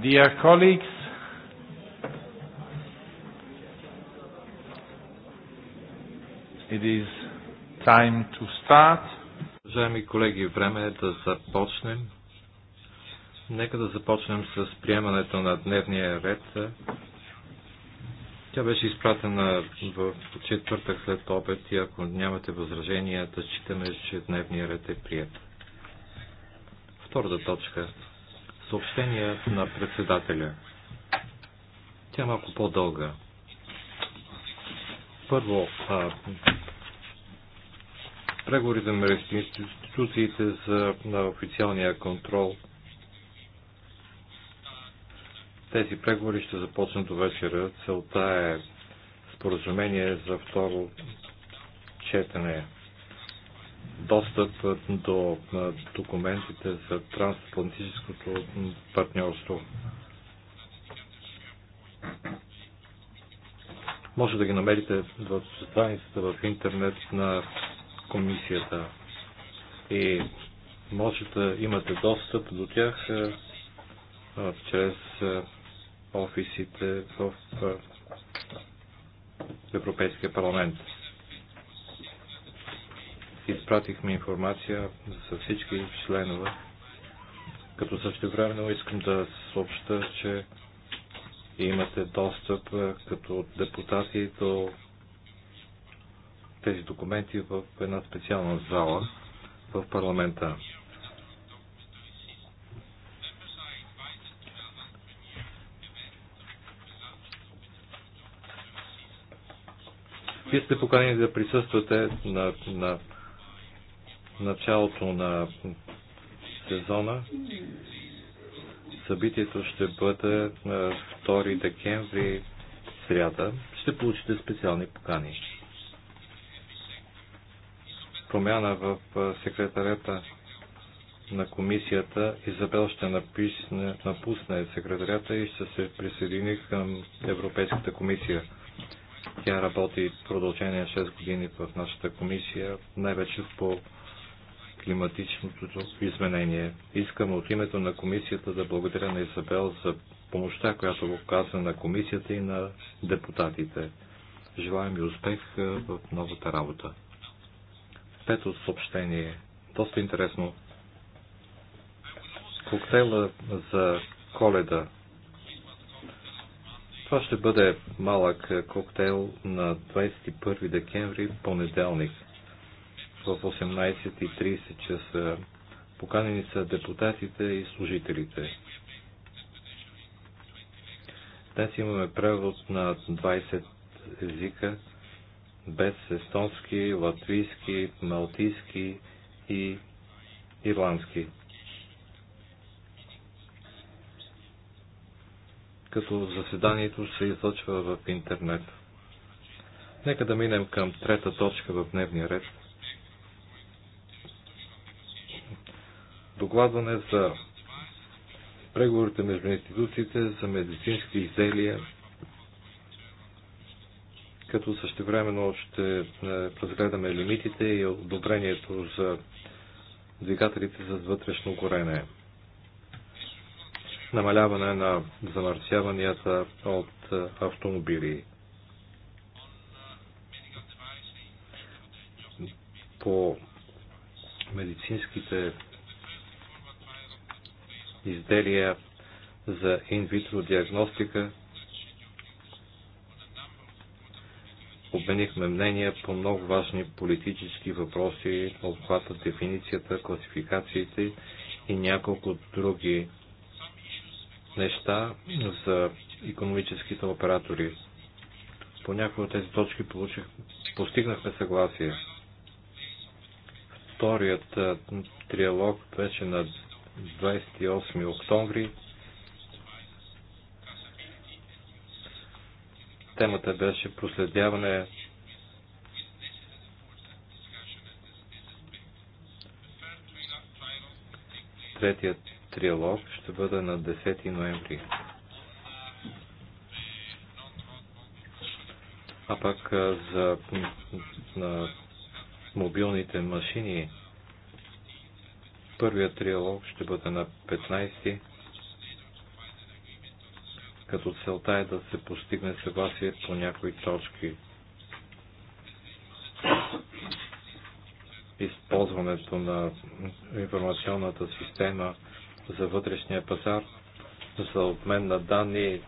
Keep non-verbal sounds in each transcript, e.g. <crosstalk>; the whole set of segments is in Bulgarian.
Dear colleagues, it is time to start. Уважаеми колеги, време е да започнем. Нека да започнем с приемането на дневния ред. Тя беше изпратена в четвъртък след обед и ако нямате възражения, да считаме, че дневния ред е прият. Втората точка съобщения на председателя. Тя е малко по-дълга. Първо, а, преговорите на институциите за на официалния контрол. Тези преговори ще започнат до вечера. Целта е споразумение за второ четене достъп до документите за трансатлантическото партньорство. Може да ги намерите в страницата в интернет на комисията и може да имате достъп до тях чрез офисите в Европейския парламент изпратихме информация за всички членове, като същевременно искам да съобща, че имате достъп е, като депутати до тези документи в една специална зала в парламента. Вие сте поканени да присъствате на, на началото на сезона. Събитието ще бъде на е, 2 декември, сряда. Ще получите специални покани. Промяна в е, секретарета на комисията. Изабел ще написне, напусне секретарята и ще се присъедини към Европейската комисия. Тя работи в продължение 6 години в нашата комисия, най-вече по климатичното изменение. Искам от името на комисията да благодаря на Изабел за помощта, която оказа на комисията и на депутатите. Желаем ви успех в новата работа. Пето съобщение. Доста интересно. Коктейла за коледа. Това ще бъде малък коктейл на 21 декември, понеделник в 18.30 часа. Поканени са депутатите и служителите. Днес имаме превод на 20 езика без естонски, латвийски, малтийски и ирландски. Като заседанието се излъчва в интернет. Нека да минем към трета точка в дневния ред – докладване за преговорите между институциите за медицински изделия, като същевременно ще е, разгледаме лимитите и одобрението за двигателите за вътрешно горене. Намаляване на замърсяванията от е, автомобили. По медицинските изделия за инвитро диагностика. Обменихме мнения по много важни политически въпроси, обхвата дефиницията, класификациите и няколко други неща за економическите оператори. По някои от тези точки получих, постигнахме съгласие. Вторият триалог беше на 28 октомври. Темата беше проследяване Третият триалог ще бъде на 10 ноември. А пак за на мобилните машини Първият триалог ще бъде на 15 като целта е да се постигне съгласие по някои точки. Използването на информационната система за вътрешния пазар за обмен на данни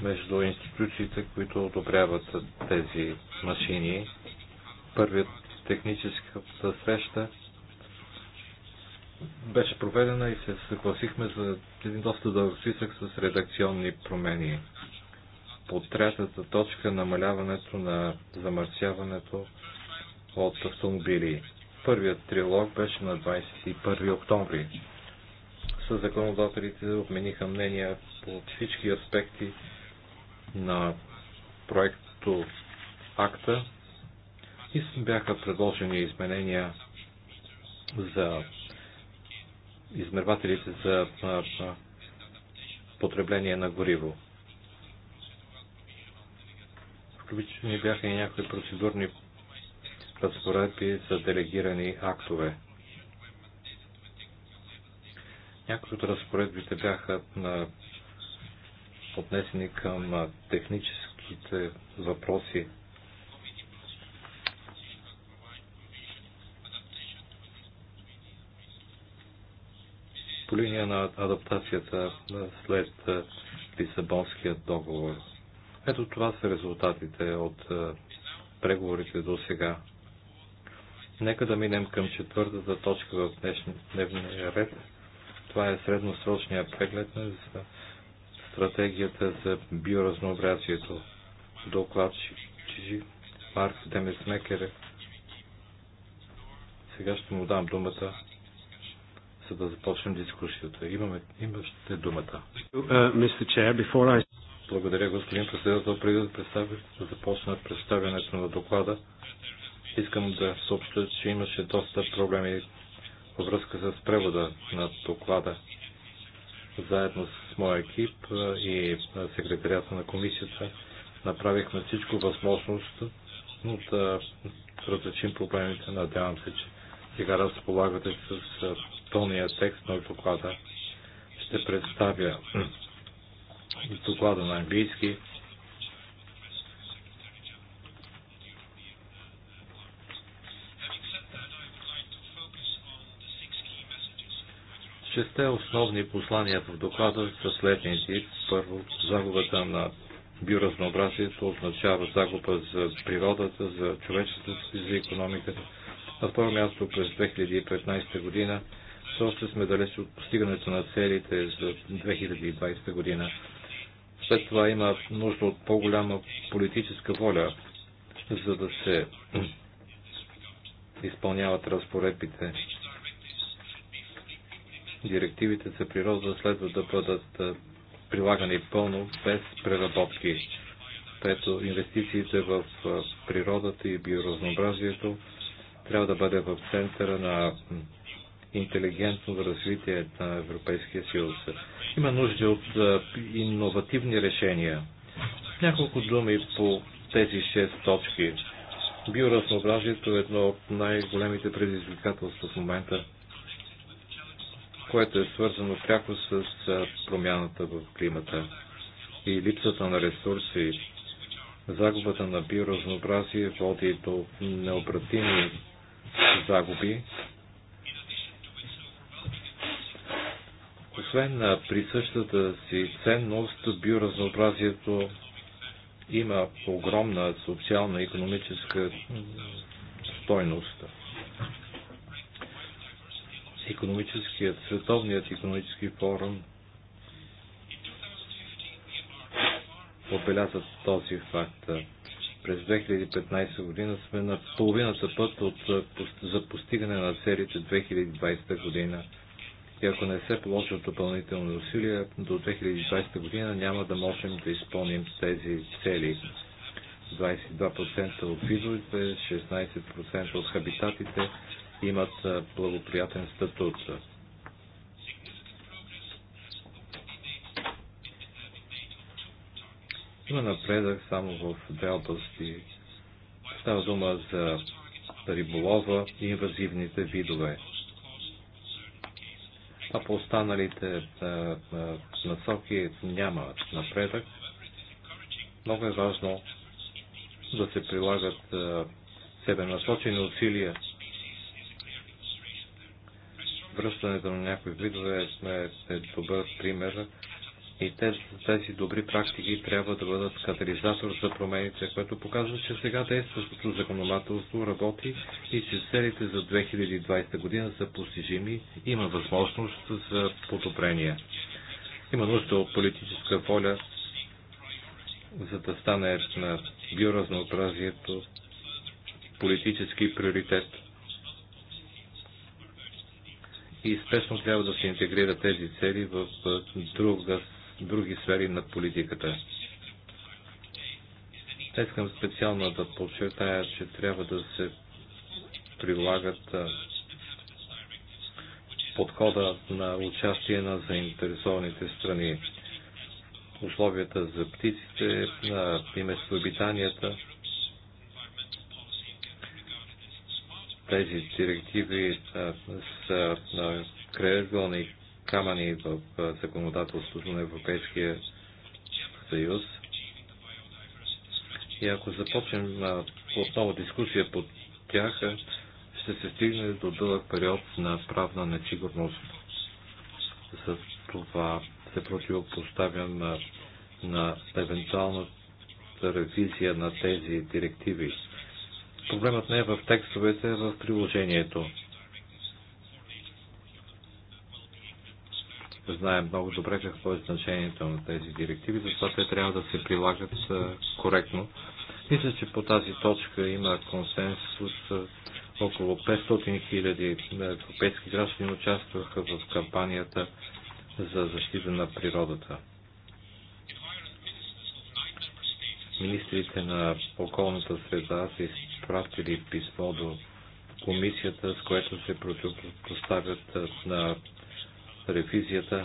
между институциите, които одобряват тези машини. Първият техническата среща беше проведена и се съгласихме за един доста дълъг списък с редакционни промени. По третата точка намаляването на замърсяването от автомобили. Първият трилог беше на 21 октомври. Със законодателите обмениха мнения по всички аспекти на проекто акта и бяха предложени изменения за измервателите за потребление на гориво. Включени бяха и някои процедурни разпоредби за делегирани актове. Някои от разпоредбите бяха на отнесени към техническите въпроси линия на адаптацията след Лисабонския договор. Ето това са резултатите от преговорите до сега. Нека да минем към четвъртата точка в днешния дневния ред. Това е средносрочния преглед за стратегията за биоразнообразието. Чижи, Марк Демесмекер. Сега ще му дам думата за да започнем дискусията. Имаме, имате думата. Uh, Благодаря, господин председател. Преди да, представя, да започна представянето на доклада, искам да съобща, че имаше доста проблеми във връзка с превода на доклада. Заедно с моя екип и секретарията на комисията направихме всичко възможност да разрешим проблемите. Надявам се, че сега разполагате с пълния текст на доклада. Ще представя <clears throat> доклада на английски. Шесте основни послания в доклада са следните. Първо, загубата на биоразнообразието означава загуба за природата, за човечеството и за економиката. На второ място през 2015 година все още сме далеч от постигането на целите за 2020 година. След това има нужда от по-голяма политическа воля, за да се <clears throat> изпълняват разпоредбите. Директивите за природа следва да бъдат прилагани пълно, без преработки. Пето, инвестициите в природата и биоразнообразието трябва да бъде в центъра на интелигентно развитие на Европейския съюз. Има нужда от иновативни решения. Няколко думи по тези шест точки. Биоразнообразието е едно от най-големите предизвикателства в момента, което е свързано пряко с промяната в климата и липсата на ресурси. Загубата на биоразнообразие води до необратими загуби. Освен на присъщата си ценност, биоразнообразието има огромна социална и економическа стойност. Економическият, световният економически форум отбеляза този факт. През 2015 година сме на половината път от, за постигане на целите 2020 година. И ако не се положат допълнителни усилия, до 2020 година няма да можем да изпълним тези цели. 22% от видовете, 16% от хабитатите имат благоприятен статут. има напредък само в две области. Става дума за риболова и инвазивните видове. А по останалите насоки няма напредък. Много е важно да се прилагат себенасочени усилия. Връщането на някои видове е, е добър пример и тези добри практики трябва да бъдат катализатор за промените, което показва, че сега действащото законодателство работи и че целите за 2020 година са постижими, има възможност за подобрение. Има нужда от политическа воля, за да стане на биоразнообразието политически приоритет и спешно трябва да се интегрират тези цели в друга други сфери на политиката. Искам специално да подчертая, че трябва да се прилагат подхода на участие на заинтересованите страни. Условията за птиците и местообитанията. Тези директиви са крайъгълни камъни в законодателството на Европейския съюз. И ако започнем отново дискусия по тях, ще се стигне до дълъг период на правна несигурност. За това се противопоставям на, на евентуалната ревизия на тези директиви. Проблемът не е в текстовете, а в приложението. Знаем много добре какво е значението на тези директиви, защото те трябва да се прилагат коректно. Мисля, че по тази точка има консенсус. Около 500 хиляди европейски граждани участваха в кампанията за защита на природата. Министрите на околната среда са изпратили писмо до комисията, с което се противопоставят на ревизията.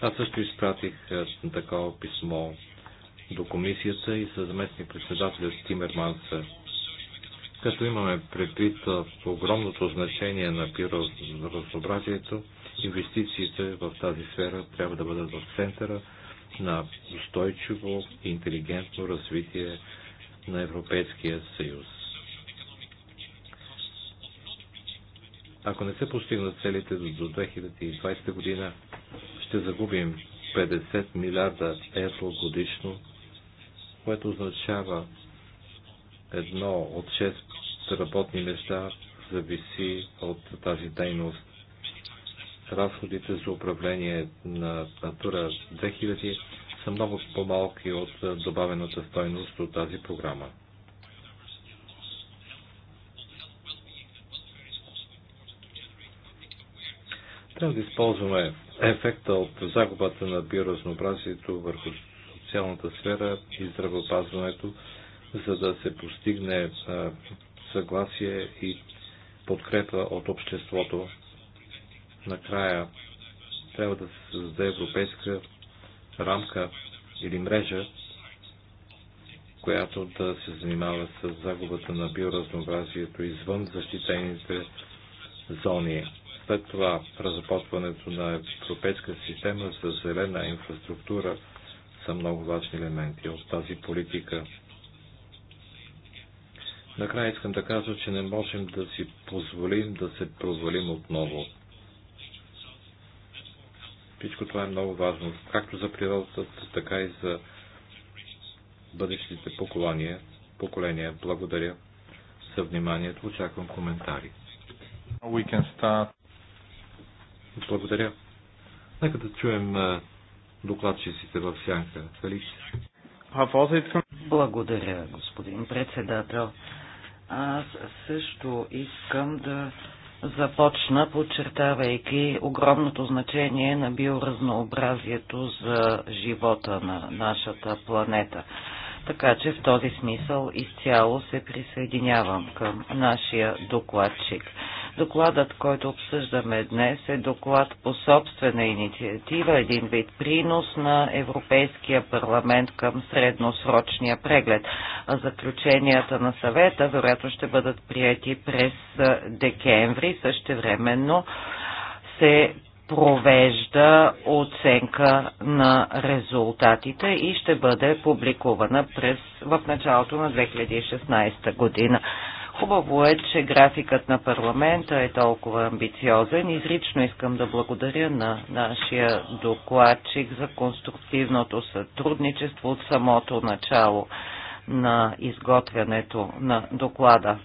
Аз също изпратих е, такова писмо до комисията и със заместник председателя Тимерманса. Като имаме предвид е, огромното значение на биоразнообразието, инвестициите в тази сфера трябва да бъдат в центъра на устойчиво и интелигентно развитие на Европейския съюз. Ако не се постигнат целите до 2020 година, ще загубим 50 милиарда евро годишно, което означава едно от 6 работни места зависи от тази дейност. Разходите за управление на Натура 2000 са много по-малки от добавената стойност от тази програма. Трябва да използваме ефекта от загубата на биоразнообразието върху социалната сфера и здравеопазването, за да се постигне съгласие и подкрепа от обществото. Накрая трябва да се създаде европейска рамка или мрежа, която да се занимава с загубата на биоразнообразието извън защитените зони. След това разработването на европейска система за зелена инфраструктура са много важни елементи от тази политика. Накрая искам да кажа, че не можем да си позволим да се провалим отново. Всичко това е много важно, както за природата, така и за бъдещите поколения. поколения. Благодаря за вниманието. Очаквам коментари. Благодаря. Нека да чуем докладчиците в сянка. Благодаря, господин председател. Аз също искам да започна, подчертавайки огромното значение на биоразнообразието за живота на нашата планета. Така че в този смисъл изцяло се присъединявам към нашия докладчик. Докладът, който обсъждаме днес, е доклад по собствена инициатива, един вид принос на Европейския парламент към средносрочния преглед. А заключенията на съвета вероятно ще бъдат прияти през декември. Същевременно се провежда оценка на резултатите и ще бъде публикувана през, в началото на 2016 година. Хубаво е, че графикът на парламента е толкова амбициозен. Изрично искам да благодаря на нашия докладчик за конструктивното сътрудничество от самото начало на изготвянето на доклада.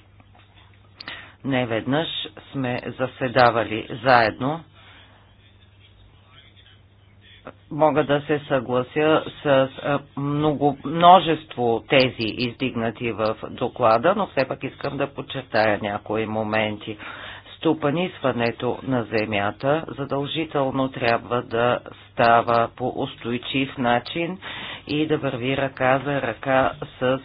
Не веднъж сме заседавали заедно мога да се съглася с много, множество тези издигнати в доклада, но все пак искам да подчертая някои моменти. Стопанисването на земята задължително трябва да става по устойчив начин и да върви ръка за ръка с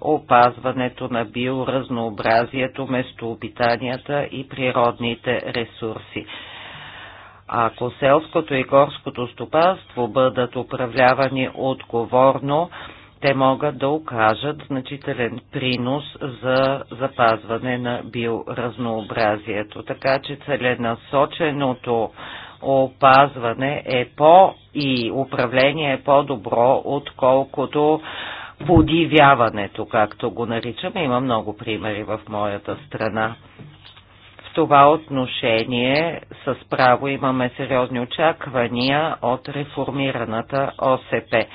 опазването на биоразнообразието, местообитанията и природните ресурси ако селското и горското стопанство бъдат управлявани отговорно, те могат да окажат значителен принос за запазване на биоразнообразието. Така че целенасоченото опазване е по и управление е по-добро, отколкото подивяването, както го наричаме. Има много примери в моята страна това отношение с право имаме сериозни очаквания от реформираната ОСП.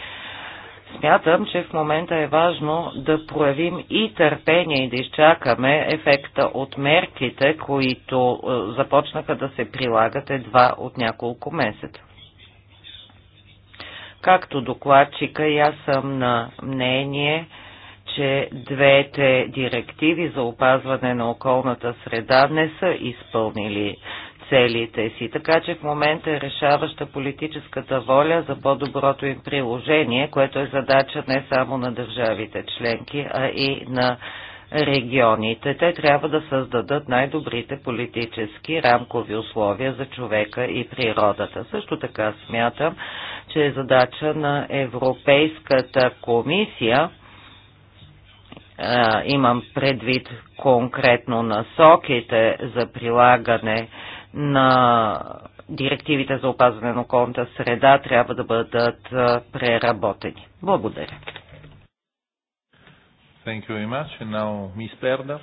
Смятам, че в момента е важно да проявим и търпение и да изчакаме ефекта от мерките, които е, започнаха да се прилагат едва от няколко месеца. Както докладчика, и аз съм на мнение, че двете директиви за опазване на околната среда не са изпълнили целите си. Така че в момента е решаваща политическата воля за по-доброто им приложение, което е задача не само на държавите членки, а и на регионите. Те трябва да създадат най-добрите политически рамкови условия за човека и природата. Също така смятам, че е задача на Европейската комисия имам предвид конкретно насоките за прилагане на директивите за опазване на околната среда трябва да бъдат преработени. Благодаря. Thank you very much. And now, Miss Perda.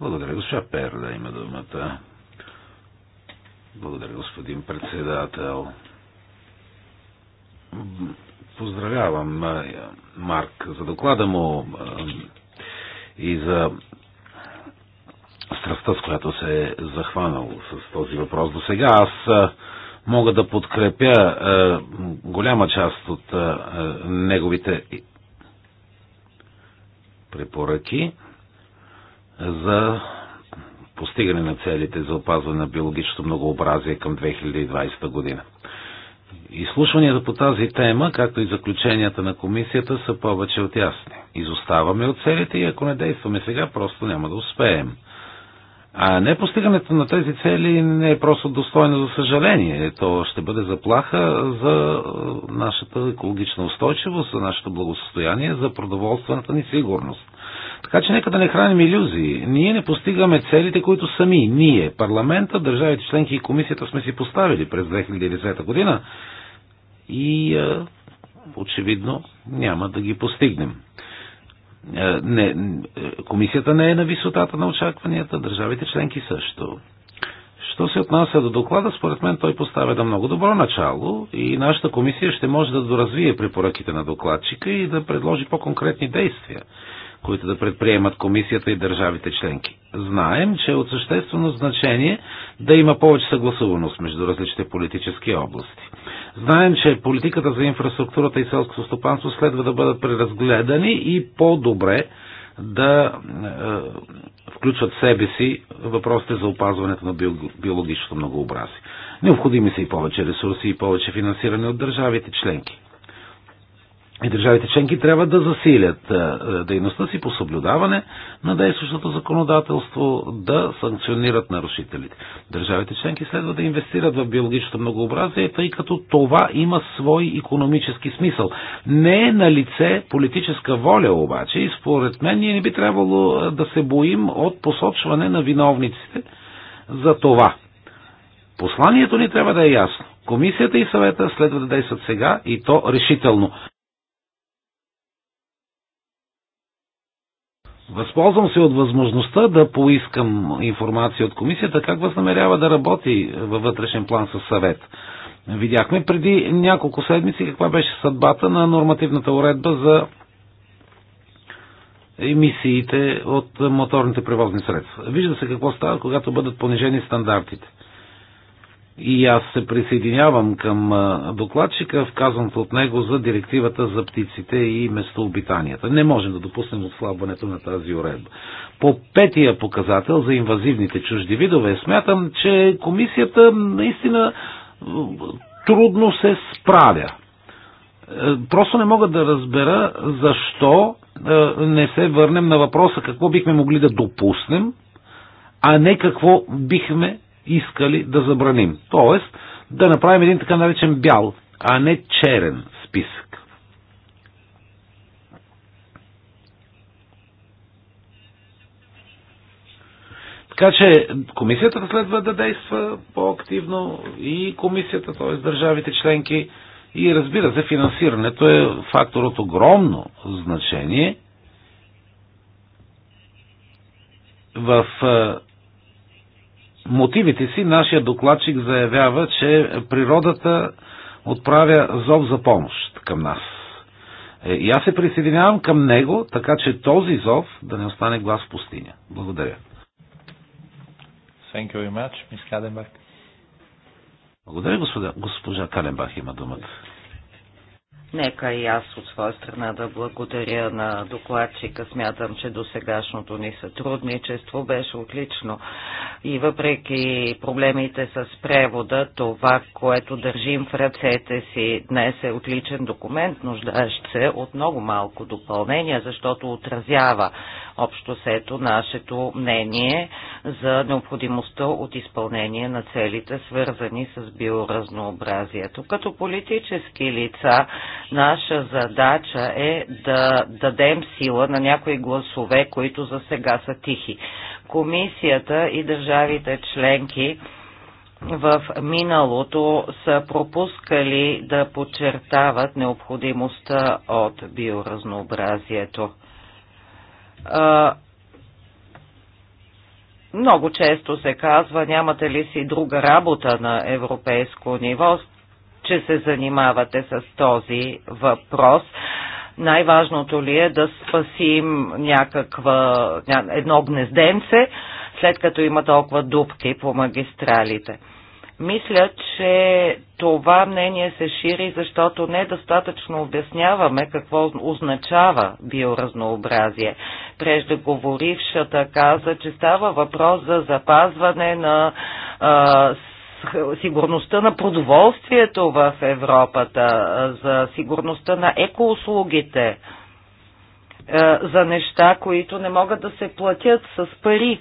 Благодаря, госпожа Перда има думата. Благодаря, господин председател. Поздравявам Марк за доклада му и за страстта, с която се е захванал с този въпрос до сега. Аз мога да подкрепя голяма част от неговите препоръки за постигане на целите за опазване на биологичното многообразие към 2020 година. Изслушванията по тази тема, както и заключенията на комисията, са повече от ясни. Изоставаме от целите и ако не действаме сега, просто няма да успеем. А не постигането на тези цели не е просто достойно за съжаление. То ще бъде заплаха за е, нашата екологична устойчивост, за нашето благосостояние, за продоволствената ни сигурност. Така че нека да не храним иллюзии. Ние не постигаме целите, които сами, ние, парламента, държавите членки и комисията сме си поставили през 2010 година и е, очевидно няма да ги постигнем. Е, не, комисията не е на висотата на очакванията, държавите членки също. Що се отнася до доклада, според мен той поставя да много добро начало и нашата комисия ще може да доразвие препоръките на докладчика и да предложи по-конкретни действия които да предприемат комисията и държавите членки. Знаем, че е от съществено значение да има повече съгласуваност между различните политически области. Знаем, че политиката за инфраструктурата и селското стопанство следва да бъдат преразгледани и по-добре да е, включват в себе си въпросите за опазването на биологичното многообразие. Необходими са и повече ресурси и повече финансиране от държавите членки. И държавите членки трябва да засилят е, е, дейността си по съблюдаване на действащото законодателство, да санкционират нарушителите. Държавите членки следва да инвестират в биологичното многообразие, тъй като това има свой економически смисъл. Не е на лице политическа воля обаче и според мен ние не би трябвало е, да се боим от посочване на виновниците за това. Посланието ни трябва да е ясно. Комисията и съвета следва да действат сега и то решително. Възползвам се от възможността да поискам информация от комисията как възнамерява да работи във вътрешен план със съвет. Видяхме преди няколко седмици каква беше съдбата на нормативната уредба за емисиите от моторните превозни средства. Вижда се какво става, когато бъдат понижени стандартите. И аз се присъединявам към докладчика, вказан от него за директивата за птиците и местообитанията. Не можем да допуснем отслабването на тази уредба. По петия показател за инвазивните чужди видове смятам, че комисията наистина трудно се справя. Е, просто не мога да разбера защо е, не се върнем на въпроса какво бихме могли да допуснем, а не какво бихме искали да забраним. Тоест, да направим един така наречен бял, а не черен списък. Така че комисията следва да действа по-активно и комисията, т.е. държавите членки и разбира се, финансирането е фактор от огромно значение. В мотивите си нашия докладчик заявява, че природата отправя зов за помощ към нас. Е, и аз се присъединявам към него, така че този зов да не остане глас в пустиня. Благодаря. Thank you very much, Благодаря, госпожа Каленбах има думата. Нека и аз от своя страна да благодаря на докладчика. Смятам, че до сегашното ни сътрудничество беше отлично. И въпреки проблемите с превода, това, което държим в ръцете си днес е отличен документ, нуждаещ се от много малко допълнение, защото отразява общо сето нашето мнение за необходимостта от изпълнение на целите, свързани с биоразнообразието. Като политически лица, наша задача е да дадем сила на някои гласове, които за сега са тихи. Комисията и държавите членки в миналото са пропускали да подчертават необходимостта от биоразнообразието. Много често се казва, нямате ли си друга работа на европейско ниво, че се занимавате с този въпрос. Най-важното ли е да спасим някаква, едно гнезденце, след като има толкова дупки по магистралите? Мисля, че това мнение се шири, защото недостатъчно обясняваме какво означава биоразнообразие. Преждеговорившата каза, че става въпрос за запазване на а, сигурността на продоволствието в Европата, за сигурността на екоуслугите, за неща, които не могат да се платят с пари.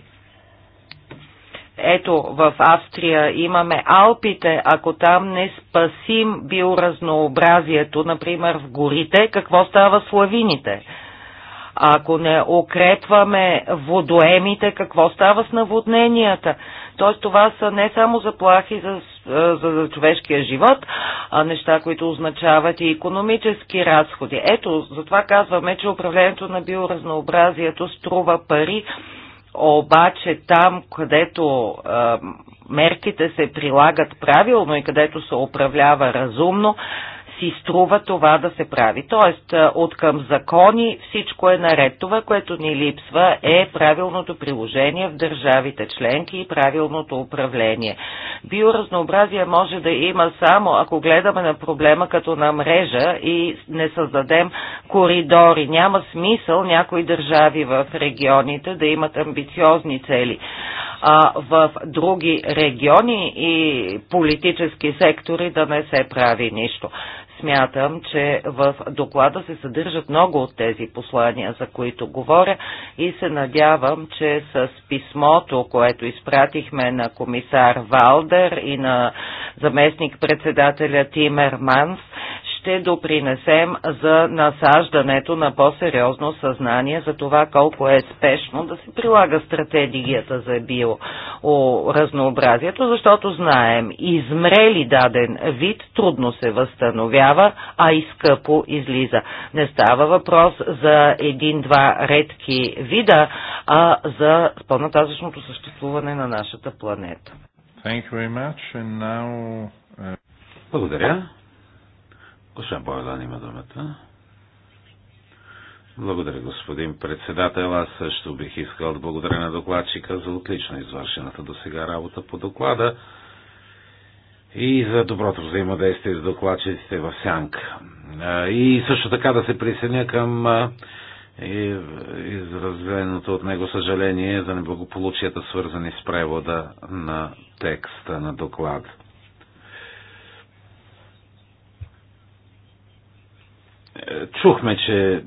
Ето, в Австрия имаме Алпите. Ако там не спасим биоразнообразието, например в горите, какво става с лавините? Ако не укрепваме водоемите, какво става с наводненията? Тоест това са не само заплахи за, за, за човешкия живот, а неща, които означават и економически разходи. Ето, затова казваме, че управлението на биоразнообразието струва пари обаче там, където мерките се прилагат правилно и където се управлява разумно, си струва това да се прави. Тоест, е, от към закони всичко е наред. Това, което ни липсва е правилното приложение в държавите членки и правилното управление. Биоразнообразие може да има само ако гледаме на проблема като на мрежа и не създадем коридори. Няма смисъл някои държави в регионите да имат амбициозни цели а в други региони и политически сектори да не се прави нищо. Смятам, че в доклада се съдържат много от тези послания, за които говоря и се надявам, че с писмото, което изпратихме на комисар Валдер и на заместник председателя Тимер Манс ще допринесем за насаждането на по-сериозно съзнание за това колко е спешно да се прилага стратегията за биоразнообразието, защото знаем, измрели даден вид трудно се възстановява, а и скъпо излиза. Не става въпрос за един-два редки вида, а за по-нататъчното съществуване на нашата планета. Thank you very much. And now, uh... Благодаря. Госпожа Бойдан има думата. Благодаря, господин председател. Аз също бих искал да благодаря на докладчика за отлично извършената до сега работа по доклада и за доброто взаимодействие с докладчиците в Сянка. И също така да се присъединя към изразеното от него съжаление за неблагополучията, свързани с превода на текста на доклада. Чухме, че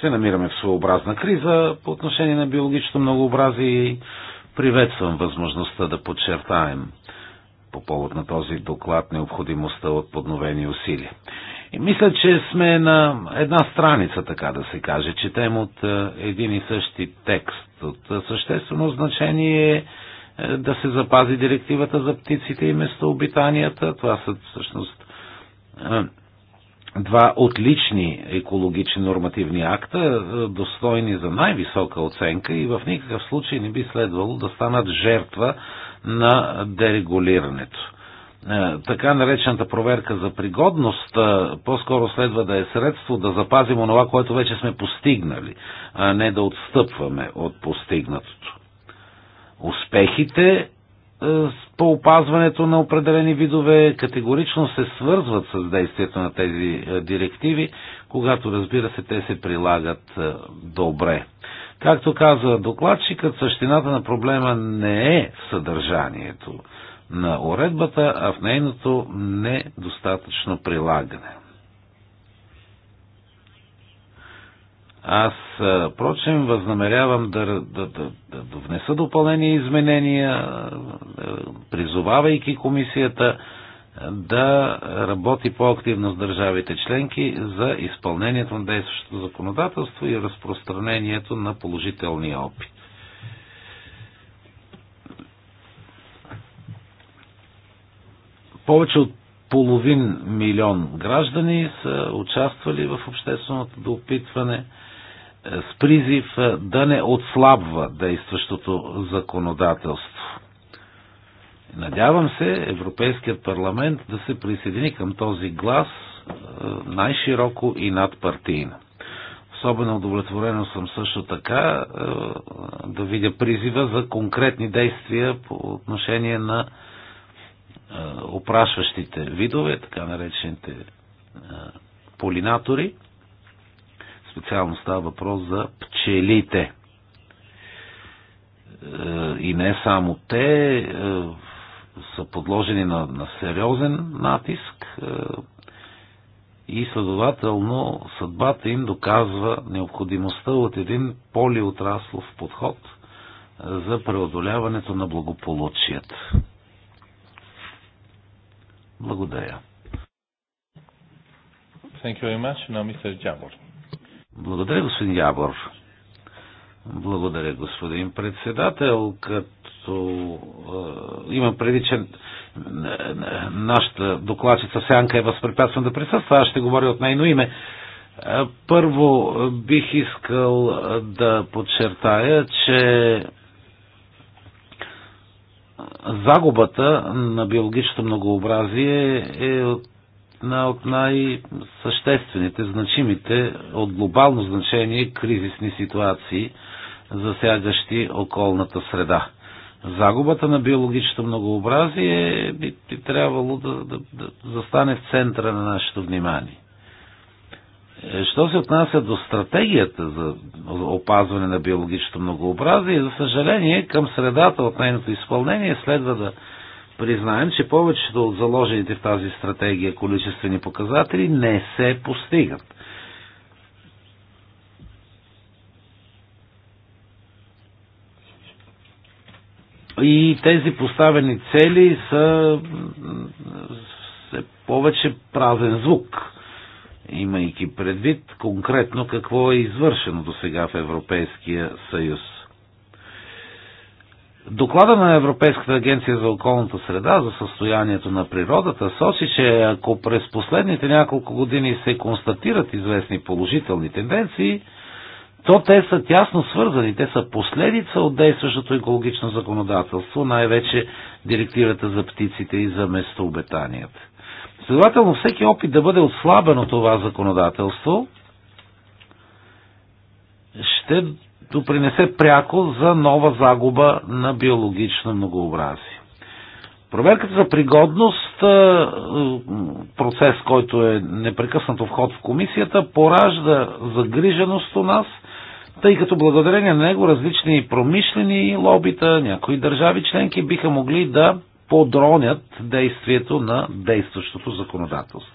се намираме в своеобразна криза по отношение на биологичното многообразие и приветствам възможността да подчертаем по повод на този доклад необходимостта от подновени усилия. И мисля, че сме на една страница, така да се каже. Четем от е, един и същи текст. От е, съществено значение е, е да се запази директивата за птиците и местообитанията. Това са всъщност два отлични екологични нормативни акта, е, достойни за най-висока оценка и в никакъв случай не би следвало да станат жертва на дерегулирането. Е, така наречената проверка за пригодност е, по-скоро следва да е средство да запазим онова, което вече сме постигнали, а не да отстъпваме от постигнатото. Успехите е, по опазването на определени видове категорично се свързват с действието на тези е, директиви, когато разбира се те се прилагат е, добре. Както казва докладчикът, същината на проблема не е в съдържанието на уредбата, а в нейното недостатъчно прилагане. Аз, впрочем, възнамерявам да, да, да, да внеса допълнение изменения, призовавайки комисията да работи по-активно с държавите членки за изпълнението на действащото законодателство и разпространението на положителния опит. Повече от половин милион граждани са участвали в общественото допитване – с призив е, да не отслабва действащото законодателство. Надявам се Европейският парламент да се присъедини към този глас е, най-широко и надпартийно. Особено удовлетворено съм също така е, да видя призива за конкретни действия по отношение на опрашващите видове, така наречените полинатори. Специално става въпрос за пчелите. Е, и не само те е, са подложени на, на сериозен натиск е, и следователно съдбата им доказва необходимостта от един полиотраслов подход за преодоляването на благополучият. Благодаря. Thank you very much. Now, Mr. Jabor. Благодаря, господин Ябор. Благодаря, господин председател. Като е, имам преди, че е, нашата докладчица Сянка е възпрепятствана да присъства, аз ще говоря от нейно име. Е, първо е, бих искал да подчертая, че загубата на биологичното многообразие е от една от най-съществените, значимите, от глобално значение кризисни ситуации, засягащи околната среда. Загубата на биологичното многообразие би, би трябвало да, да, да застане в центъра на нашето внимание. Е, що се отнася до стратегията за опазване на биологичното многообразие, за съжаление, към средата от нейното изпълнение следва да признаем, че повечето от заложените в тази стратегия количествени показатели не се постигат. И тези поставени цели са все повече празен звук, имайки предвид конкретно какво е извършено до сега в Европейския съюз. Доклада на Европейската агенция за околната среда за състоянието на природата сочи, че ако през последните няколко години се констатират известни положителни тенденции, то те са тясно свързани, те са последица от действащото екологично законодателство, най-вече директивата за птиците и за местообетанията. Следователно, всеки опит да бъде отслабено това законодателство ще допринесе пряко за нова загуба на биологично многообразие. Проверката за пригодност, процес, който е непрекъснато вход в комисията, поражда загриженост у нас, тъй като благодарение на него различни промишлени лобита, някои държави членки биха могли да подронят действието на действащото законодателство.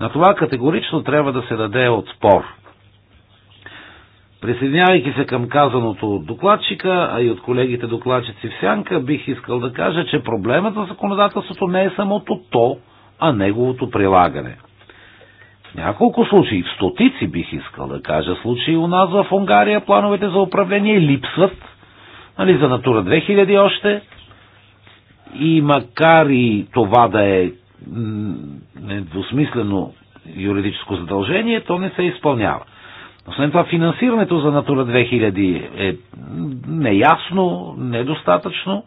На това категорично трябва да се даде отпор – Присъединявайки се към казаното от докладчика, а и от колегите докладчици в Сянка, бих искал да кажа, че проблемът на законодателството не е самото то, а неговото прилагане. В няколко случаи, в стотици бих искал да кажа, случаи у нас в Унгария плановете за управление липсват, нали, за Натура 2000 още, и макар и това да е недвусмислено юридическо задължение, то не се изпълнява. Освен това, финансирането за Натура 2000 е неясно, недостатъчно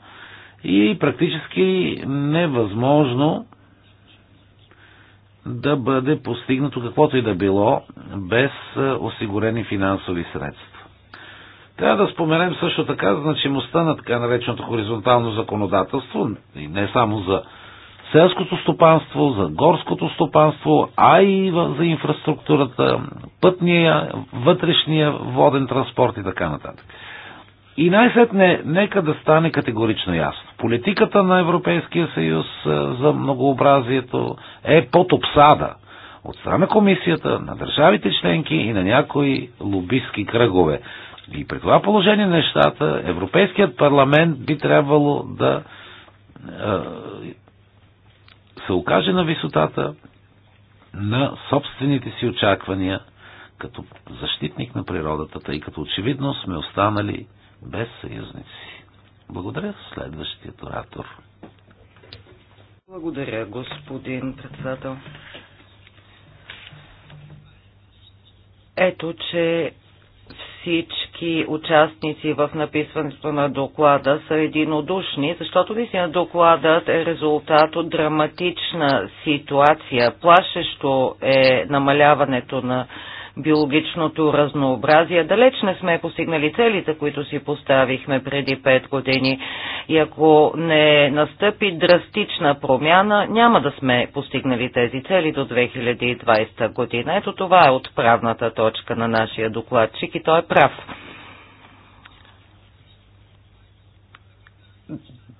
и практически невъзможно да бъде постигнато каквото и да било без е, осигурени финансови средства. Трябва да споменем също така значимостта на така нареченото хоризонтално законодателство, и не само за селското стопанство, за горското стопанство, а и за инфраструктурата, пътния, вътрешния, воден транспорт и така нататък. И най-сетне, нека да стане категорично ясно. Политиката на Европейския съюз е, за многообразието е под обсада от страна на комисията, на държавите членки и на някои лобистки кръгове. И при това положение на нещата, Европейският парламент би трябвало да е, се окаже на висотата на собствените си очаквания като защитник на природата, тъй като очевидно сме останали без съюзници. Благодаря следващият оратор. Благодаря, господин председател. Ето, че всички всички участници в написването на доклада са единодушни, защото наистина докладът е резултат от драматична ситуация. Плашещо е намаляването на биологичното разнообразие. Далеч не сме постигнали целите, които си поставихме преди 5 години. И ако не настъпи драстична промяна, няма да сме постигнали тези цели до 2020 година. Ето това е отправната точка на нашия докладчик и той е прав.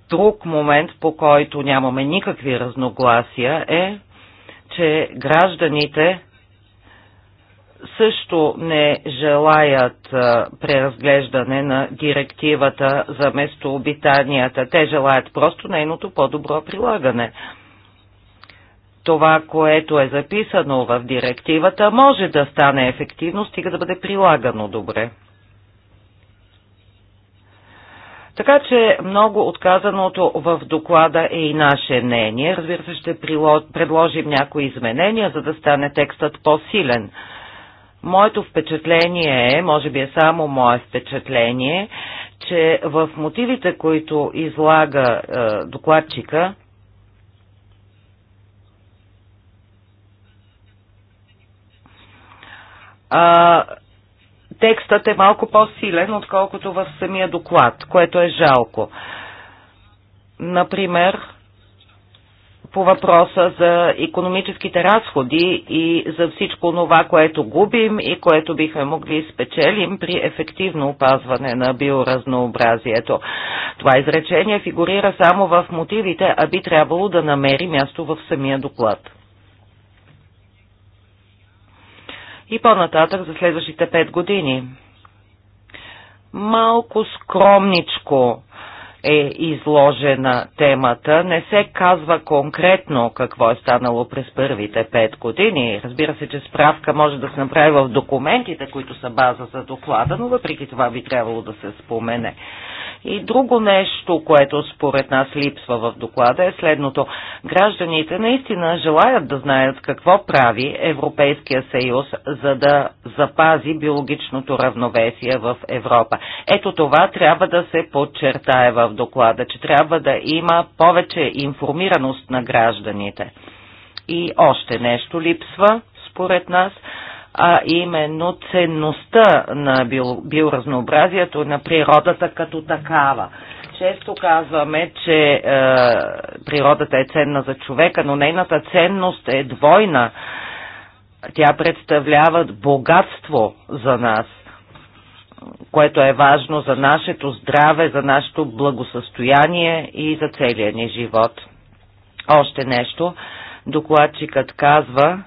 Друг момент, по който нямаме никакви разногласия е, че гражданите също не желаят преразглеждане на директивата за местообитанията. Те желаят просто нейното по-добро прилагане. Това, което е записано в директивата, може да стане ефективно, стига да бъде прилагано добре. Така че много отказаното в доклада е и наше мнение. Разбира се, ще предложим някои изменения, за да стане текстът по-силен. Моето впечатление е, може би е само мое впечатление, че в мотивите, които излага е, докладчика, е, текстът е малко по-силен, отколкото в самия доклад, което е жалко. Например, по въпроса за економическите разходи и за всичко това, което губим и което бихме могли спечелим при ефективно опазване на биоразнообразието. Това изречение фигурира само в мотивите, а би трябвало да намери място в самия доклад. и по-нататък за следващите 5 години. Малко скромничко е изложена темата. Не се казва конкретно какво е станало през първите пет години. Разбира се, че справка може да се направи в документите, които са база за доклада, но въпреки това би трябвало да се спомене. И друго нещо, което според нас липсва в доклада е следното. Гражданите наистина желаят да знаят какво прави Европейския съюз, за да запази биологичното равновесие в Европа. Ето това трябва да се подчертае в доклада, че трябва да има повече информираност на гражданите. И още нещо липсва, според нас – а именно ценността на биоразнообразието, на природата като такава. Често казваме, че е, природата е ценна за човека, но нейната ценност е двойна. Тя представлява богатство за нас което е важно за нашето здраве, за нашето благосъстояние и за целия ни живот. Още нещо. Докладчикът казва,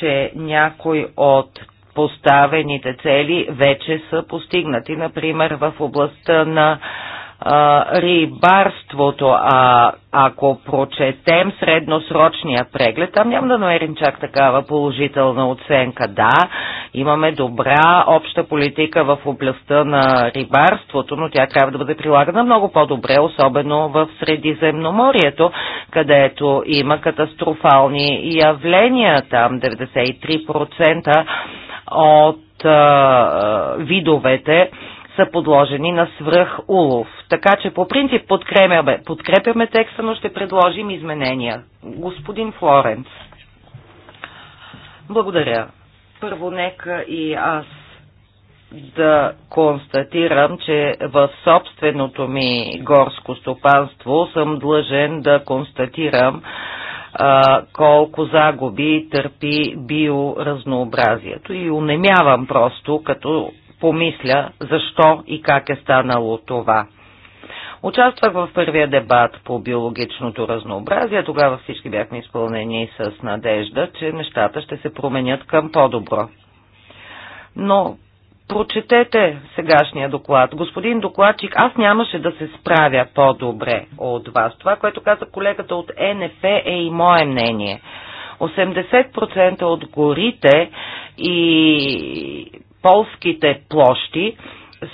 че някой от поставените цели вече са постигнати, например в областта на рибарството, а ако прочетем средносрочния преглед, там няма да намерим чак такава положителна оценка. Да, имаме добра обща политика в областта на рибарството, но тя трябва да бъде прилагана много по-добре, особено в Средиземноморието, където има катастрофални явления. Там 93% от а, видовете са подложени на свръх улов. Така че по принцип подкрепяме, подкрепяме текста, но ще предложим изменения. Господин Флоренц. Благодаря. Първо нека и аз да констатирам, че в собственото ми горско стопанство съм длъжен да констатирам а, колко загуби търпи биоразнообразието и унемявам просто, като помисля защо и как е станало това. Участвах в първия дебат по биологичното разнообразие. Тогава всички бяхме изпълнени с надежда, че нещата ще се променят към по-добро. Но прочетете сегашния доклад. Господин докладчик, аз нямаше да се справя по-добре от вас. Това, което каза колегата от НФ е и мое мнение. 80% от горите и полските площи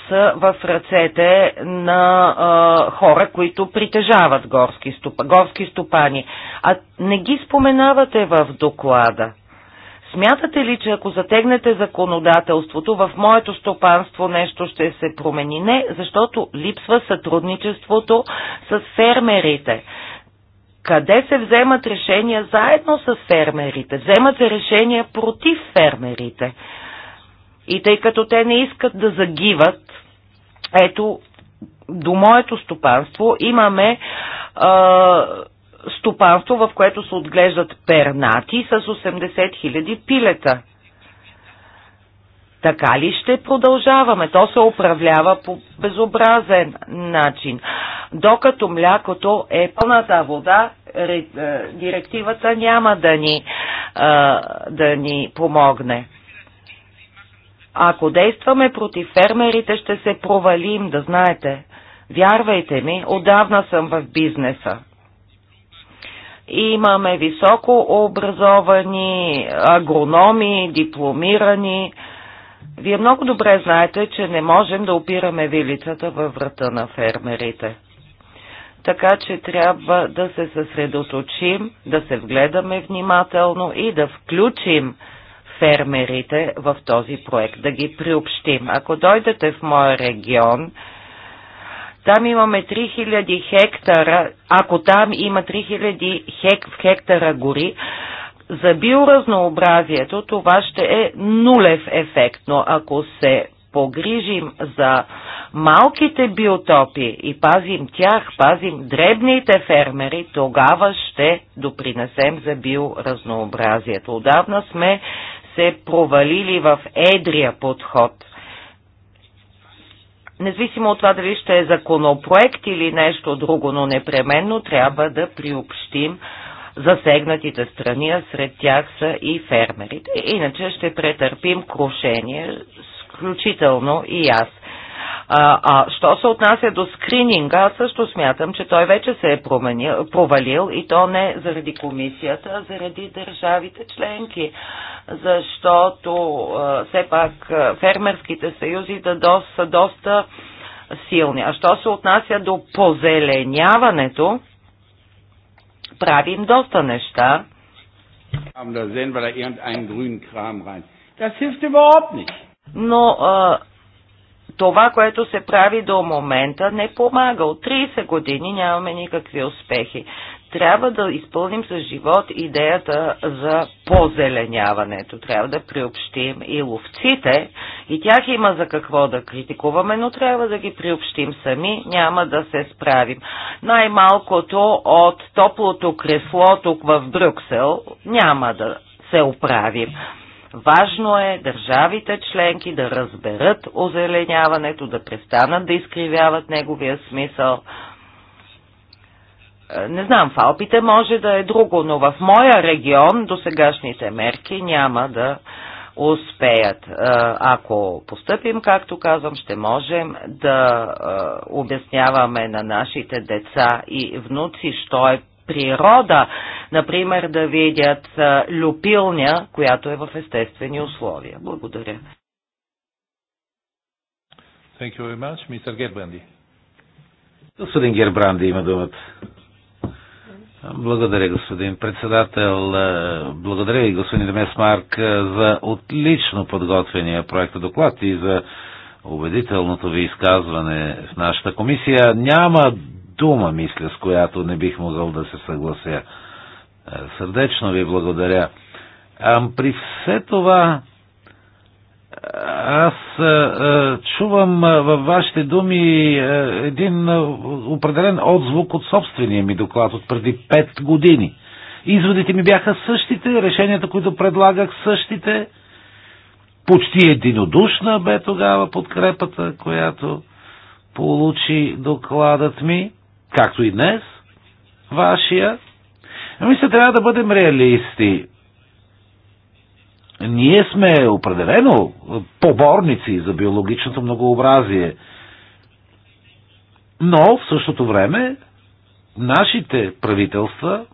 са в ръцете на а, хора, които притежават горски, ступ, горски стопани. А не ги споменавате в доклада. Смятате ли, че ако затегнете законодателството, в моето стопанство нещо ще се промени? Не, защото липсва сътрудничеството с фермерите. Къде се вземат решения заедно с фермерите? Вземат се решения против фермерите. И тъй като те не искат да загиват, ето, до моето стопанство имаме а, стопанство, в което се отглеждат пернати с 80 000 пилета. Така ли ще продължаваме? То се управлява по безобразен начин. Докато млякото е пълната вода, е, директивата няма да ни, да ни помогне. Ако действаме против фермерите, ще се провалим, да знаете. Вярвайте ми, отдавна съм в бизнеса. Имаме високо образовани агрономи, дипломирани. Вие много добре знаете, че не можем да опираме вилицата във врата на фермерите. Така че трябва да се съсредоточим, да се вгледаме внимателно и да включим фермерите в този проект, да ги приобщим. Ако дойдете в моя регион, там имаме 3000 хектара, ако там има 3000 хек, хектара гори, за биоразнообразието това ще е нулев ефект, но ако се погрижим за малките биотопи и пазим тях, пазим дребните фермери, тогава ще допринесем за биоразнообразието. Отдавна сме се провалили в едрия подход. Независимо от това дали ще е законопроект или нещо друго, но непременно трябва да приобщим засегнатите страни, а сред тях са и фермерите. Иначе ще претърпим крушение, включително и аз. А, а що се отнася до скрининга, също смятам, че той вече се е променил, провалил и то не заради комисията, а заради държавите членки, защото а, все пак фермерските съюзи да до, са доста силни. А що се отнася до позеленяването, правим доста неща. Но а, това, което се прави до момента, не помага. От 30 години нямаме никакви успехи. Трябва да изпълним с живот идеята за позеленяването. Трябва да приобщим и ловците, и тях има за какво да критикуваме, но трябва да ги приобщим сами, няма да се справим. Най-малкото от топлото кресло тук в Брюксел няма да се оправим. Важно е държавите членки да разберат озеленяването, да престанат да изкривяват неговия смисъл. Е, не знам, в Алпите може да е друго, но в моя регион до сегашните мерки няма да успеят. Е, ако постъпим, както казвам, ще можем да е, обясняваме на нашите деца и внуци, що е природа, например да видят люпилня, която е в естествени условия. Благодаря. Thank you very much. Mr. Gerbrandy. Господин Гербранди има думата. Благодаря, господин председател. Благодаря ви, господин Демесмарк, за отлично подготвения проект доклад и за убедителното ви изказване в нашата комисия. Няма дума, мисля, с която не бих могъл да се съглася. Е, сърдечно ви благодаря. А при все това, е, аз а, е, чувам във вашите думи а, един а, определен отзвук от собствения ми доклад от преди пет години. Изводите ми бяха същите, решенията, които предлагах същите. Почти единодушна бе тогава подкрепата, която получи докладът ми както и днес, вашия. Мисля, трябва да бъдем реалисти. Ние сме определено поборници за биологичното многообразие. Но в същото време нашите правителства,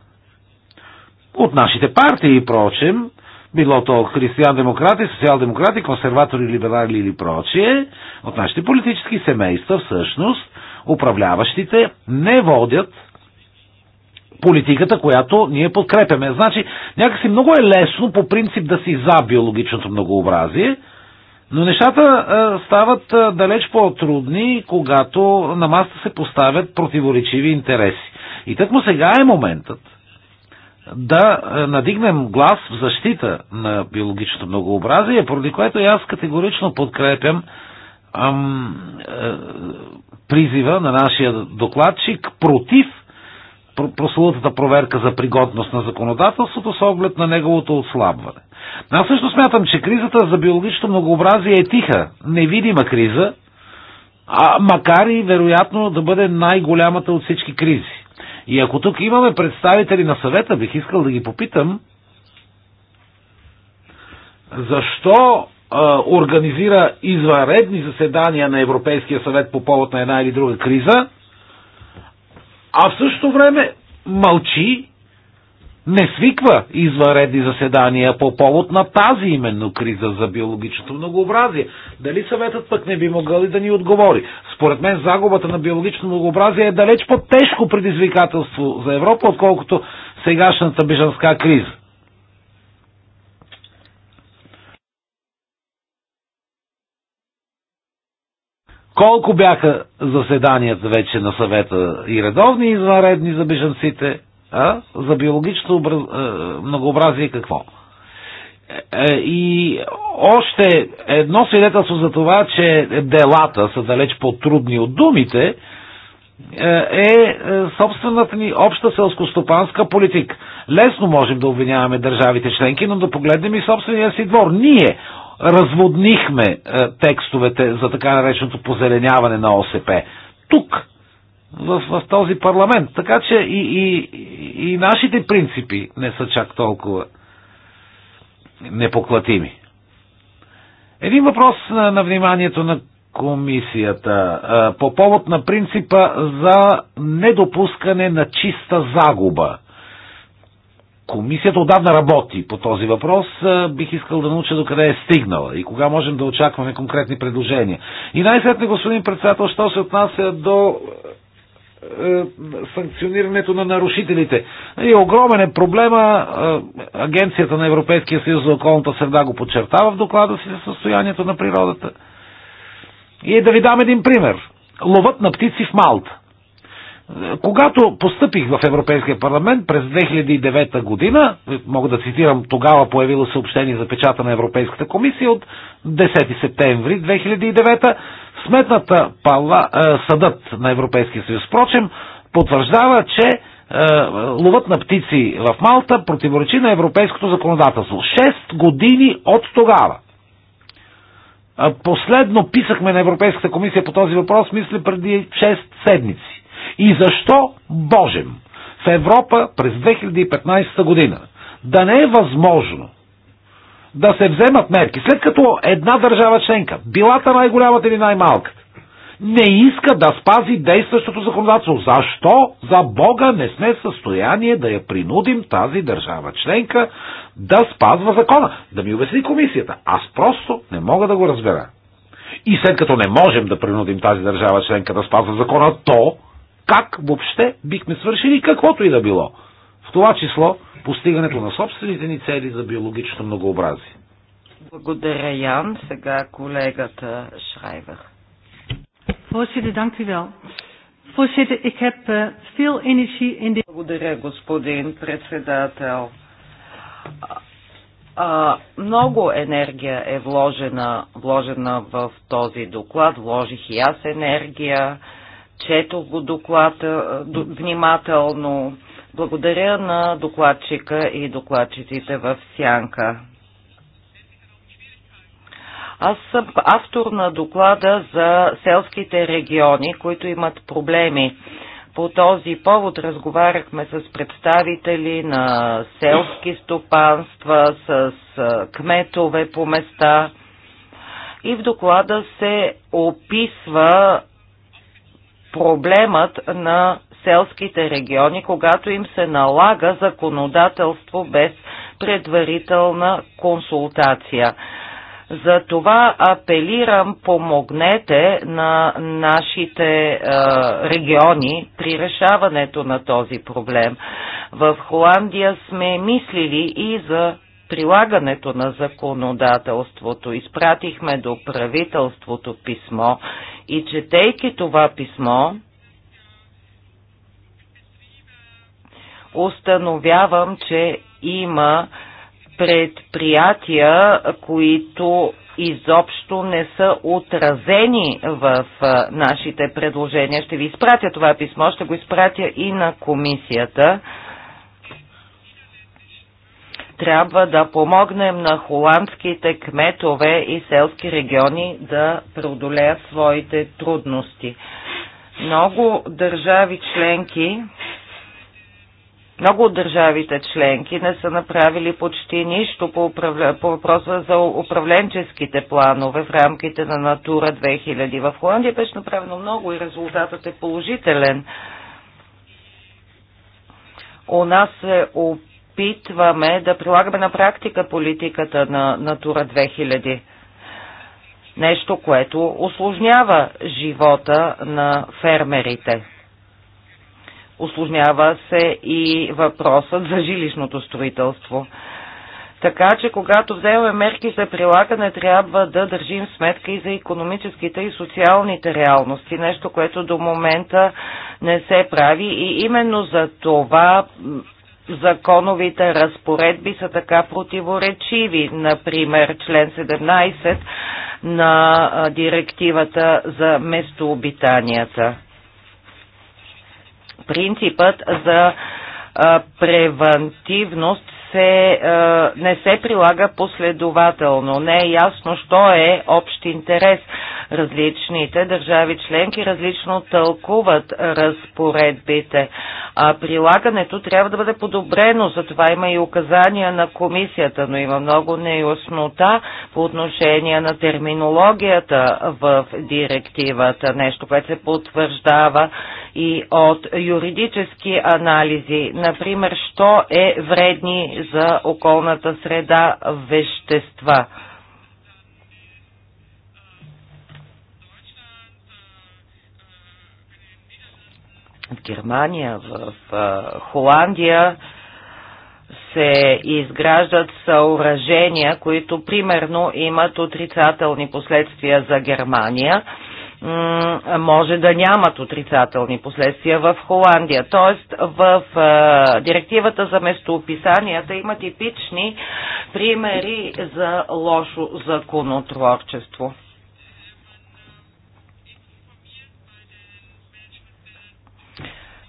от нашите партии и прочим, било то християн-демократи, социал-демократи, консерватори, либерали или прочие, от нашите политически семейства всъщност, управляващите не водят политиката, която ние подкрепяме. Значи, някакси много е лесно по принцип да си за биологичното многообразие, но нещата а, е, стават а, е, далеч по-трудни, когато на масата се поставят противоречиви интереси. И тъкмо сега е моментът да е, надигнем глас в защита на биологичното многообразие, поради което и аз категорично подкрепям е, призива на нашия докладчик против прословутата проверка за пригодност на законодателството с оглед на неговото отслабване. Аз също смятам, че кризата за биологично многообразие е тиха, невидима криза, а макар и вероятно да бъде най-голямата от всички кризи. И ако тук имаме представители на съвета, бих искал да ги попитам, защо организира извънредни заседания на Европейския съвет по повод на една или друга криза, а в същото време мълчи, не свиква извънредни заседания по повод на тази именно криза за биологичното многообразие. Дали съветът пък не би могъл и да ни отговори? Според мен загубата на биологично многообразие е далеч по-тежко предизвикателство за Европа, отколкото сегашната бежанска криза. Колко бяха заседанията вече на съвета и редовни, и извънредни за бежанците? А? За биологично образ... Е, многообразие какво? Е, и още едно свидетелство за това, че делата са далеч по-трудни от думите, е, е собствената ни обща селскостопанска политика. Лесно можем да обвиняваме държавите членки, но да погледнем и собствения си двор. Ние, разводнихме е, текстовете за така нареченото позеленяване на ОСП. Тук, в, в този парламент. Така че и, и, и нашите принципи не са чак толкова непоклатими. Един въпрос на вниманието на комисията е, по повод на принципа за недопускане на чиста загуба. Комисията отдавна работи по този въпрос. Бих искал да науча докъде е стигнала и кога можем да очакваме конкретни предложения. И най-сетне, господин председател, що се отнася до е, санкционирането на нарушителите. И огромен е проблема. Е, Агенцията на Европейския съюз за околната среда го подчертава в доклада си за състоянието на природата. И да ви дам един пример. Ловът на птици в Малта. Когато постъпих в Европейския парламент през 2009 година, мога да цитирам тогава появило съобщение за печата на Европейската комисия от 10 септември 2009, сметната пала, е, съдът на Европейския съюз, впрочем, потвърждава, че е, ловът на птици в Малта противоречи на европейското законодателство. Шест години от тогава. Е, последно писахме на Европейската комисия по този въпрос, мисля, преди 6 седмици. И защо Божем в Европа през 2015 година да не е възможно да се вземат мерки, след като една държава членка, билата най-голямата или най-малката, не иска да спази действащото законодателство. Защо за Бога не сме в състояние да я принудим тази държава членка да спазва закона? Да ми обясни комисията. Аз просто не мога да го разбера. И след като не можем да принудим тази държава членка да спазва закона, то как въобще бихме свършили каквото и да било. В това число постигането на собствените ни цели за биологично многообразие. Благодаря, Ян. Сега колегата Шрайвер. Voorzitter, dank u wel. Voorzitter, ik heb uh, veel energie in dit... Благодаря, господин председател. А, много енергия е вложена, вложена в този доклад. Вложих и аз енергия. Четох го доклада внимателно. Благодаря на докладчика и докладчиците в Сянка. Аз съм автор на доклада за селските региони, които имат проблеми. По този повод разговаряхме с представители на селски стопанства, с кметове по места и в доклада се описва проблемът на селските региони, когато им се налага законодателство без предварителна консултация. За това апелирам, помогнете на нашите е, региони при решаването на този проблем. В Холандия сме мислили и за прилагането на законодателството. Изпратихме до правителството писмо и четейки това писмо, установявам, че има предприятия, които изобщо не са отразени в нашите предложения. Ще ви изпратя това писмо, ще го изпратя и на комисията трябва да помогнем на холандските кметове и селски региони да преодолеят своите трудности. Много държави членки много от държавите членки не са направили почти нищо по, управля... по въпроса за управленческите планове в рамките на Натура 2000. В Холандия беше направено много и резултатът е положителен. У нас се опитваме да прилагаме на практика политиката на Натура 2000. Нещо, което осложнява живота на фермерите. Осложнява се и въпросът за жилищното строителство. Така че, когато вземем мерки за прилагане, трябва да държим сметка и за економическите и социалните реалности, нещо, което до момента не се прави и именно за това законовите разпоредби са така противоречиви. Например, член 17 на директивата за местообитанията. Принципът за превантивност се, е, не се прилага последователно. Не е ясно, що е общ интерес. Различните държави членки различно тълкуват разпоредбите. А прилагането трябва да бъде подобрено, затова има и указания на комисията, но има много неяснота по отношение на терминологията в директивата, нещо, което се потвърждава и от юридически анализи, например, що е вредни за околната среда вещества. В Германия, в Холандия се изграждат съоръжения, които примерно имат отрицателни последствия за Германия може да нямат отрицателни последствия в Холандия. Тоест в а, директивата за местоописанията има типични примери за лошо законотворчество.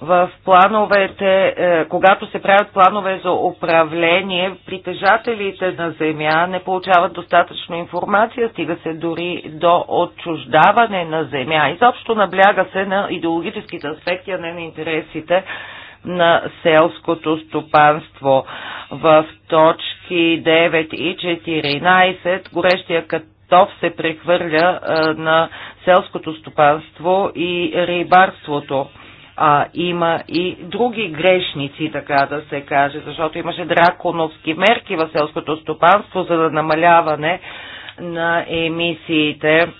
в плановете, е, когато се правят планове за управление, притежателите на земя не получават достатъчно информация, стига се дори до отчуждаване на земя. Изобщо набляга се на идеологическите аспекти, а не на интересите на селското стопанство. В точки 9 и 14 горещия катов се прехвърля е, на селското стопанство и рибарството а, има и други грешници, така да се каже, защото имаше драконовски мерки в селското стопанство за да намаляване на емисиите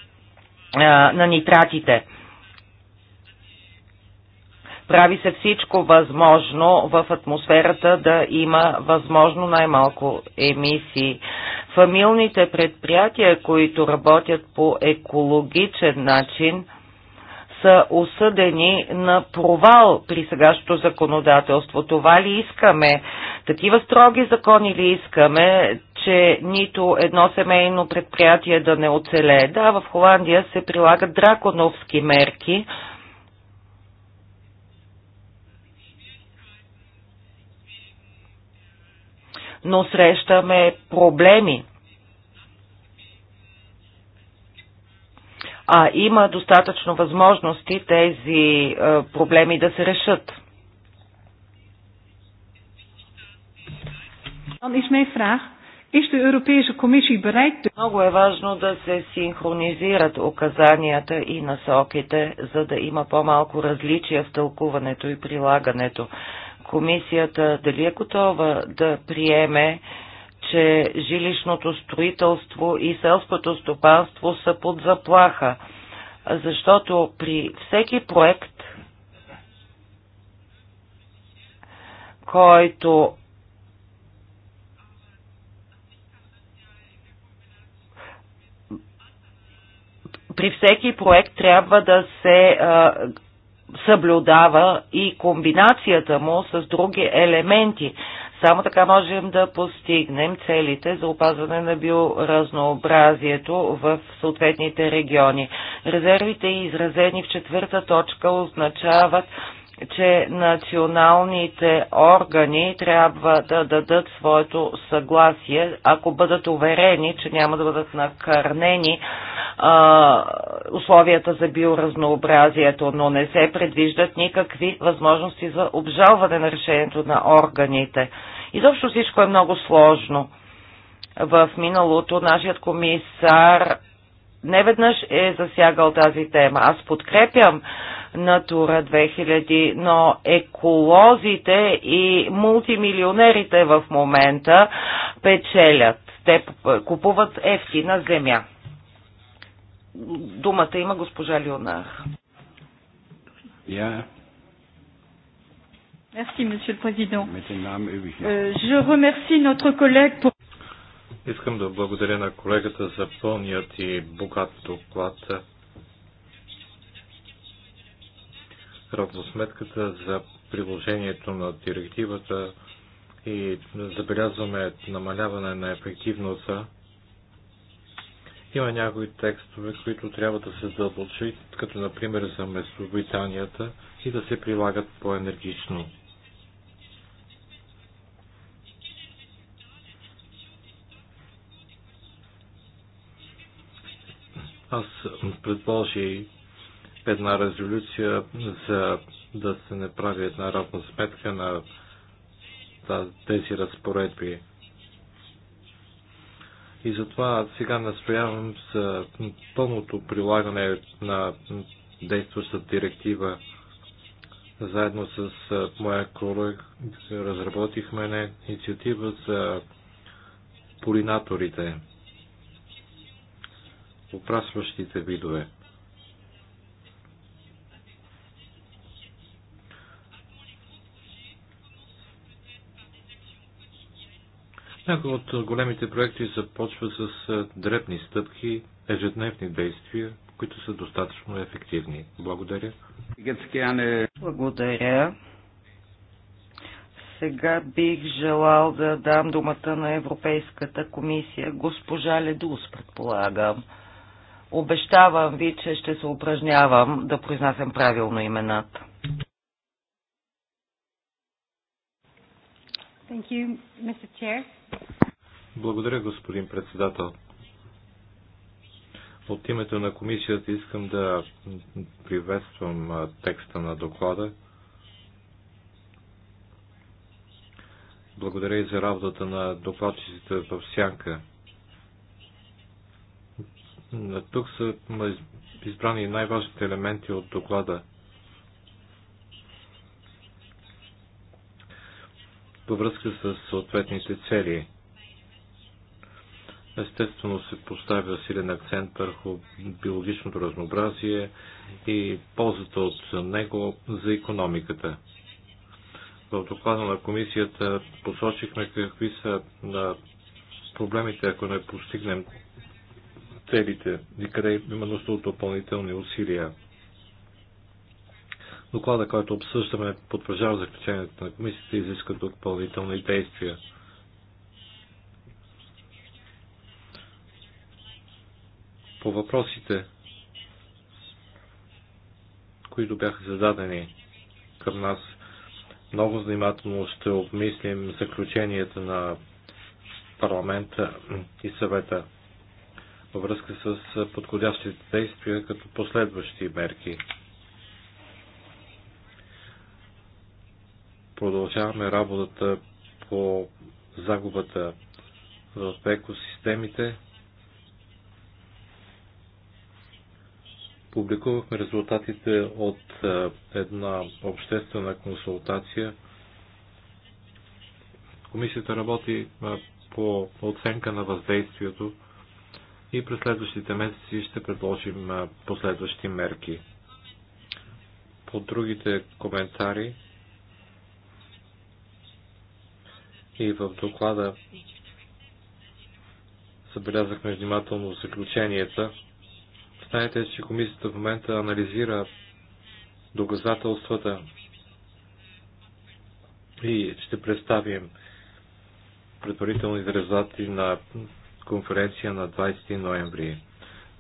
а, на нитратите. Прави се всичко възможно в атмосферата да има възможно най-малко емисии. Фамилните предприятия, които работят по екологичен начин – са осъдени на провал при сегашното законодателство. Това ли искаме? Такива строги закони ли искаме, че нито едно семейно предприятие да не оцеле? Да, в Холандия се прилагат драконовски мерки, но срещаме проблеми а има достатъчно възможности тези проблеми да се решат. Dan is mijn vraag, is de Europese Commissie bereid... Много е важно да се синхронизират указанията и насоките, за да има по-малко различия в тълкуването и прилагането. Комисията дали е готова да приеме че жилищното строителство и селското стопанство са под заплаха, защото при всеки проект, който при всеки проект трябва да се а, съблюдава и комбинацията му с други елементи, само така можем да постигнем целите за опазване на биоразнообразието в съответните региони. Резервите, изразени в четвърта точка, означават че националните органи трябва да дадат своето съгласие, ако бъдат уверени, че няма да бъдат накърнени а, условията за биоразнообразието, но не се предвиждат никакви възможности за обжалване на решението на органите. Изобщо всичко е много сложно. В миналото нашият комисар не веднъж е засягал тази тема. Аз подкрепям Натура 2000, но еколозите и мултимилионерите в момента печелят. Те купуват ефтина земя. Думата има госпожа Леонар. Yeah. Merci, Monsieur le Président. Euh, je remercie notre collègue pour... Искам да благодаря на колегата за пълният и богат доклад. равносметката за приложението на директивата и забелязваме намаляване на ефективността. Има някои текстове, които трябва да се задълбочат, като например за местообитанията и да се прилагат по-енергично. Аз предложих една резолюция за да се не прави една сметка на тези разпоредби. И затова сега настоявам за пълното прилагане на действаща директива. Заедно с моя колега разработихме не, инициатива за полинаторите, опрасващите видове. Някои от големите проекти започват с дребни стъпки, ежедневни действия, които са достатъчно ефективни. Благодаря. Благодаря. Сега бих желал да дам думата на Европейската комисия. Госпожа Ледус, предполагам. Обещавам ви, че ще се упражнявам да произнасям правилно имената. Thank you, Mr. Chair. Благодаря, господин председател. От името на комисията искам да приветствам текста на доклада. Благодаря и за работата на докладчиците в Сянка. Тук са избрани най-важните елементи от доклада. във връзка с съответните цели. Естествено се поставя силен акцент върху биологичното разнообразие и ползата от него за економиката. В доклада на комисията посочихме какви са на проблемите, ако не постигнем целите и къде има нужда от допълнителни усилия. Доклада, който обсъждаме, потвърждава заключението на комисията и изиска допълнителни действия. По въпросите, които бяха зададени към нас, много внимателно ще обмислим заключенията на парламента и съвета във връзка с подходящите действия като последващи мерки. Продължаваме работата по загубата в екосистемите. Публикувахме резултатите от една обществена консултация. Комисията работи по оценка на въздействието и през следващите месеци ще предложим последващи мерки. По другите коментари и в доклада забелязахме внимателно заключенията. Знаете, че комисията в момента анализира доказателствата и ще представим предварителни резултати на конференция на 20 ноември.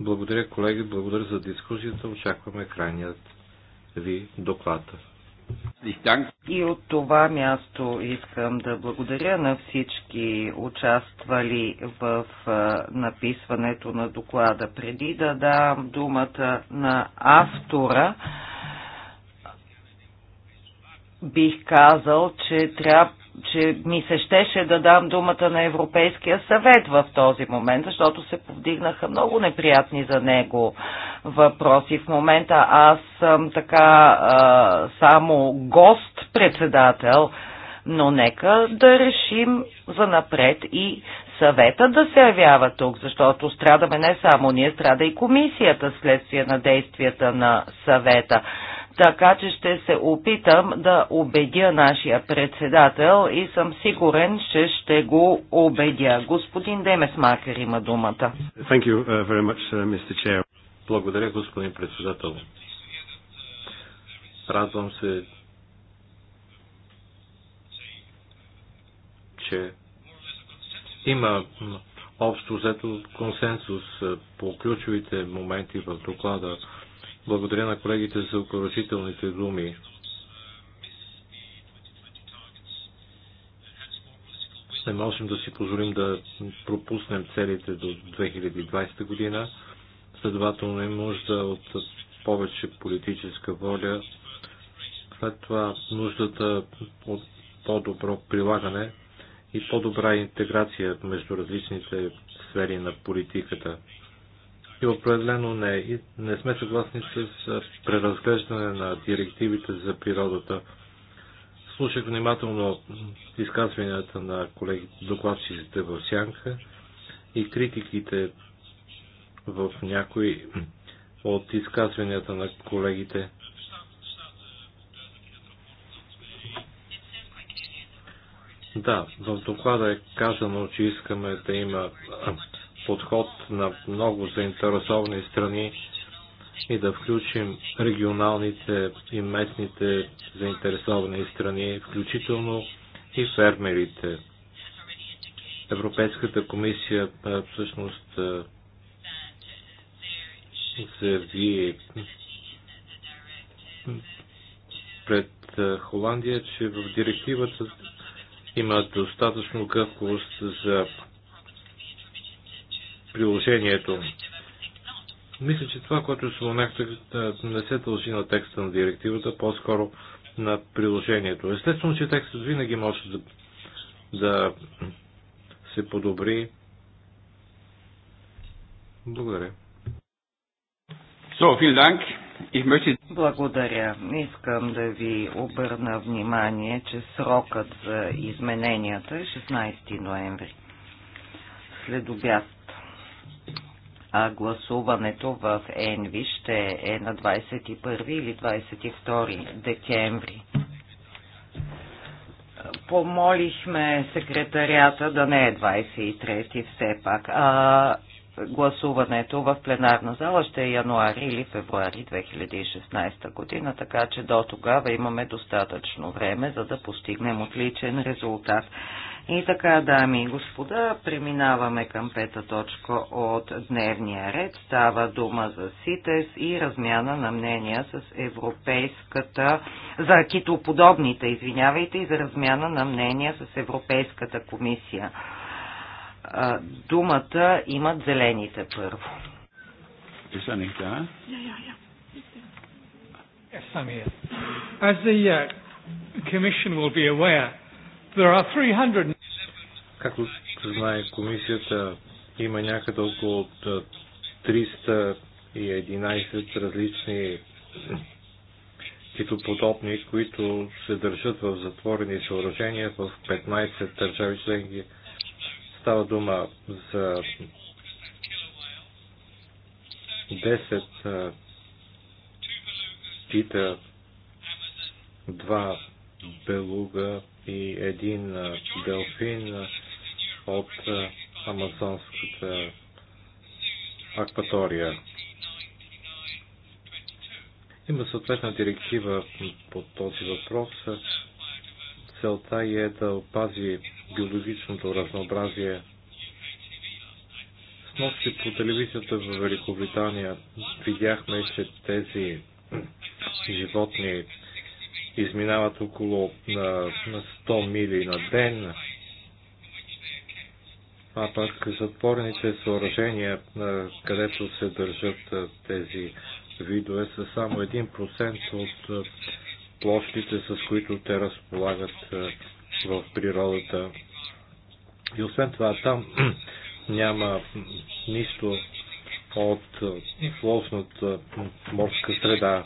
Благодаря, колеги, благодаря за дискусията. Очакваме крайният ви доклад. И от това място искам да благодаря на всички участвали в написването на доклада. Преди да дам думата на автора, бих казал, че трябва че ми се щеше да дам думата на Европейския съвет в този момент, защото се повдигнаха много неприятни за него въпроси. В момента аз съм така а, само гост-председател, но нека да решим за напред и съвета да се явява тук, защото страдаме не само ние, страда и комисията следствие на действията на съвета така че ще се опитам да убедя нашия председател и съм сигурен, че ще го убедя. Господин Демесмакер има думата. Thank you uh, very much, uh, Mr. Chair. Благодаря, господин председател. Радвам се, че има общо взето консенсус uh, по ключовите моменти в доклада благодаря на колегите за окоръжителните думи. Не можем да си позволим да пропуснем целите до 2020 година. Следователно има нужда от повече политическа воля. След това нуждата от по-добро прилагане и по-добра интеграция между различните сфери на политиката и определено не, и не сме съгласни с преразглеждане на директивите за природата. Слушах внимателно изказванията на колеги докладчиците в Сянка и критиките в някои от изказванията на колегите. Да, в доклада е казано, че искаме да има подход на много заинтересовани страни и да включим регионалните и местните заинтересовани страни, включително и фермерите. Европейската комисия всъщност заяви пред Холандия, че в директивата има достатъчно гъвкавост за приложението. Мисля, че това, което споменахте, не се дължи на текста на директивата, по-скоро на приложението. Естествено, че текстът винаги може да, да се подобри. Благодаря. So, Dank. Ich möchte... Благодаря. Искам да ви обърна внимание, че срокът за измененията е 16 ноември. След обяд а гласуването в Енви ще е на 21 или 22 декември. Помолихме секретарията да не е 23 все пак, а гласуването в пленарна зала ще е януари или февруари 2016 година, така че до тогава имаме достатъчно време, за да постигнем отличен резултат. И така, дами и господа, преминаваме към пета точка от дневния ред. Става дума за СИТЕС и размяна на мнения с Европейската, за китоподобните, извинявайте, и за размяна на мнения с Европейската комисия. Думата имат зелените първо. As the uh, Commission will be aware, Както знае комисията, има някъде около 311 различни китоподобни, които се държат в затворени съоръжения в 15 държави членки. Става дума за 10 кита, 2 белуга, и един делфин от Амазонската акватория. Има съответна директива по този въпрос. Целта е да опази биологичното разнообразие. С нощи по телевизията в Великобритания видяхме, че тези животни изминават около 100 мили на ден, а пък затворените съоръжения, където се държат тези видове, са само 1% от площите, с които те разполагат в природата. И освен това, там <clears throat> няма нищо от ловната морска среда,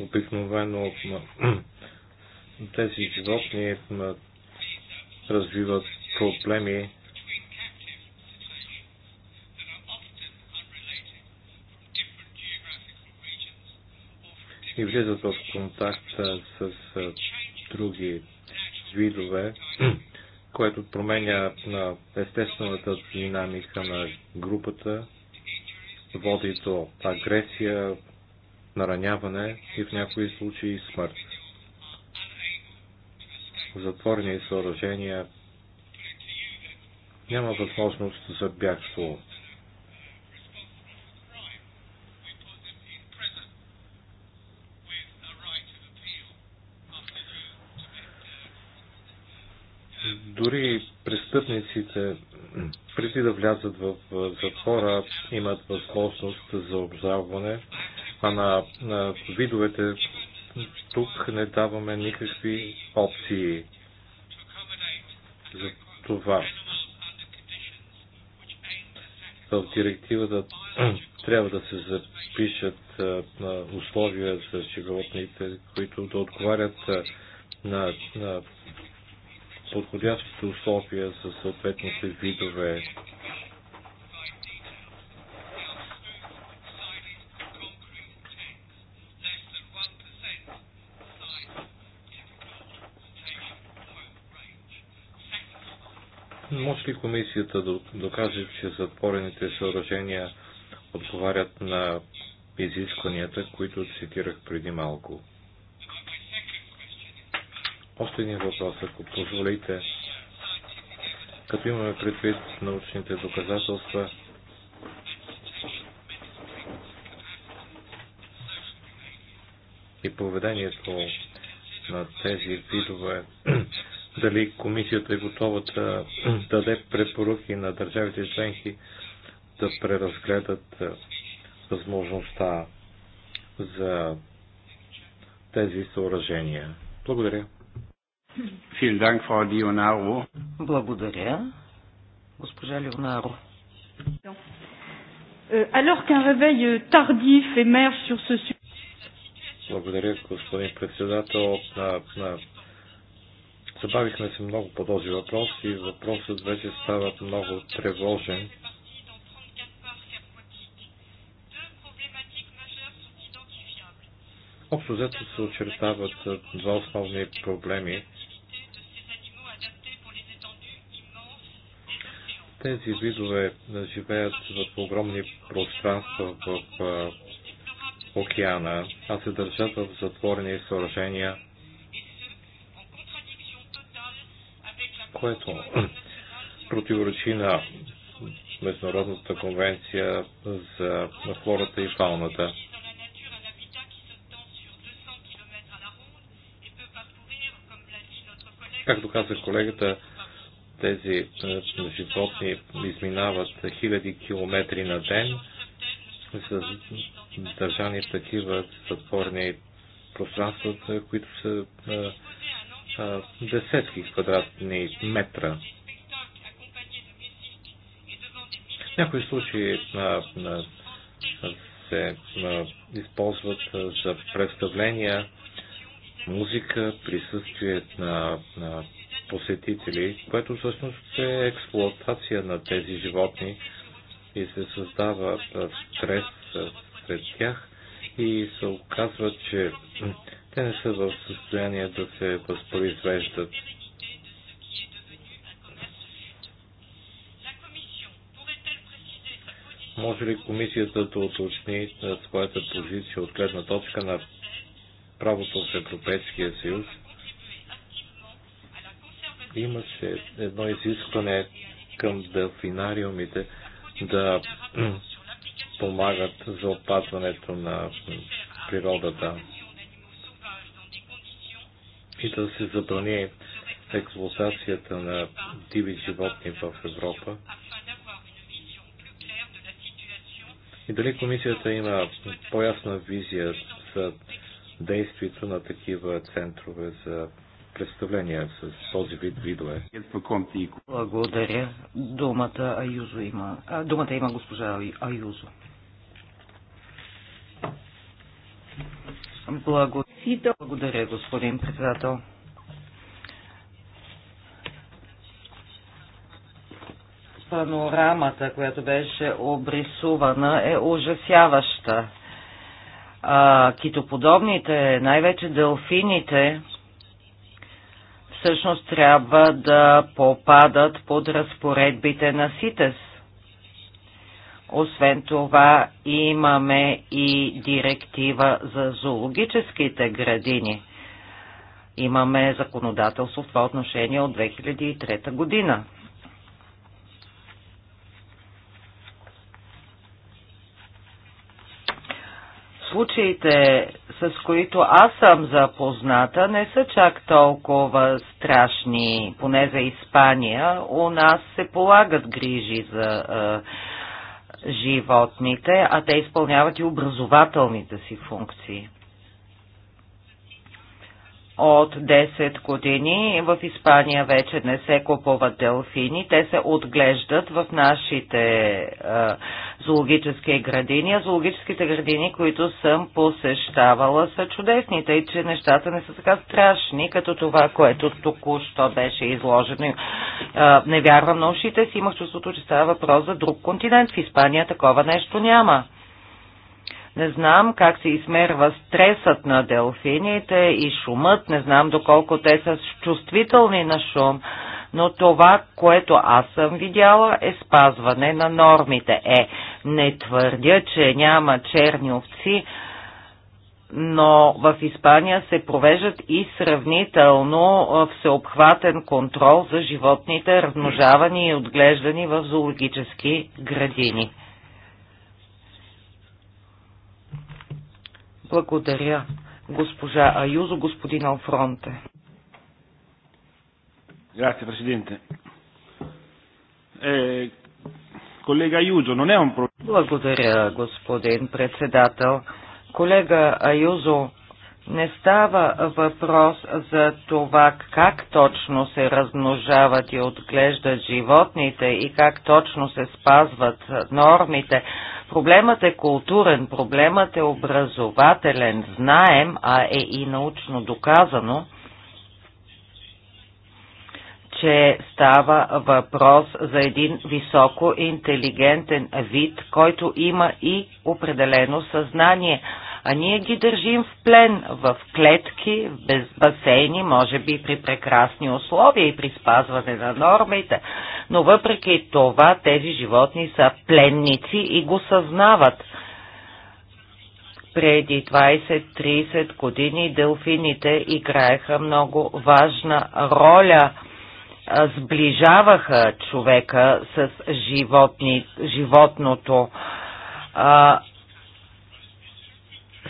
Обикновено <clears throat> тези животни развиват проблеми и влизат в контакт с други видове, <clears throat> което променя на естествената динамика на групата, води до агресия, нараняване и в някои случаи смърт. Затворени съоръжения няма възможност за бягство. дори престъпниците, преди да влязат в затвора, имат възможност за обжалване а на, на видовете тук не даваме никакви опции за това. В директивата <clears throat> трябва да се запишат на условия за животните, които да отговарят на, на подходящите условия за съответните видове Може ли комисията да докаже, че затворените съоръжения отговарят на изискванията, които цитирах преди малко? Още един въпрос, ако позволите. Като имаме предвид научните доказателства, и поведението на тези видове дали комисията е готова да <clears throat> даде препоръки на държавите членки да преразгледат е, възможността за тези съоръжения. Благодаря. Благодаря. Госпожа Леонаро. Euh, alors qu'un réveil tardif émerge sur ce sujet. Благодаря, господин председател. На, на Забавихме се много по този въпрос и въпросът вече става много тревожен. Общо взето се очертават два основни проблеми. Тези видове живеят в огромни пространства в океана, а се държат в затворени съоръжения което <clears throat> противоречи на Международната конвенция за хората и фауната. Както каза колегата, тези е, животни изминават хиляди километри на ден, с държани в такива затворни пространства, които са е, десетки квадратни метра. В някои случаи се използват за представления, музика, присъствие на, на посетители, което всъщност е експлуатация на тези животни и се създава стрес сред тях и се оказва, че те не са в състояние да се възпроизвеждат. Може ли комисията да уточни своята позиция от гледна точка на правото в Европейския съюз? Имаше едно изискване към дафинариумите да <clears throat> помагат за опазването на природата и да се забрани експлуатацията на диви животни в Европа? И дали комисията има по-ясна визия за действието на такива центрове за представления с този вид видове? Благодаря. Думата, Аюзо има. А, думата има госпожа Аюзо. Благодаря, господин председател. Панорамата, която беше обрисувана, е ужасяваща. А, китоподобните, най-вече делфините, всъщност трябва да попадат под разпоредбите на СИТЕС, освен това имаме и директива за зоологическите градини. Имаме законодателство в това отношение от 2003 година. Случаите, с които аз съм запозната, не са чак толкова страшни, поне за Испания. У нас се полагат грижи за е, животните, а те изпълняват и образователните си функции. От 10 години в Испания вече не се купуват делфини, те се отглеждат в нашите а, зоологически градини, а зоологическите градини, които съм посещавала, са чудесни, тъй че нещата не са така страшни, като това, което току-що беше изложено. Не вярвам на ушите си, имах чувството, че става въпрос за друг континент. В Испания такова нещо няма. Не знам как се измерва стресът на делфините и шумът, не знам доколко те са чувствителни на шум но това, което аз съм видяла е спазване на нормите. Е, не твърдя, че няма черни овци, но в Испания се провеждат и сравнително всеобхватен контрол за животните, размножавани и отглеждани в зоологически градини. Благодаря, госпожа Аюзо, господин Алфронте. Grazie Presidente. Е, колега Юзо, но нямам проблем. Благодаря, господин председател. Колега Аюзо, не става въпрос за това как точно се размножават и отглеждат животните и как точно се спазват нормите. Проблемът е културен, проблемът е образователен, знаем, а е и научно доказано – че става въпрос за един високо интелигентен вид, който има и определено съзнание. А ние ги държим в плен, в клетки, без басейни, може би при прекрасни условия и при спазване на нормите, но въпреки това тези животни са пленници и го съзнават преди 20-30 години делфините играеха много важна роля сближаваха човека с животни, животното. А,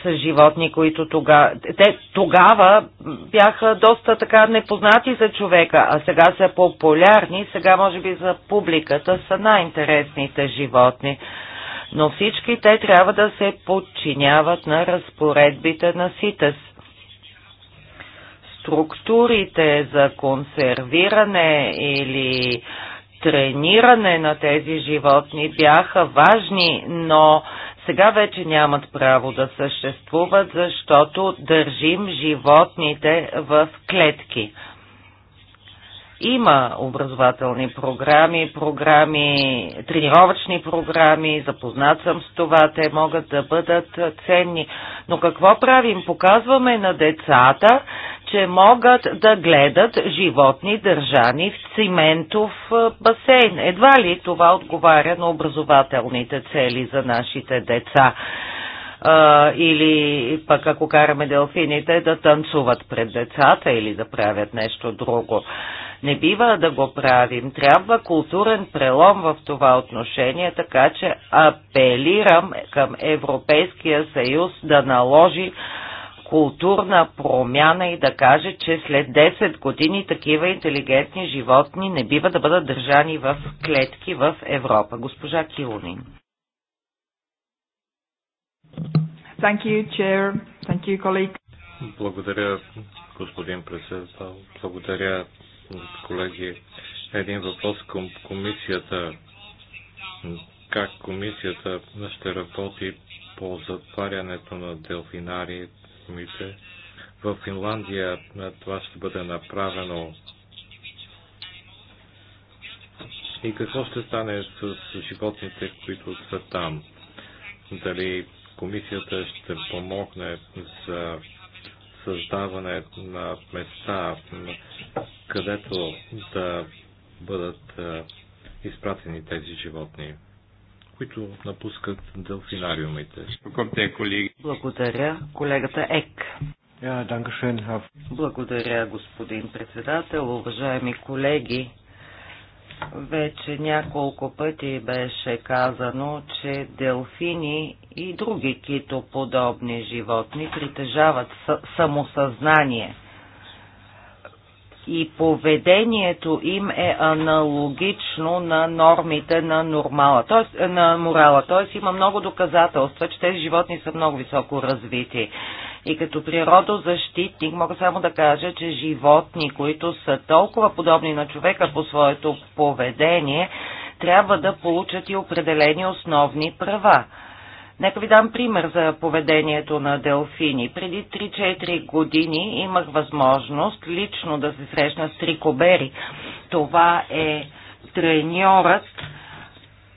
с животни, които тогава... Те тогава бяха доста така непознати за човека, а сега са популярни, сега може би за публиката са най-интересните животни. Но всички те трябва да се подчиняват на разпоредбите на СИТЕС структурите за консервиране или трениране на тези животни бяха важни, но сега вече нямат право да съществуват, защото държим животните в клетки. Има образователни програми, програми, тренировъчни програми, запознат съм с това, те могат да бъдат ценни. Но какво правим? Показваме на децата, че могат да гледат животни държани в циментов басейн. Едва ли това отговаря на образователните цели за нашите деца? а, или пък ако караме делфините да танцуват пред децата или да правят нещо друго. Не бива да го правим. Трябва културен прелом в това отношение, така че апелирам към Европейския съюз да наложи културна промяна и да каже, че след 10 години такива интелигентни животни не бива да бъдат държани в клетки в Европа. Госпожа Килонин. Thank you, chair. Thank you, colleague. Благодаря, господин председател. Благодаря, колеги. Един въпрос към комисията. Как комисията ще работи по затварянето на делфинари организмите. В Финландия това ще бъде направено. И какво ще стане с животните, които са там? Дали комисията ще помогне за създаване на места, където да бъдат изпратени тези животни? които напускат дълфинариумите. Благодаря, колегата Ек. Благодаря, господин председател. Уважаеми колеги, вече няколко пъти беше казано, че делфини и други китоподобни животни притежават самосъзнание – и поведението им е аналогично на нормите на, нормала, т.е. на морала. Т.е. има много доказателства, че тези животни са много високо развити. И като природозащитник мога само да кажа, че животни, които са толкова подобни на човека по своето поведение, трябва да получат и определени основни права. Нека ви дам пример за поведението на делфини. Преди 3-4 години имах възможност лично да се срещна с трикобери. Това е треньорът,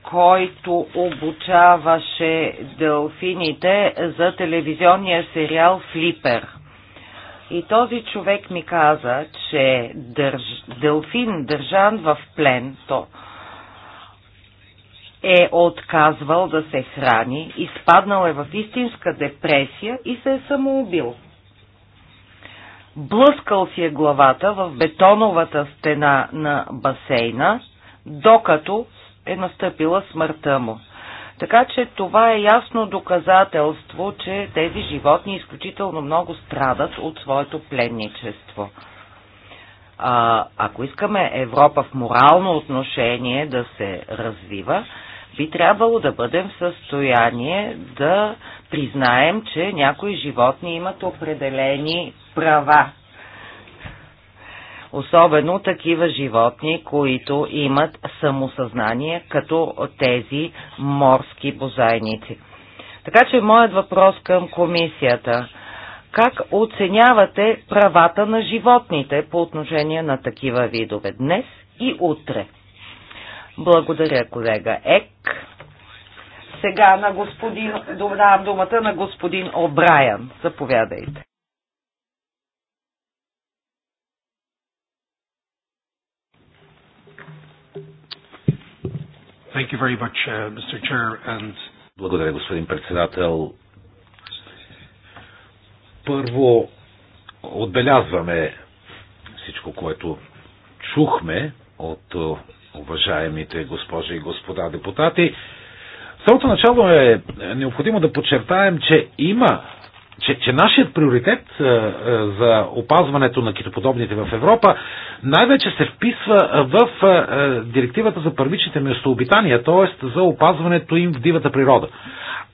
който обучаваше делфините за телевизионния сериал Флипер. И този човек ми каза, че дълфин делфин държан в плен, то е отказвал да се храни, изпаднал е в истинска депресия и се е самоубил. Блъскал си е главата в бетоновата стена на басейна, докато е настъпила смъртта му. Така че това е ясно доказателство, че тези животни изключително много страдат от своето пленничество. А, ако искаме Европа в морално отношение да се развива, би трябвало да бъдем в състояние да признаем, че някои животни имат определени права. Особено такива животни, които имат самосъзнание, като тези морски бозайници. Така че моят въпрос към комисията – как оценявате правата на животните по отношение на такива видове днес и утре? Благодаря, колега Ек. Сега на господин, давам думата на господин Обраян. Заповядайте. Thank you very much, uh, Mr. Chair, and... Благодаря, господин председател. Първо, отбелязваме всичко, което чухме от уважаемите госпожи и господа депутати. В самото начало е необходимо да подчертаем, че има че, че нашият приоритет а, е, е, за опазването на китоподобните в Европа най-вече се вписва в а, е, директивата за първичните местообитания, т.е. за опазването им в дивата природа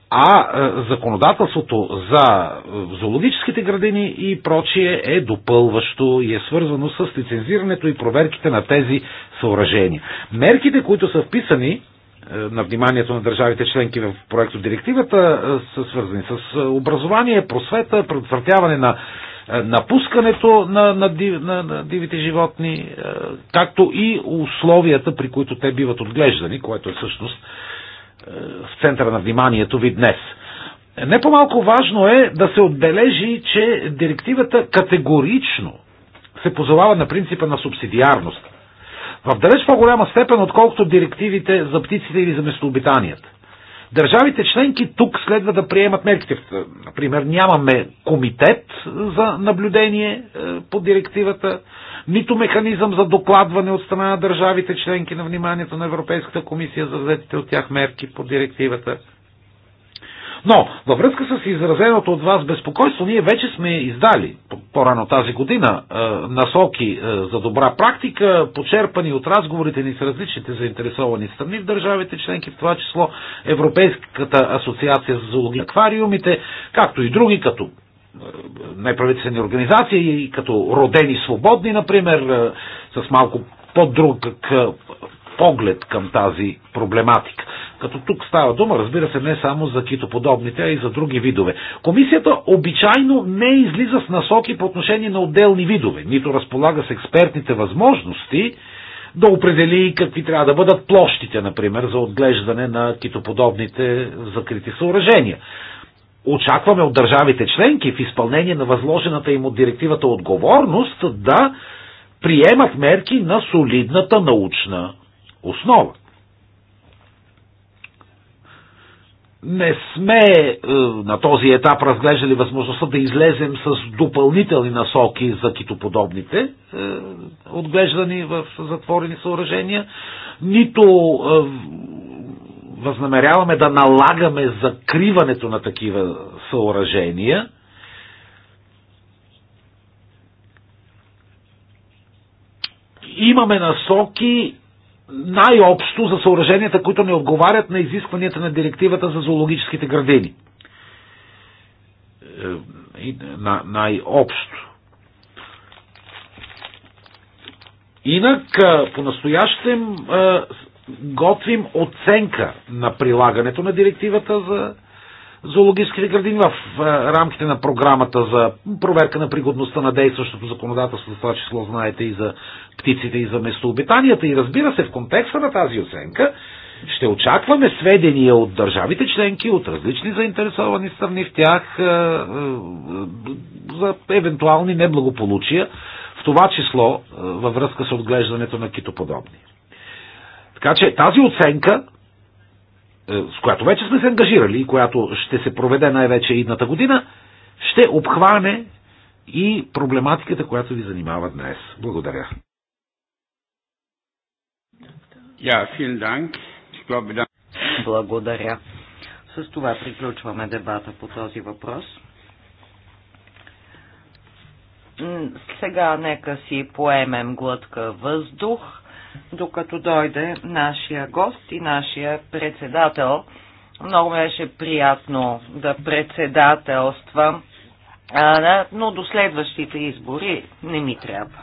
а е, законодателството за е, зоологическите градини и прочие е допълващо и е свързано с лицензирането и проверките на тези съоръжения. Мерките, които са вписани е, на вниманието на държавите членки в проекто директивата са свързани с образование, просвета, предотвратяване на напускането на, на, на, на дивите животни, както и условията, при които те биват отглеждани, което е всъщност в центъра на вниманието ви днес. Не по-малко важно е да се отбележи, че директивата категорично се позовава на принципа на субсидиарност. В далеч по-голяма степен, отколкото директивите за птиците или за местообитанията. Държавите членки тук следва да приемат мерките. Например, нямаме комитет за наблюдение е, по директивата нито механизъм за докладване от страна на държавите членки на вниманието на Европейската комисия за взетите от тях мерки по директивата. Но, във връзка с изразеното от вас безпокойство, ние вече сме издали по-рано тази година е, насоки е, за добра практика, почерпани от разговорите ни с различните заинтересовани страни в държавите членки, в това число Европейската асоциация за зоологи аквариумите, както и други, като неправителствени организации, като Родени свободни, например, е, с малко по-друг поглед към тази проблематика. Като тук става дума, разбира се, не само за китоподобните, а и за други видове. Комисията обичайно не излиза с насоки по отношение на отделни видове, нито разполага с експертните възможности да определи какви трябва да бъдат площите, например, за отглеждане на китоподобните закрити съоръжения очакваме от държавите членки в изпълнение на възложената им от директивата отговорност да приемат мерки на солидната научна основа. не сме е, на този етап разглеждали възможността да излезем с допълнителни насоки за китоподобните, е, отглеждани в затворени съоръжения, нито е, възнамеряваме да налагаме закриването на такива съоръжения, имаме насоки най-общо за съоръженията, които не отговарят на изискванията на директивата за зоологическите градини. Е, на, най-общо. Инак, е, по-настоящем е, готвим оценка на прилагането на директивата за зоологическите градини в е, рамките на програмата за проверка на пригодността на действащото законодателство, това число знаете и за птиците и за местообитанията. И разбира се, в контекста на тази оценка ще очакваме сведения от държавите членки, от различни заинтересовани страни в тях е, е, за евентуални неблагополучия, в това число във връзка с отглеждането на китоподобни. Така че тази оценка, е, с която вече сме се ангажирали и която ще се проведе най-вече идната година, ще обхване и проблематиката, която ви занимава днес. Благодаря. glaube, Благодаря. С това приключваме дебата по този въпрос. Сега нека си поемем глътка въздух докато дойде нашия гост и нашия председател. Много беше приятно да председателствам, но до следващите избори не ми трябва.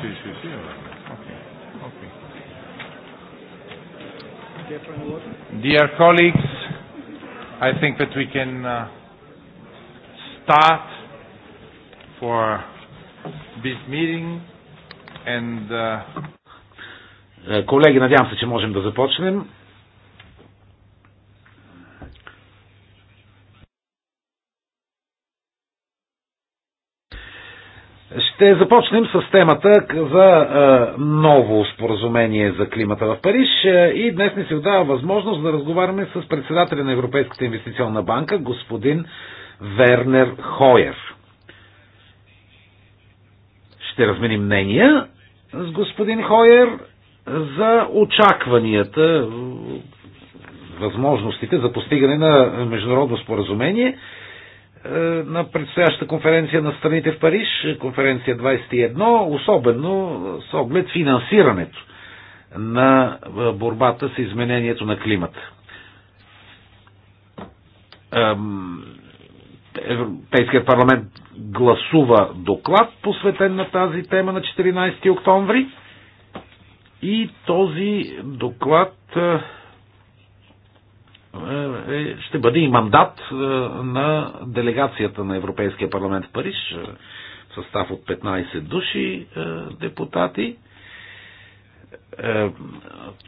Sì, sì, sì, ok, ok. Dear colleagues, I think that we can uh, start for this meeting and uh... Колеги, надявам се, че можем да започнем. Ще започнем с темата за ново споразумение за климата в Париж и днес ни се отдава възможност да разговаряме с председателя на Европейската инвестиционна банка, господин Вернер Хойер. Ще разменим мнения с господин Хойер за очакванията, възможностите за постигане на международно споразумение – е, на предстояща конференция на страните в Париж, конференция 21, особено с оглед финансирането на е, борбата с изменението на климата. Европейският парламент гласува доклад, посветен на тази тема на 14 октомври. И този доклад е, е, е, ще бъде и мандат е, на делегацията на Европейския парламент в Париж, в състав от 15 души депутати.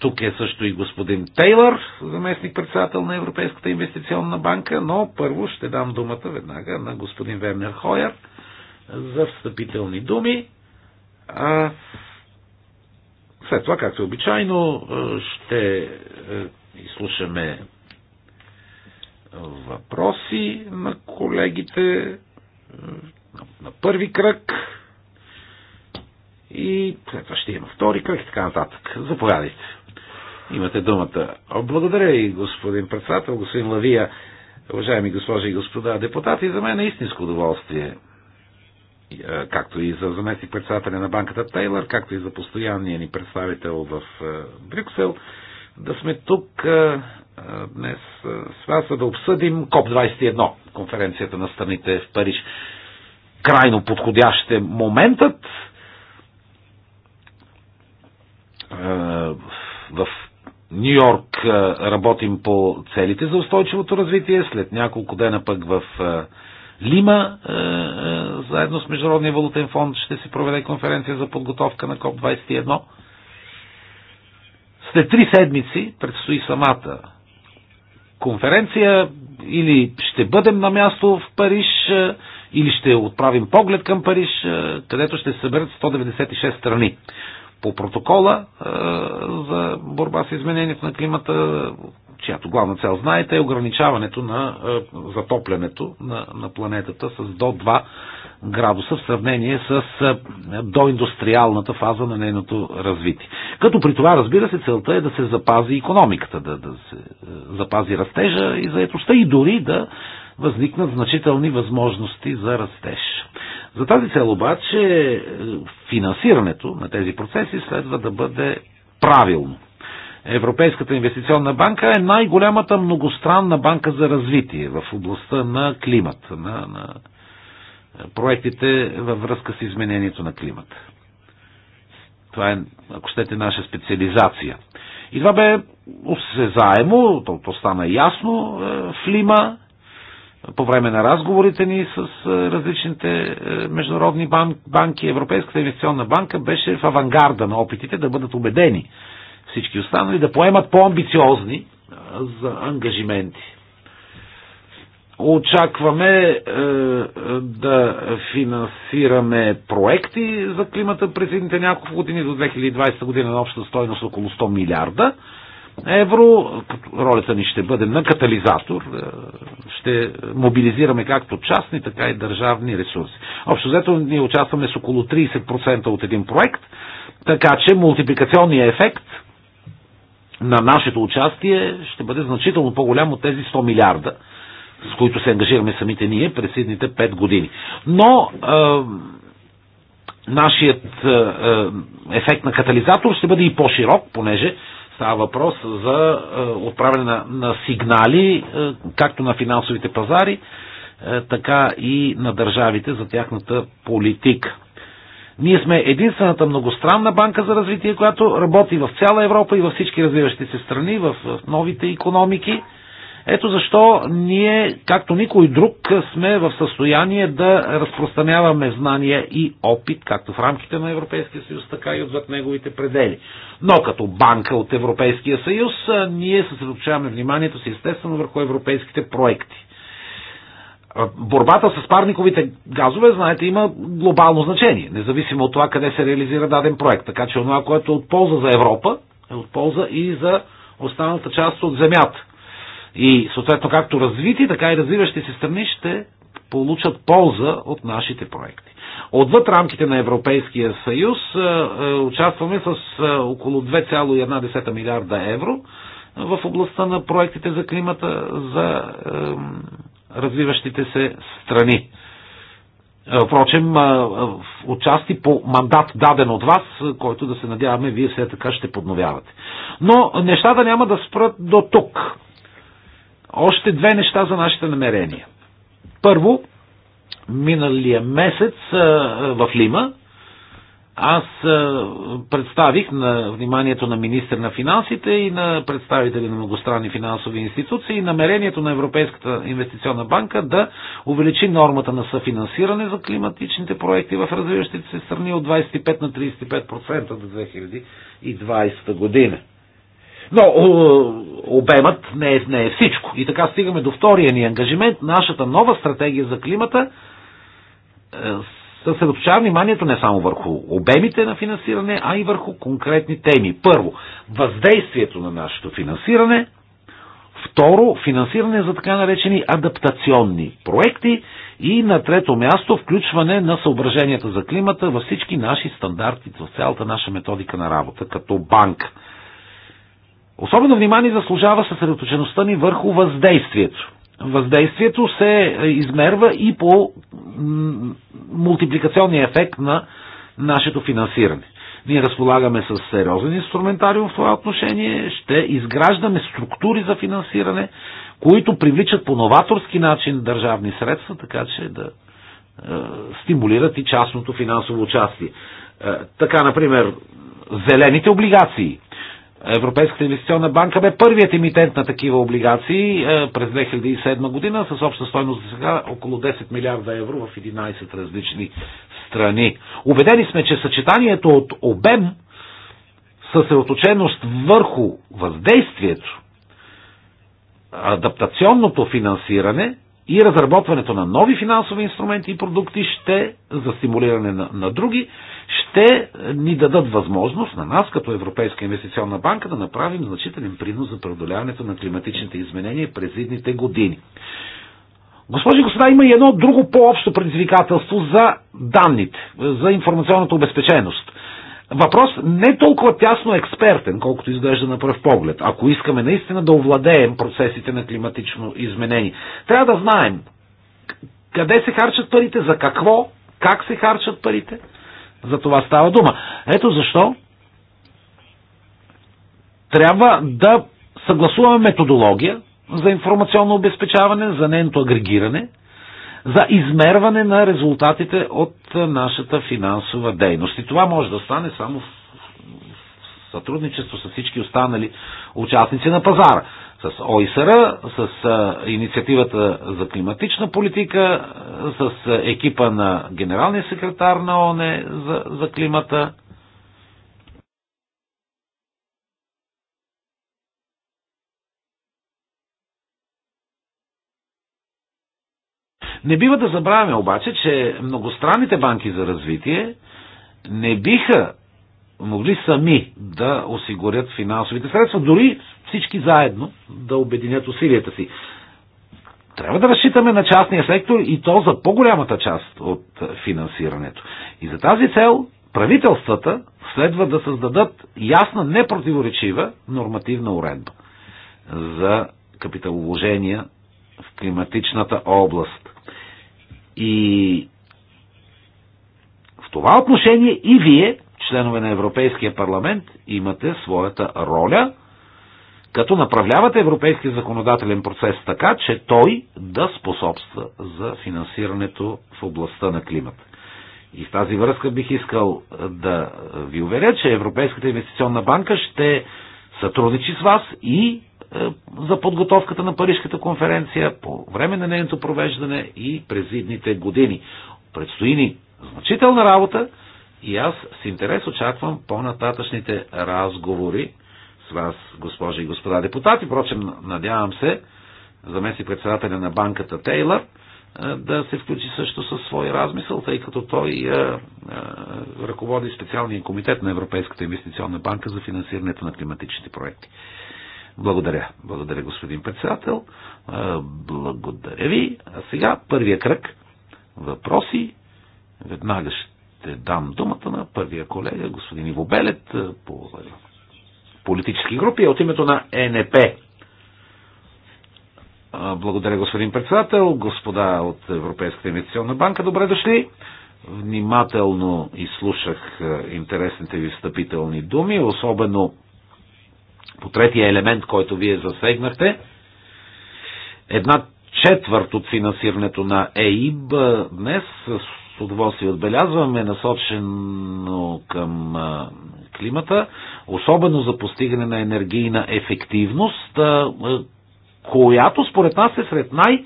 Тук е също и господин Тейлър, заместник председател на Европейската инвестиционна банка, но първо ще дам думата веднага на господин Вернер Хойер за встъпителни думи. А след това, както е обичайно, ще изслушаме въпроси на колегите на първи кръг и след това ще има втори кръг и така нататък. Заповядайте. Имате думата. Благодаря и господин председател, господин Лавия, уважаеми госпожи и господа депутати. За мен е истинско удоволствие, е, както и за заместник председателя на банката Тейлър, както и за постоянния ни представител в е, Брюксел, да сме тук е, днес с вас, за да обсъдим КОП-21, конференцията на страните в Париж. Крайно подходящ е моментът в Нью Йорк работим по целите за устойчивото развитие, след няколко дена пък в Лима, заедно с Международния валутен фонд, ще се проведе конференция за подготовка на КОП-21. След три седмици предстои самата конференция или ще бъдем на място в Париж, е, или ще отправим поглед към Париж, е, където ще се съберат 196 страни. По протокола е, за борба с изменението на климата чиято главна цел, знаете, е ограничаването на е, затоплянето на, на планетата с до 2 градуса в сравнение с е, доиндустриалната фаза на нейното развитие. Като при това, разбира се, целта е да се запази економиката, да, да се е, запази растежа и заетостта и дори да възникнат значителни възможности за растеж. За тази цел обаче финансирането на тези процеси следва да бъде правилно. Европейската инвестиционна банка е най-голямата многостранна банка за развитие в областта на климата, на, на проектите във връзка с изменението на климата. Това е, ако щете, наша специализация. И това бе усезаемо, то, то стана ясно е, в Лима, по време на разговорите ни с е, различните е, международни банки, Европейската инвестиционна банка беше в авангарда на опитите да бъдат убедени всички останали да поемат по-амбициозни за ангажименти. Очакваме е, е, да финансираме проекти за климата през едните няколко години до 2020 година на обща стойност около 100 милиарда евро. Ролята ни ще бъде на катализатор. Е, ще мобилизираме както частни, така и държавни ресурси. Общо взето ние участваме с около 30% от един проект, така че мултипликационният ефект – на нашето участие ще бъде значително по-голям от тези 100 милиарда, с които се ангажираме самите ние през следните 5 години. Но е, нашият е, ефект на катализатор ще бъде и по-широк, понеже става въпрос за е, отправяне на, на сигнали, е, както на финансовите пазари, е, така и на държавите за тяхната политика. Ние сме единствената многостранна банка за развитие, която работи в цяла Европа и във всички развиващи се страни, в, в новите економики. Ето защо ние, както никой друг, сме в състояние да разпространяваме знания и опит, както в рамките на Европейския съюз, така и отвъд неговите предели. Но като банка от Европейския съюз, ние съсредоточаваме вниманието си естествено върху европейските проекти. Борбата с парниковите газове, знаете, има глобално значение, независимо от това къде се реализира даден проект. Така че това, което е от полза за Европа, е от полза и за останалата част от земята. И съответно както развити, така и развиващи се страни ще получат полза от нашите проекти. Отвъд рамките на Европейския съюз е, е, участваме с е, около 2,1 милиарда евро в областта на проектите за климата за развиващите се страни. Е, впрочем, е, е, отчасти по мандат даден от вас, който да се надяваме, вие все така ще подновявате. Но нещата няма да спрат до тук. Още две неща за нашите намерения. Първо, миналия месец в Лима аз представих на вниманието на министър на финансите и на представители на многостранни финансови институции намерението на Европейската инвестиционна банка да увеличи нормата на съфинансиране за климатичните проекти в развиващите се страни от 25 на 35% до 2020 година. Но обемът не е, не е всичко. И така стигаме до втория ни ангажимент. Нашата нова стратегия за климата е, съсредоточава вниманието не само върху обемите на финансиране, а и върху конкретни теми. Първо, въздействието на нашето финансиране. Второ, финансиране за така наречени адаптационни проекти. И на трето място, включване на съображенията за климата във всички наши стандарти, в цялата наша методика на работа, като банк. Особено внимание заслужава съсредоточеността ни върху въздействието Въздействието се измерва и по мултипликационния ефект на нашето финансиране. Ние разполагаме с сериозен инструментариум в това отношение, ще изграждаме структури за финансиране, които привличат по новаторски начин държавни средства, така че да е, стимулират и частното финансово участие. Е, така, например, зелените облигации Европейската инвестиционна банка бе първият емитент на такива облигации е, през 2007 година с обща стойност за сега около 10 милиарда евро в 11 различни страни. Убедени сме, че съчетанието от обем, съсредоточеност върху въздействието, адаптационното финансиране и разработването на нови финансови инструменти и продукти ще за стимулиране на, на други ще ни дадат възможност на нас, като Европейска инвестиционна банка, да направим значителен принос за преодоляването на климатичните изменения през идните години. Госпожи и господа, има и едно друго по-общо предизвикателство за данните, за информационната обезпеченост. Въпрос не толкова тясно експертен, колкото изглежда на пръв поглед. Ако искаме наистина да овладеем процесите на климатично изменение, трябва да знаем къде се харчат парите, за какво, как се харчат парите, за това става дума. Ето защо трябва да съгласуваме методология за информационно обезпечаване, за нейното агрегиране, за измерване на резултатите от нашата финансова дейност. И това може да стане само в сътрудничество с всички останали участници на пазара с ОИСР, с инициативата за климатична политика, с екипа на генералния секретар на ОНЕ за, за климата. Не бива да забравяме обаче, че многостранните банки за развитие не биха могли сами да осигурят финансовите средства, дори всички заедно да обединят усилията си. Трябва да разчитаме на частния сектор и то за по-голямата част от финансирането. И за тази цел правителствата следва да създадат ясна, непротиворечива нормативна уредба за капиталовложения в климатичната област. И в това отношение и вие, членове на Европейския парламент, имате своята роля като направляват европейския законодателен процес така, че той да способства за финансирането в областта на климата. И в тази връзка бих искал да ви уверя, че Европейската инвестиционна банка ще сътрудничи с вас и е, за подготовката на Парижката конференция по време на нейното провеждане и през идните години. Предстои ни значителна работа и аз с интерес очаквам по-нататъчните разговори вас, госпожи и господа депутати. Впрочем, надявам се, заместник председателя на банката Тейлър, е, да се включи също със свой размисъл, тъй като той а, е, а, е, ръководи специалния комитет на Европейската инвестиционна банка за финансирането на климатичните проекти. Благодаря. Благодаря, господин председател. А, благодаря ви. А сега първия кръг. Въпроси. Веднага ще дам думата на първия колега, господин Иво Белет, по политически групи, а от името на ЕНП. Благодаря, господин председател, господа от Европейската инвестиционна банка, добре дошли. Внимателно изслушах интересните ви встъпителни думи, особено по третия елемент, който вие засегнахте. Една четвърт от финансирането на ЕИБ днес с удоволствие отбелязваме, насочено към климата особено за постигане на енергийна ефективност, която според нас е сред най-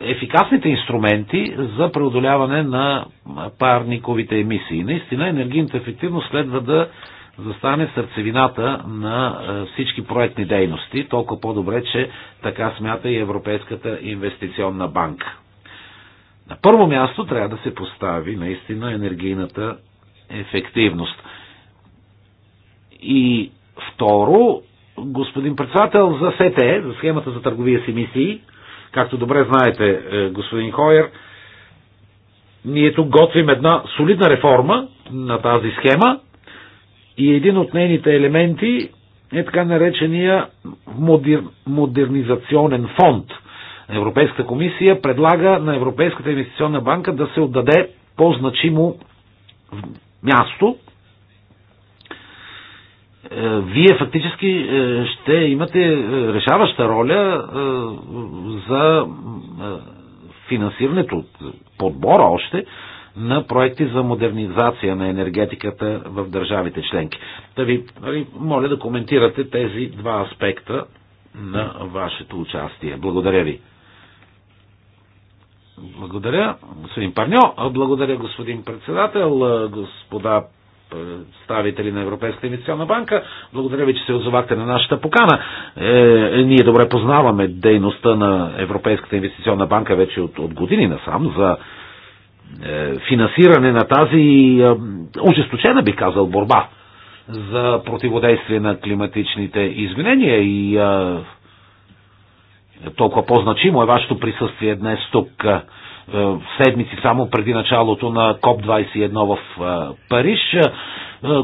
ефикасните инструменти за преодоляване на парниковите емисии. Наистина енергийната ефективност следва да застане сърцевината на всички проектни дейности, толкова по-добре, че така смята и Европейската инвестиционна банка. На първо място трябва да се постави наистина енергийната ефективност. И второ, господин председател, за СТЕ, за схемата за търговия с емисии, както добре знаете, е, господин Хойер, ние тук готвим една солидна реформа на тази схема и един от нейните елементи е така наречения модер... модернизационен фонд. Европейската комисия предлага на Европейската инвестиционна банка да се отдаде по-значимо място е, вие фактически е, ще имате е, решаваща роля за финансирането, подбора още, на проекти за модернизация на енергетиката в държавите членки. Да ви нали, моля да коментирате тези два аспекта на вашето участие. Благодаря ви. Благодаря, господин Парньо. Благодаря, господин председател, господа е, представители на Европейската инвестиционна банка. Благодаря ви, че се озовахте на нашата покана. Е, е, ние добре познаваме дейността на Европейската инвестиционна банка вече от, от години насам за е, финансиране на тази е, ужесточена, би казал, борба за противодействие на климатичните изменения и е, е толкова по-значимо е вашето присъствие днес тук. Е, е, седмици само преди началото на КОП-21 в е, Париж, е,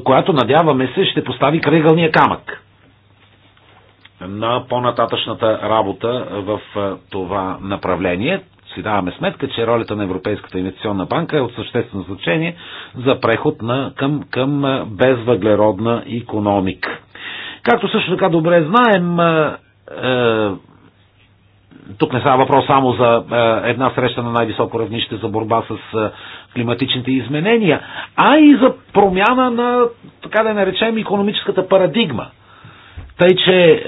която надяваме се ще постави кръгълния камък на по-нататъчната работа в това направление. Си даваме сметка, че ролята на Европейската инвестиционна банка е от съществено значение за преход на, към, към безвъглеродна економика. Както също така добре знаем, тук не става въпрос само за е, една среща на най-високо равнище за борба с е, климатичните изменения, а и за промяна на, така да наречем, економическата парадигма. Тъй, че е,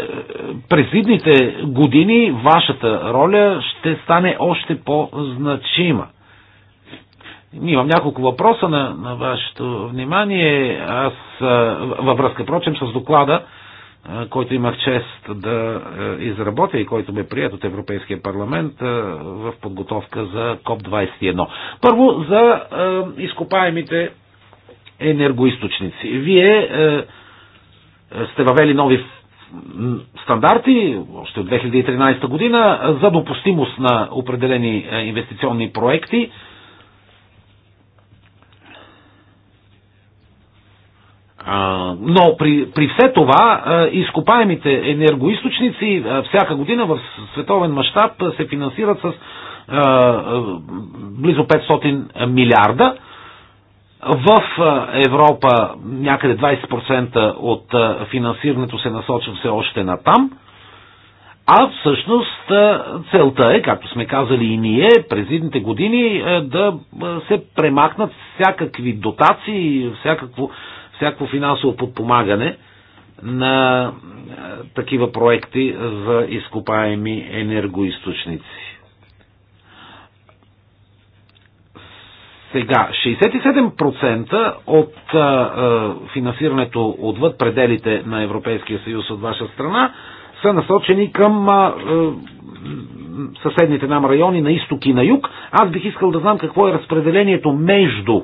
през идните години вашата роля ще стане още по-значима. Имам няколко въпроса на, на вашето внимание. Аз във връзка, прочим, с доклада който имах чест да е, изработя и който бе прият от Европейския парламент е, в подготовка за КОП-21. Първо за е, изкопаемите енергоисточници. Вие сте въвели нови стандарти още от 2013 година за допустимост на определени инвестиционни проекти Но при, при все това изкопаемите енергоисточници всяка година в световен мащаб се финансират с близо 500 милиарда. В Европа някъде 20% от финансирането се насочва все още на там. А всъщност целта е, както сме казали и ние през идните години, да се премахнат всякакви дотации, всякакво всяко финансово подпомагане на е, такива проекти за изкопаеми енергоисточници. Сега, 67% от а, е, а, е, финансирането отвъд пределите на Европейския съюз от ваша страна са насочени към а, а, съседните нам райони на изток и на юг. Аз бих искал да знам какво е разпределението между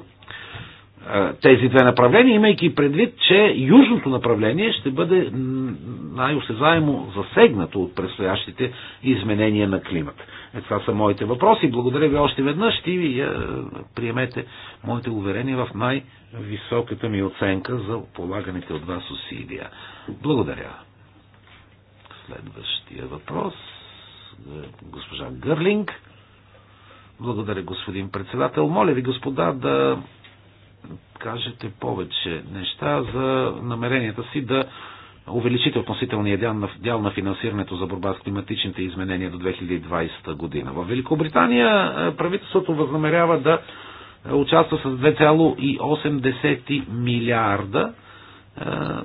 тези две направления, имайки предвид, че южното направление ще бъде най-осезаемо засегнато от предстоящите изменения на климата. Е, това са моите въпроси. Благодаря ви още веднъж и ви е, приемете моите уверения в най-високата ми оценка за полаганите от вас усилия. Благодаря. Следващия въпрос. Госпожа Гърлинг. Благодаря, господин председател. Моля ви, господа, да кажете повече неща за намеренията си да увеличите относителния дял на, дял на финансирането за борба с климатичните изменения до 2020 година. В Великобритания е, правителството възнамерява да е, участва с 2,8 милиарда е,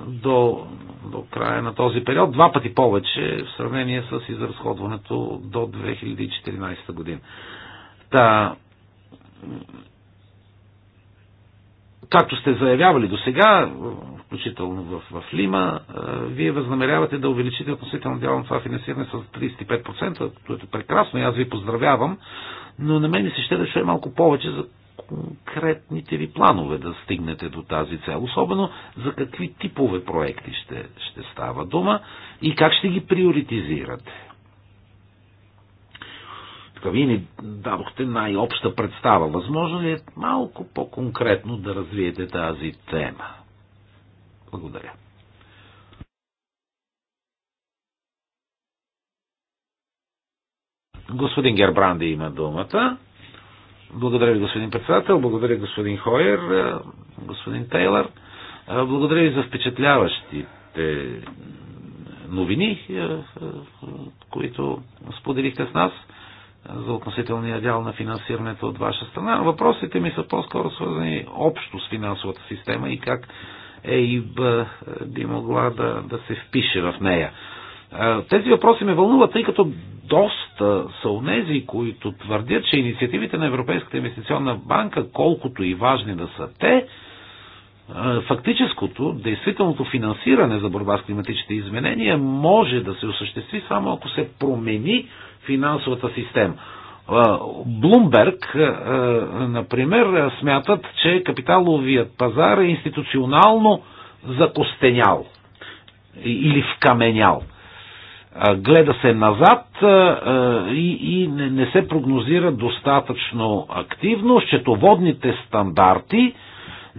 до, до края на този период, два пъти повече в сравнение с изразходването до 2014 година. Та, както сте заявявали до сега, включително в, в Лима, е, вие възнамерявате да увеличите относително дял на това финансиране с 35%, което е прекрасно и аз ви поздравявам, но на мен ми се ще да чуя е малко повече за конкретните ви планове да стигнете до тази цел, особено за какви типове проекти ще, ще става дума и как ще ги приоритизирате. Така вие ни дадохте най-обща представа. Възможно ли е малко по-конкретно да развиете тази тема? Благодаря. Господин Гербранди има думата. Благодаря ви, господин председател. Благодаря, господин Хойер, господин Тейлър. Благодаря ви за впечатляващите новини, които споделихте с нас за относителния дял на финансирането от ваша страна. Въпросите ми са по-скоро свързани общо с финансовата система и как ЕИБ е, би могла да, да се впише в нея. Е, тези въпроси ме вълнуват, тъй като доста са унези, които твърдят, че инициативите на Европейската инвестиционна банка, колкото и важни да са те, е, фактическото, действителното финансиране за борба с климатичните изменения може да се осъществи само ако се промени финансовата система. Блумберг, например, смятат, че капиталовият пазар е институционално закостенял или вкаменял. Гледа се назад и, не се прогнозира достатъчно активно. Счетоводните стандарти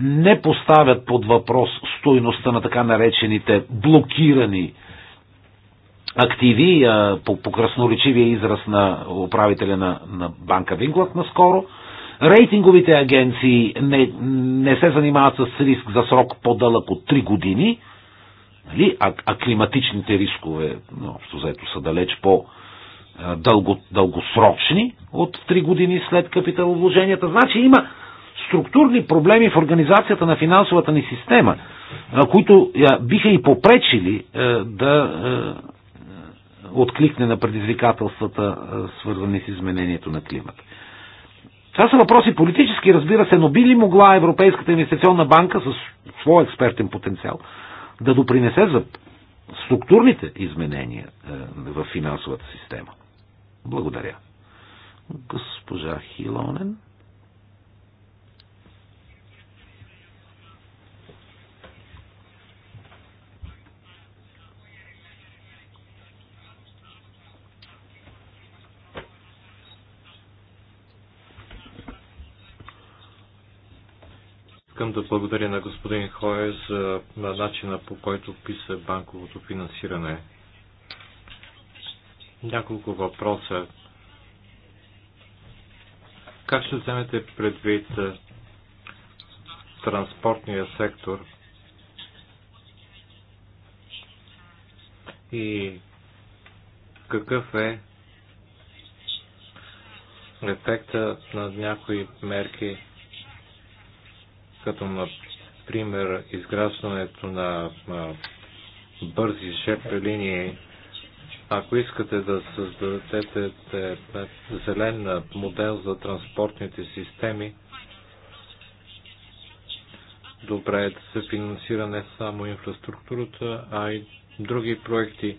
не поставят под въпрос стойността на така наречените блокирани активи а, по, по красноречивия израз на управителя на, на банка Винглът наскоро. Рейтинговите агенции не, не се занимават с риск за срок по-дълъг от 3 години, нали? а, а климатичните рискове, ну, общо заето, са далеч по- дълго, дългосрочни от 3 години след капиталовложенията. Значи има структурни проблеми в организацията на финансовата ни система, които биха и попречили да откликне на предизвикателствата, свързани с изменението на климата. Това са въпроси политически, разбира се, но би ли могла Европейската инвестиционна банка с своя експертен потенциал да допринесе за структурните изменения в финансовата система? Благодаря. Госпожа Хилонен. Искам да благодаря на господин Хое за на начина по който писа банковото финансиране. Няколко въпроса. Как ще вземете предвид транспортния сектор и какъв е ефекта на някои мерки като например изграждането на бързи ЖП линии. Ако искате да създадете е, зелен модел за транспортните системи, добре е да се финансира не само инфраструктурата, а и други проекти.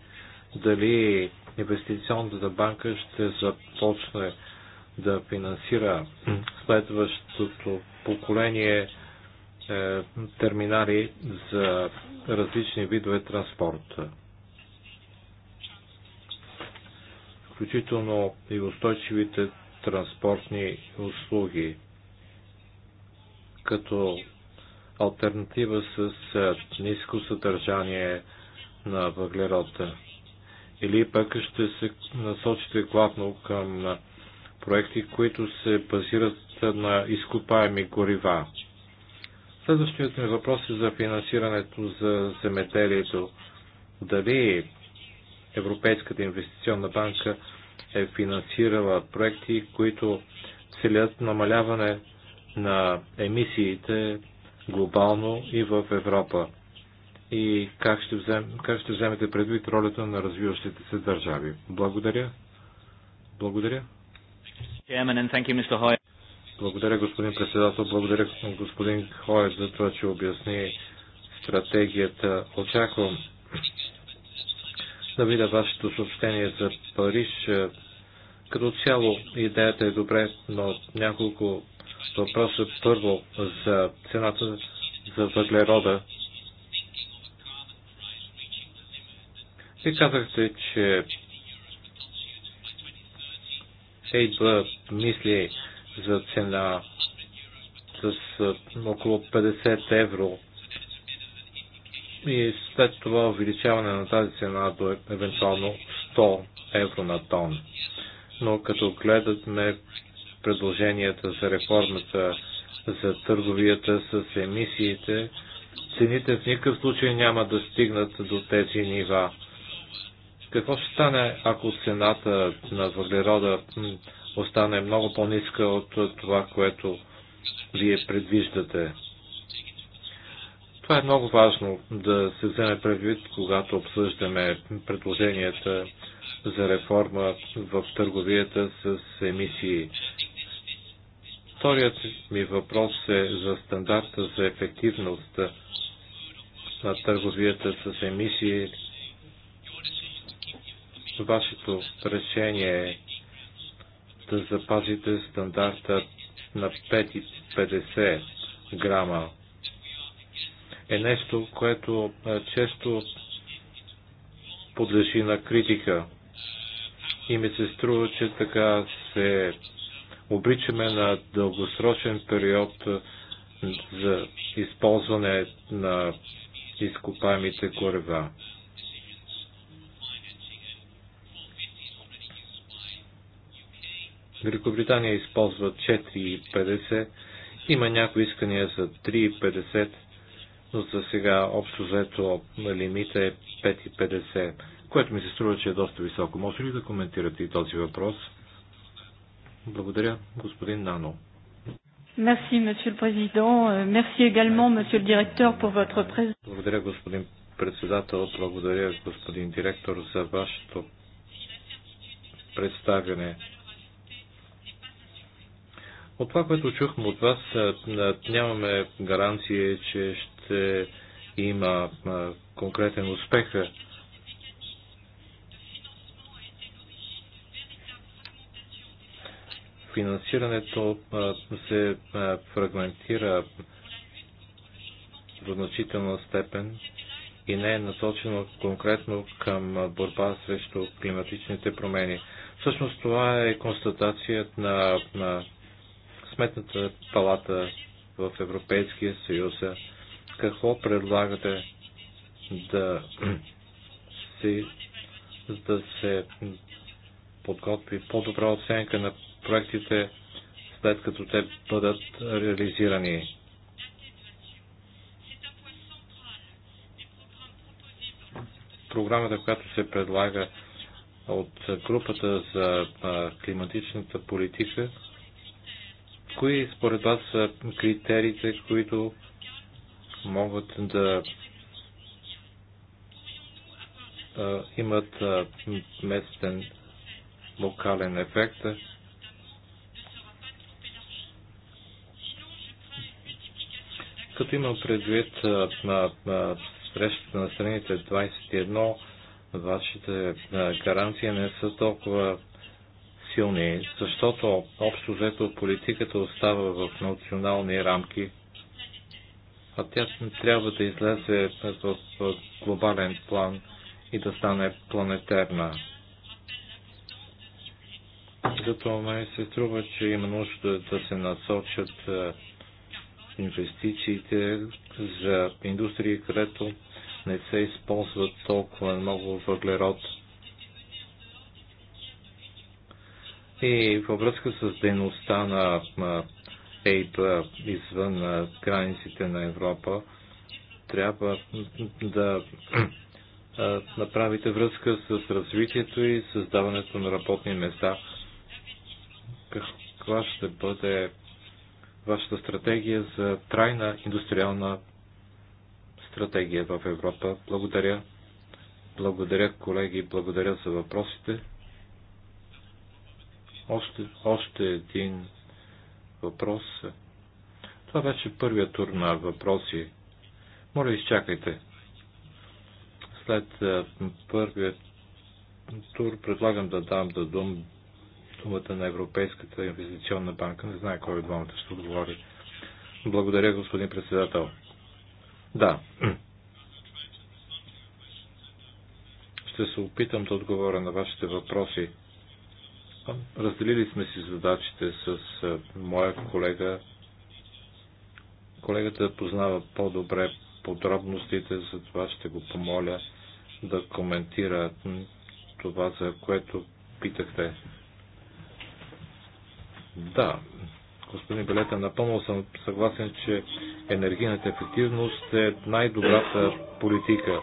Дали инвестиционната банка ще започне да финансира следващото поколение е, терминали за различни видове транспорт. Включително и устойчивите транспортни услуги като альтернатива с е, ниско съдържание на въглерода. Или пък ще се насочите главно към проекти, които се базират на изкопаеми горива. Следващият ми въпрос е за финансирането за земеделието. Дали Европейската инвестиционна банка е финансирала проекти, които целят намаляване на емисиите глобално и в Европа? И как ще, взем, как ще вземете предвид ролята на развиващите се държави? Благодаря. Благодаря. Благодаря, господин председател. Благодаря, господин Хоев, за това, че обясни стратегията. Очаквам да видя вашето съобщение за Париж. Като цяло идеята е добре, но няколко въпроса. Първо за цената за въглерода. Вие казахте, че ЕИБ мисли за цена с около 50 евро и след това увеличаване на тази цена до евентуално 100 евро на тон. Но като гледаме предложенията за реформата за търговията с емисиите, цените в никакъв случай няма да стигнат до тези нива. Какво ще стане, ако цената на въглерода остане много по-ниска от това, което вие предвиждате. Това е много важно да се вземе предвид, когато обсъждаме предложенията за реформа в търговията с емисии. Вторият ми въпрос е за стандарта за ефективност на търговията с емисии. Вашето решение е да запазите стандарта на 5,50 грама е нещо, което е, често подлежи на критика. И ми се струва, че така се обичаме на дългосрочен период е, за използване на изкопаемите горева. Великобритания използва 4,50. Има някои искания за 3,50, но за сега общо взето лимита е 5,50, което ми се струва, че е доста високо. Може ли да коментирате и този въпрос? Благодаря, господин Нано. Merci, Monsieur le Président. Euh, merci également, Monsieur le Directeur, pour votre présence. Благодаря, господин председател. Благодаря, господин директор, за вашето представяне. От това, което чухме от вас, е, нямаме гаранция, че ще има конкретен успех. Финансирането се фрагментира в значителна степен и не е насочено конкретно към борба срещу климатичните промени. Всъщност това е констатацията на, на сметната палата в Европейския съюз. Какво предлагате да <clears throat> се, да се подготви по-добра оценка на проектите, след като те бъдат реализирани? Програмата, която се предлага от групата за климатичната политика, Кои според вас са критериите, които могат да имат местен локален ефект? Като имам предвид на, на срещата на страните 21, вашите гаранции не са толкова силни, защото общо взето политиката остава в национални рамки, а тя трябва да излезе в глобален план и да стане планетарна. Зато ме се струва, че има нужда да се насочат инвестициите за индустрии, където не се използват толкова много въглерод – и във връзка с дейността на ЕИБ извън границите на Европа, трябва да направите връзка с развитието и създаването на работни места. Каква ще бъде вашата стратегия за трайна индустриална стратегия в Европа? Благодаря. Благодаря, колеги, благодаря за въпросите. Още, още един въпрос. Това беше първият тур на въпроси. Моля, изчакайте. След първият тур предлагам да дам да дум думата на Европейската инвестиционна банка. Не знае кой от двамата ще отговори. Благодаря, господин председател. Да. Ще се опитам да отговоря на вашите въпроси. Разделили сме си задачите с моя колега. Колегата познава по-добре подробностите, затова ще го помоля да коментира това, за което питахте. Да, господин Белета, напълно съм съгласен, че енергийната ефективност е най-добрата политика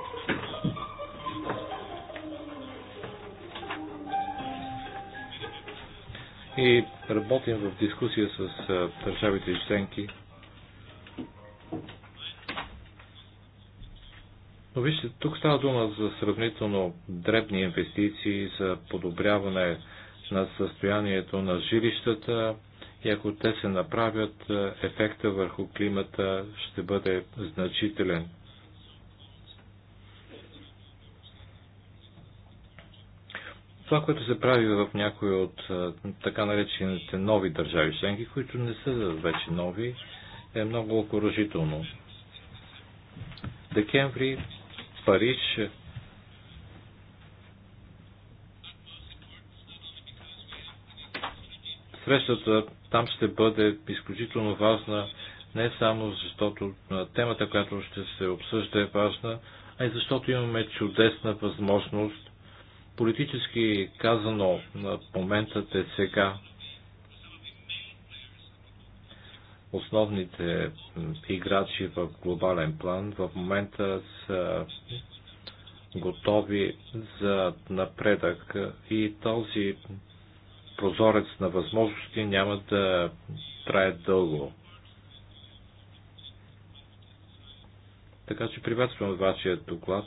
и работим в дискусия с държавите и членки. Но вижте, тук става дума за сравнително дребни инвестиции, за подобряване на състоянието на жилищата и ако те се направят, ефекта върху климата ще бъде значителен. Това, което се прави в някои от така наречените нови държави членки, които не са вече нови, е много окоръжително. Декември, Париж, срещата там ще бъде изключително важна, не само защото темата, която ще се обсъжда е важна, а и защото имаме чудесна възможност Политически казано, моментът е сега. Основните играчи в глобален план в момента са готови за напредък и този прозорец на възможности няма да трае дълго. Така че приветствам вашия доклад.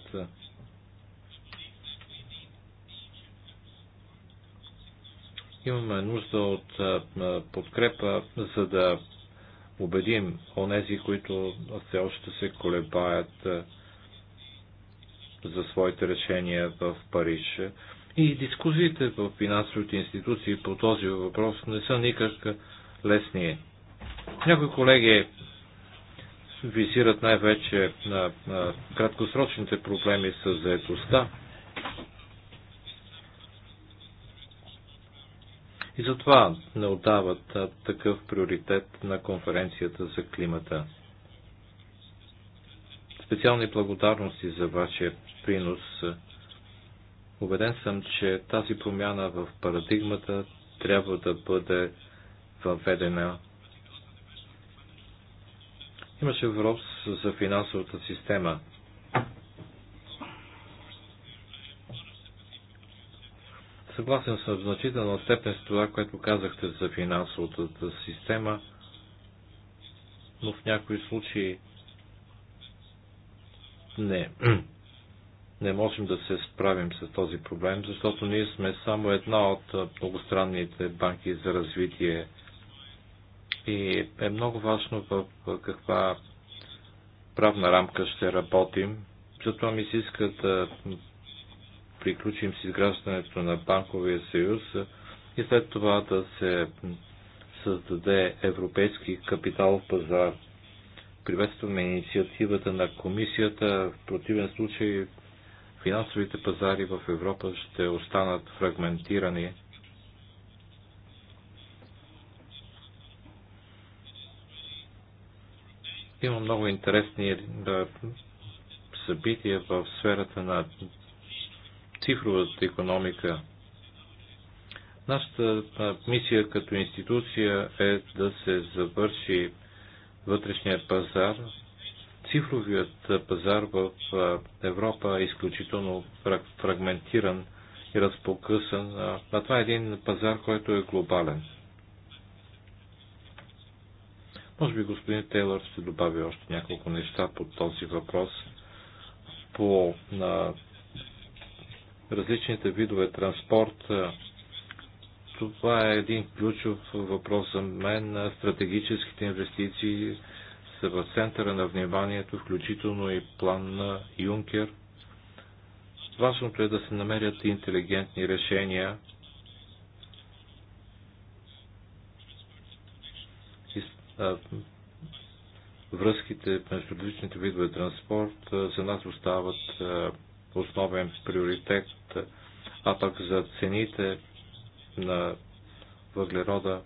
Имаме нужда от подкрепа, за да убедим онези, които все още се колебаят за своите решения в Париж. И дискусиите в финансовите институции по този въпрос не са никак лесни. Някои колеги визират най-вече на, на краткосрочните проблеми с заедостта и затова не отдават такъв приоритет на конференцията за климата. Специални благодарности за вашия принос. Убеден съм, че тази промяна в парадигмата трябва да бъде въведена. Имаше въпрос за финансовата система – Съгласен съм в значителна степен с това, което казахте за финансовата система, но в някои случаи не, <clears throat> не можем да се справим с този проблем, защото ние сме само една от многостранните банки за развитие. И е много важно в каква правна рамка ще работим. Затова ми се иска да приключим с изграждането на банковия съюз и след това да се създаде европейски капитал пазар. Приветстваме инициативата на комисията. В противен случай финансовите пазари в Европа ще останат фрагментирани. Има много интересни събития в сферата на цифровата економика. Нашата мисия като институция е да се завърши вътрешният пазар. Цифровият пазар в Европа е изключително фрагментиран и разпокъсан. А това е един пазар, който е глобален. Може би господин Тейлър ще добави още няколко неща по този въпрос по на различните видове транспорт. Това е един ключов въпрос за мен. Стратегическите инвестиции са в центъра на вниманието, включително и план на Юнкер. Важното е да се намерят интелигентни решения, връзките между различните видове транспорт за нас остават основен приоритет, а пък за цените на въглерода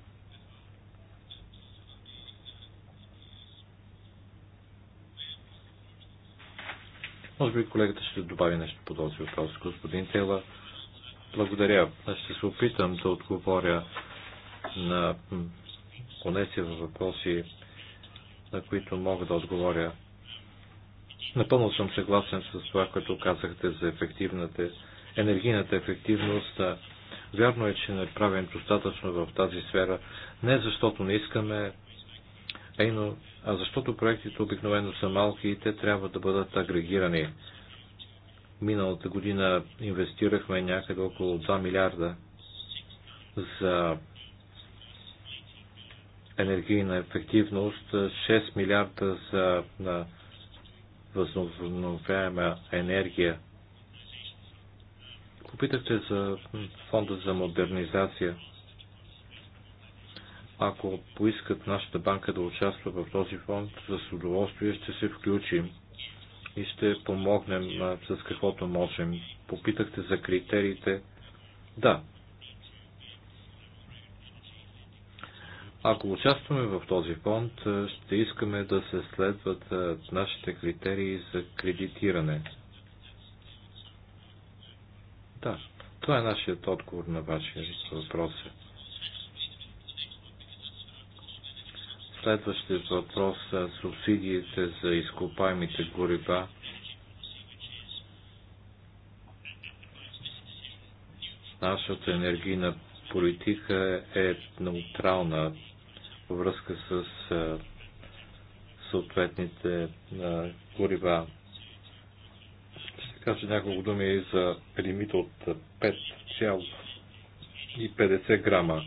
Може би колегата ще добави нещо по този въпрос. Господин Тела, благодаря. Аз ще се опитам да отговоря на конеция въпроси, на които мога да отговоря. Напълно съм съгласен с това, което казахте за ефективната, енергийната ефективност. Вярно е, че не правим достатъчно в тази сфера, не защото не искаме, а, а защото проектите обикновено са малки и те трябва да бъдат агрегирани. Миналата година инвестирахме някъде около 2 милиарда за енергийна ефективност, 6 милиарда за на възобновяема енергия. Попитахте за фонда за модернизация. Ако поискат нашата банка да участва в този фонд, с удоволствие ще се включим и ще помогнем с каквото можем. Попитахте за критериите. Да, Ако участваме в този фонд, е, ще искаме да се следват е, нашите критерии за кредитиране. Да, това е нашият отговор на вашия въпрос. Следващият въпрос са е субсидиите за изкопаемите горива. Нашата енергийна политика е неутрална във връзка с съответните горива. Ще кажа няколко думи и за лимит от 5,50 грама.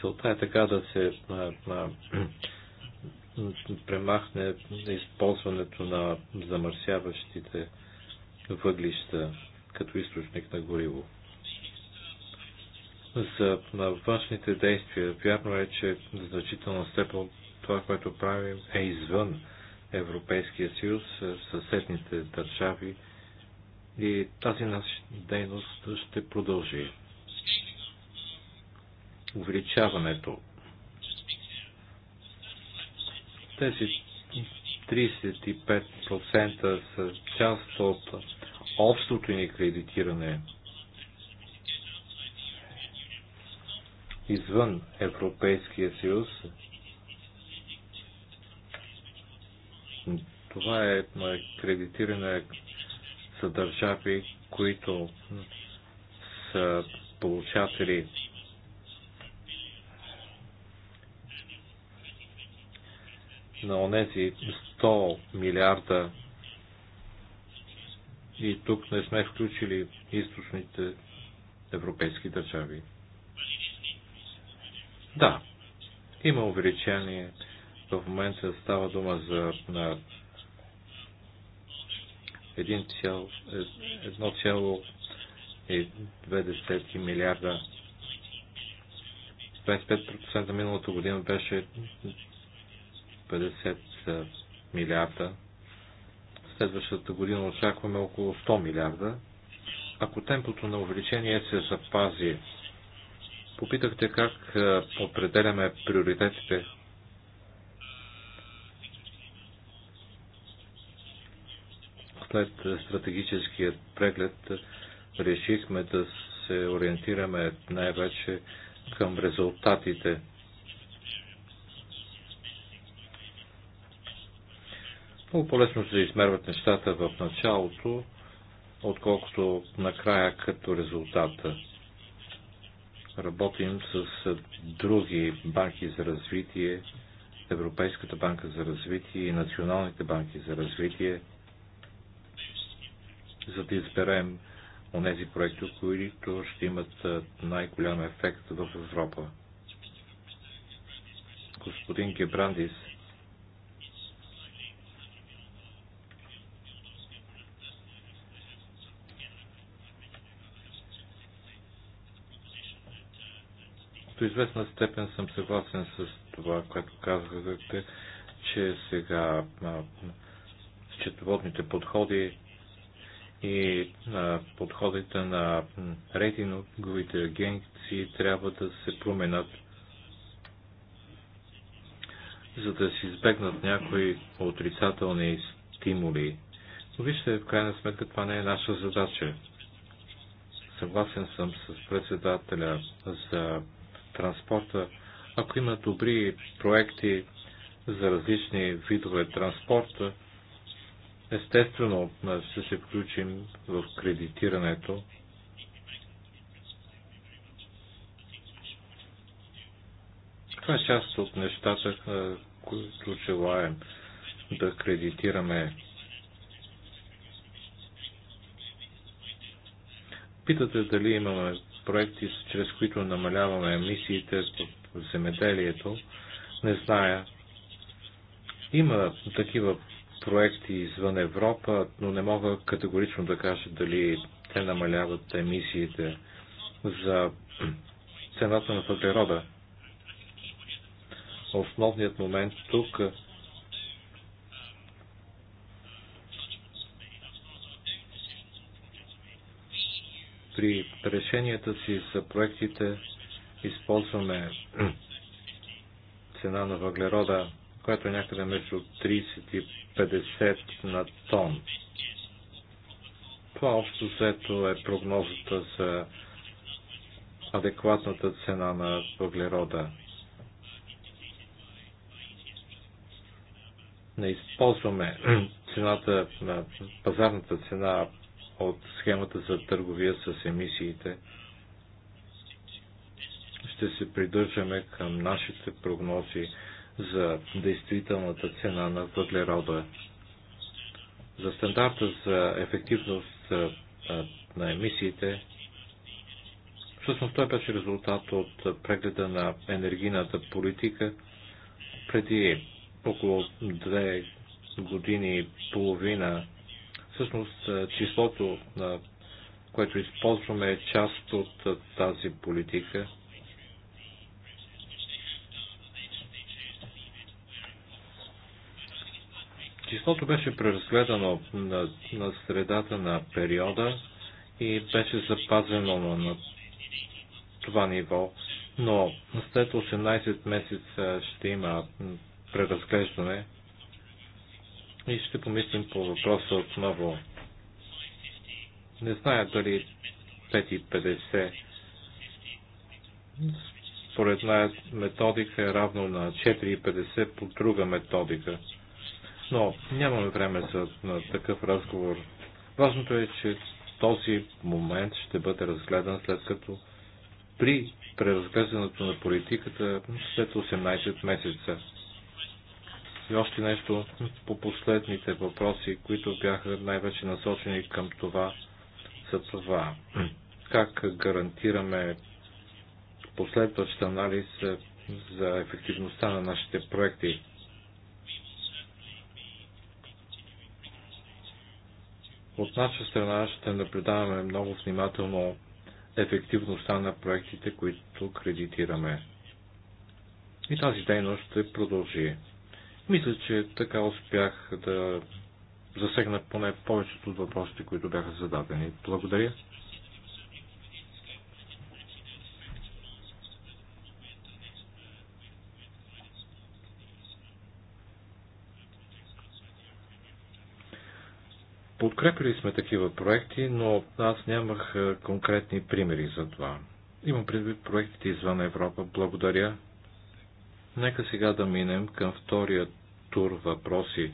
Целта е така да се <clears throat> премахне използването на замърсяващите въглища като източник на гориво за външните действия. Вярно е, че в значителна степен това, което правим е извън Европейския съюз, е, съседните държави и тази наша дейност ще продължи. Увеличаването. Тези 35% са част от общото ни кредитиране извън Европейския съюз. Това е кредитиране за държави, които са получатели на онези 100 милиарда и тук не сме включили източните европейски държави. Да, има увеличение. В момента става дума за 1,2 милиарда. 25% миналото година беше 50 милиарда. Следващата година очакваме около 100 милиарда. Ако темпото на увеличение се запази Попитахте как е, определяме приоритетите. След стратегическият преглед е, решихме да се ориентираме най-вече към резултатите. Много по-лесно се измерват нещата в началото, отколкото накрая като резултата. Работим с други банки за развитие, Европейската банка за развитие и националните банки за развитие, за да изберем онези проекти, които ще имат най-голям ефект в Европа. Господин Гебрандис До известна степен съм съгласен с това, което казахте, че сега счетоводните подходи и а, подходите на рейтинговите агенции трябва да се променят, за да се избегнат някои отрицателни стимули. Но вижте, в крайна сметка това не е наша задача. Съгласен съм с председателя за транспорта, ако има добри проекти за различни видове транспорта, естествено ще се включим в кредитирането. Това е част от нещата, които желаем да кредитираме. Питате дали имаме проекти, чрез които намаляваме емисиите в земеделието. Не зная. Има такива проекти извън Европа, но не мога категорично да кажа дали те намаляват емисиите за цената на въглерода. Основният момент тук при решенията си за проектите използваме цена на въглерода, която е някъде между 30 и 50 на тон. Това общо взето е прогнозата за адекватната цена на въглерода. Не използваме цената, на пазарната цена, от схемата за търговия с емисиите. Ще се придържаме към нашите прогнози за действителната цена на въглерода. За стандарта за ефективност на емисиите, всъщност той беше резултат от прегледа на енергийната политика преди около две години и половина Всъщност числото, на което използваме, е част от тази политика. Числото беше преразгледано на, на средата на периода и беше запазено на, на това ниво, но след 18 месеца ще има преразглеждане и ще помислим по въпроса отново. Не зная дали 5,50 според една методика е равно на 4,50 по друга методика. Но нямаме време за на такъв разговор. Важното е, че този момент ще бъде разгледан след като при преразглеждането на политиката след 18 месеца. И още нещо по последните въпроси, които бяха най-вече насочени към това, за това как гарантираме последващ анализ за ефективността на нашите проекти. От наша страна ще наблюдаваме много внимателно ефективността на проектите, които кредитираме. И тази дейност ще продължи. Мисля, че така успях да засегна поне повечето от въпросите, които бяха зададени. Благодаря. Подкрепили сме такива проекти, но аз нямах конкретни примери за това. Имам предвид проектите извън Европа. Благодаря Нека сега да минем към втория тур въпроси.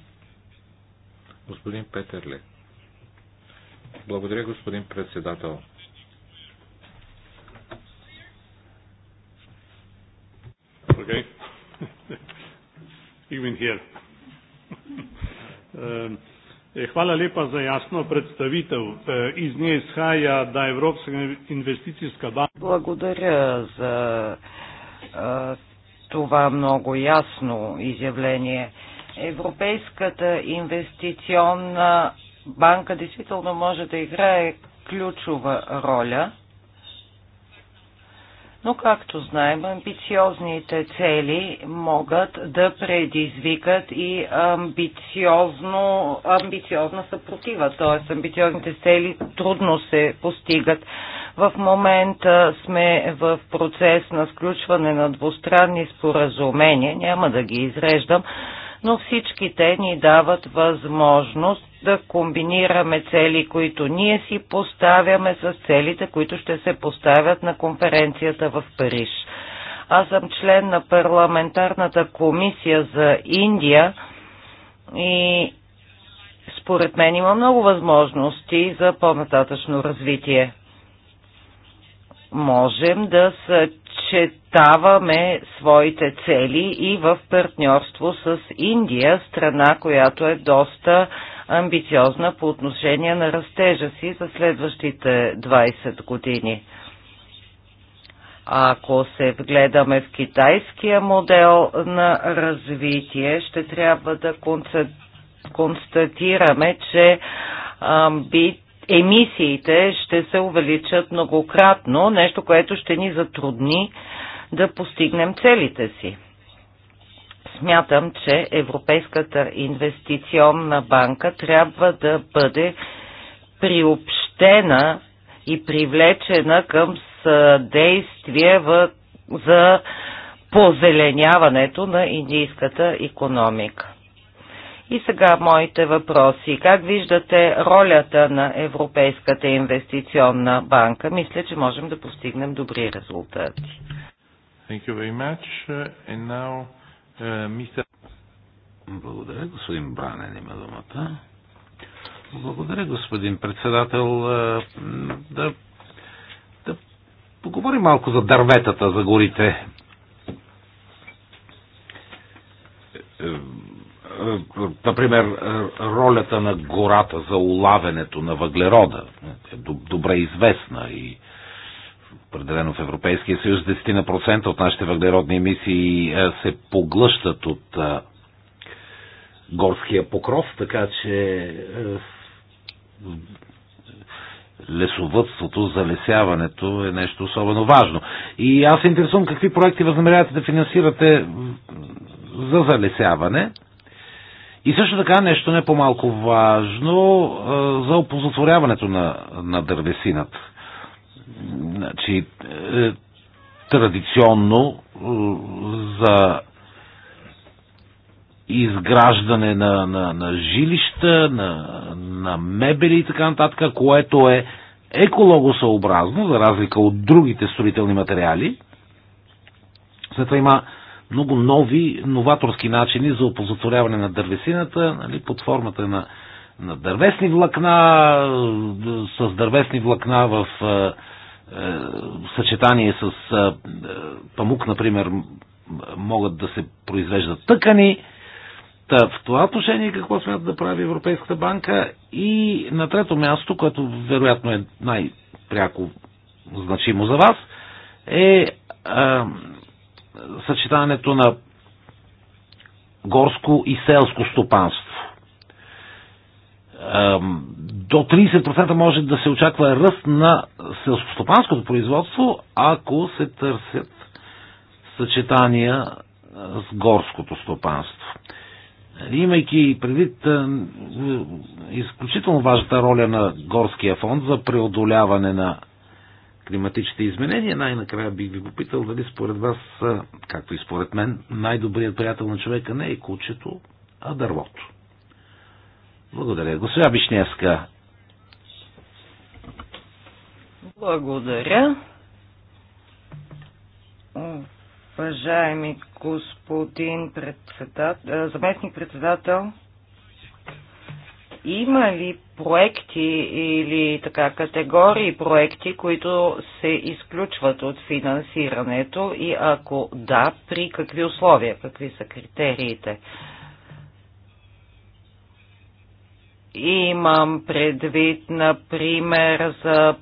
Господин Петерле. Благодаря, господин председател. Okay. <laughs> Even here. Hvala lepa za jasno predstavitev. Iz nje izhaja, da Evropska investicijska banka. Благодаря за е, това много ясно изявление. Европейската инвестиционна банка действително може да играе ключова роля, но както знаем, амбициозните цели могат да предизвикат и амбициозно, амбициозна съпротива, т.е. амбициозните цели трудно се постигат в момента сме в процес на сключване на двустранни споразумения, няма да ги изреждам, но всички те ни дават възможност да комбинираме цели, които ние си поставяме с целите, които ще се поставят на конференцията в Париж. Аз съм член на парламентарната комисия за Индия и според мен има много възможности за по-нататъчно развитие можем да съчетаваме своите цели и в партньорство с Индия, страна, която е доста амбициозна по отношение на растежа си за следващите 20 години. Ако се вгледаме в китайския модел на развитие, ще трябва да констатираме, че амби емисиите ще се увеличат многократно, нещо, което ще ни затрудни да постигнем целите си. Смятам, че Европейската инвестиционна банка трябва да бъде приобщена и привлечена към съдействие в, за позеленяването на индийската економика. И сега моите въпроси. Как виждате ролята на Европейската инвестиционна банка? Мисля, че можем да постигнем добри резултати. Thank you very much. And now, uh, Mr. Благодаря, господин Бранен има думата. Благодаря, господин председател. Да, да поговорим малко за дърветата, за горите е, е, например, е, ролята на гората за улавянето на въглерода е добре известна и определено в Европейския съюз 10% от нашите въглеродни емисии се поглъщат от горския покров, така че лесовътството, залесяването е нещо особено важно. И аз се интересувам какви проекти възнамерявате да финансирате за залесяване – и също така нещо не по-малко важно за опозотворяването на, на дървесината. Значи, е, традиционно е, за изграждане на, на, на жилища, на, на мебели и така нататък, което е екологосъобразно, за разлика от другите строителни материали. След това има много нови, новаторски начини за опозотворяване на дървесината нали, под формата на, на дървесни влакна, с дървесни влакна в е, е, съчетание с е, памук, например, могат да се произвеждат тъкани. Та, в това отношение какво смята да прави Европейската банка и на трето място, което вероятно е най-пряко значимо за вас, е, е Съчетането на горско и селско стопанство. До 30% може да се очаква ръст на селскостопанското производство, ако се търсят съчетания с горското стопанство. Имайки предвид изключително важната роля на горския фонд за преодоляване на климатичните изменения. Най-накрая бих ви попитал дали според вас, както и според мен, най-добрият приятел на човека не е кучето, а дървото. Благодаря. Госпожа Вишневска. Благодаря. Уважаеми господин председател, заместник председател, има ли проекти или така категории проекти, които се изключват от финансирането и ако да, при какви условия, какви са критериите? Имам предвид, например, за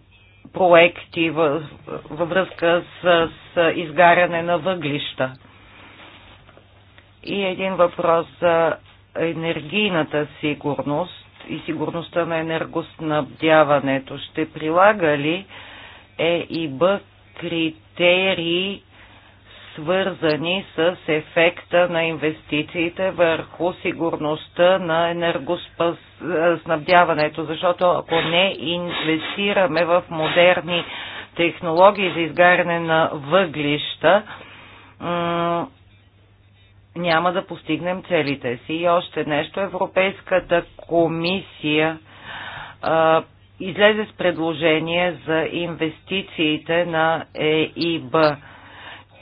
проекти във, във връзка с, с изгаряне на въглища. И един въпрос за енергийната сигурност и сигурността на енергоснабдяването? Ще прилага ли е и Б критерии, свързани с ефекта на инвестициите върху сигурността на енергоснабдяването? Защото ако не инвестираме в модерни технологии за изгаряне на въглища, няма да постигнем целите си. И още нещо, Европейската комисия а, излезе с предложение за инвестициите на ЕИБ.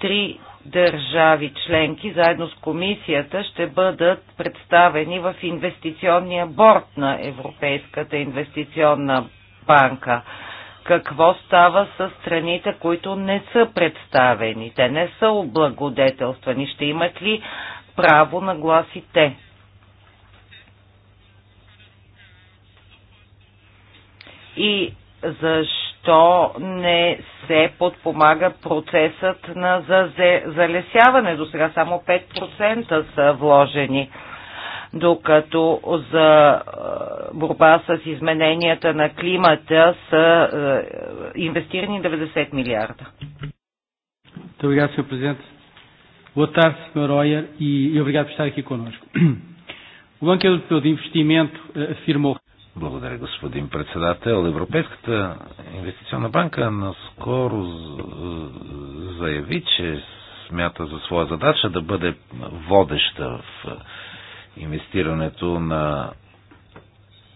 Три държави членки, заедно с комисията, ще бъдат представени в инвестиционния борт на Европейската инвестиционна банка какво става с страните, които не са представени, те не са облагодетелствани, ще имат ли право на гласите? И защо не се подпомага процесът на залесяване? До сега само 5% са вложени докато за е, борба с измененията на климата са е, инвестирани 90 милиарда. Obrigado, Sr. Presidente. Boa tarde, Sr. E, e obrigado por estar aqui connosco. O Banco Europeu de Investimento eh, afirmou. Благодаря, господин председател. Европейската инвестиционна банка наскоро заяви, че смята за своя задача да бъде водеща в инвестирането на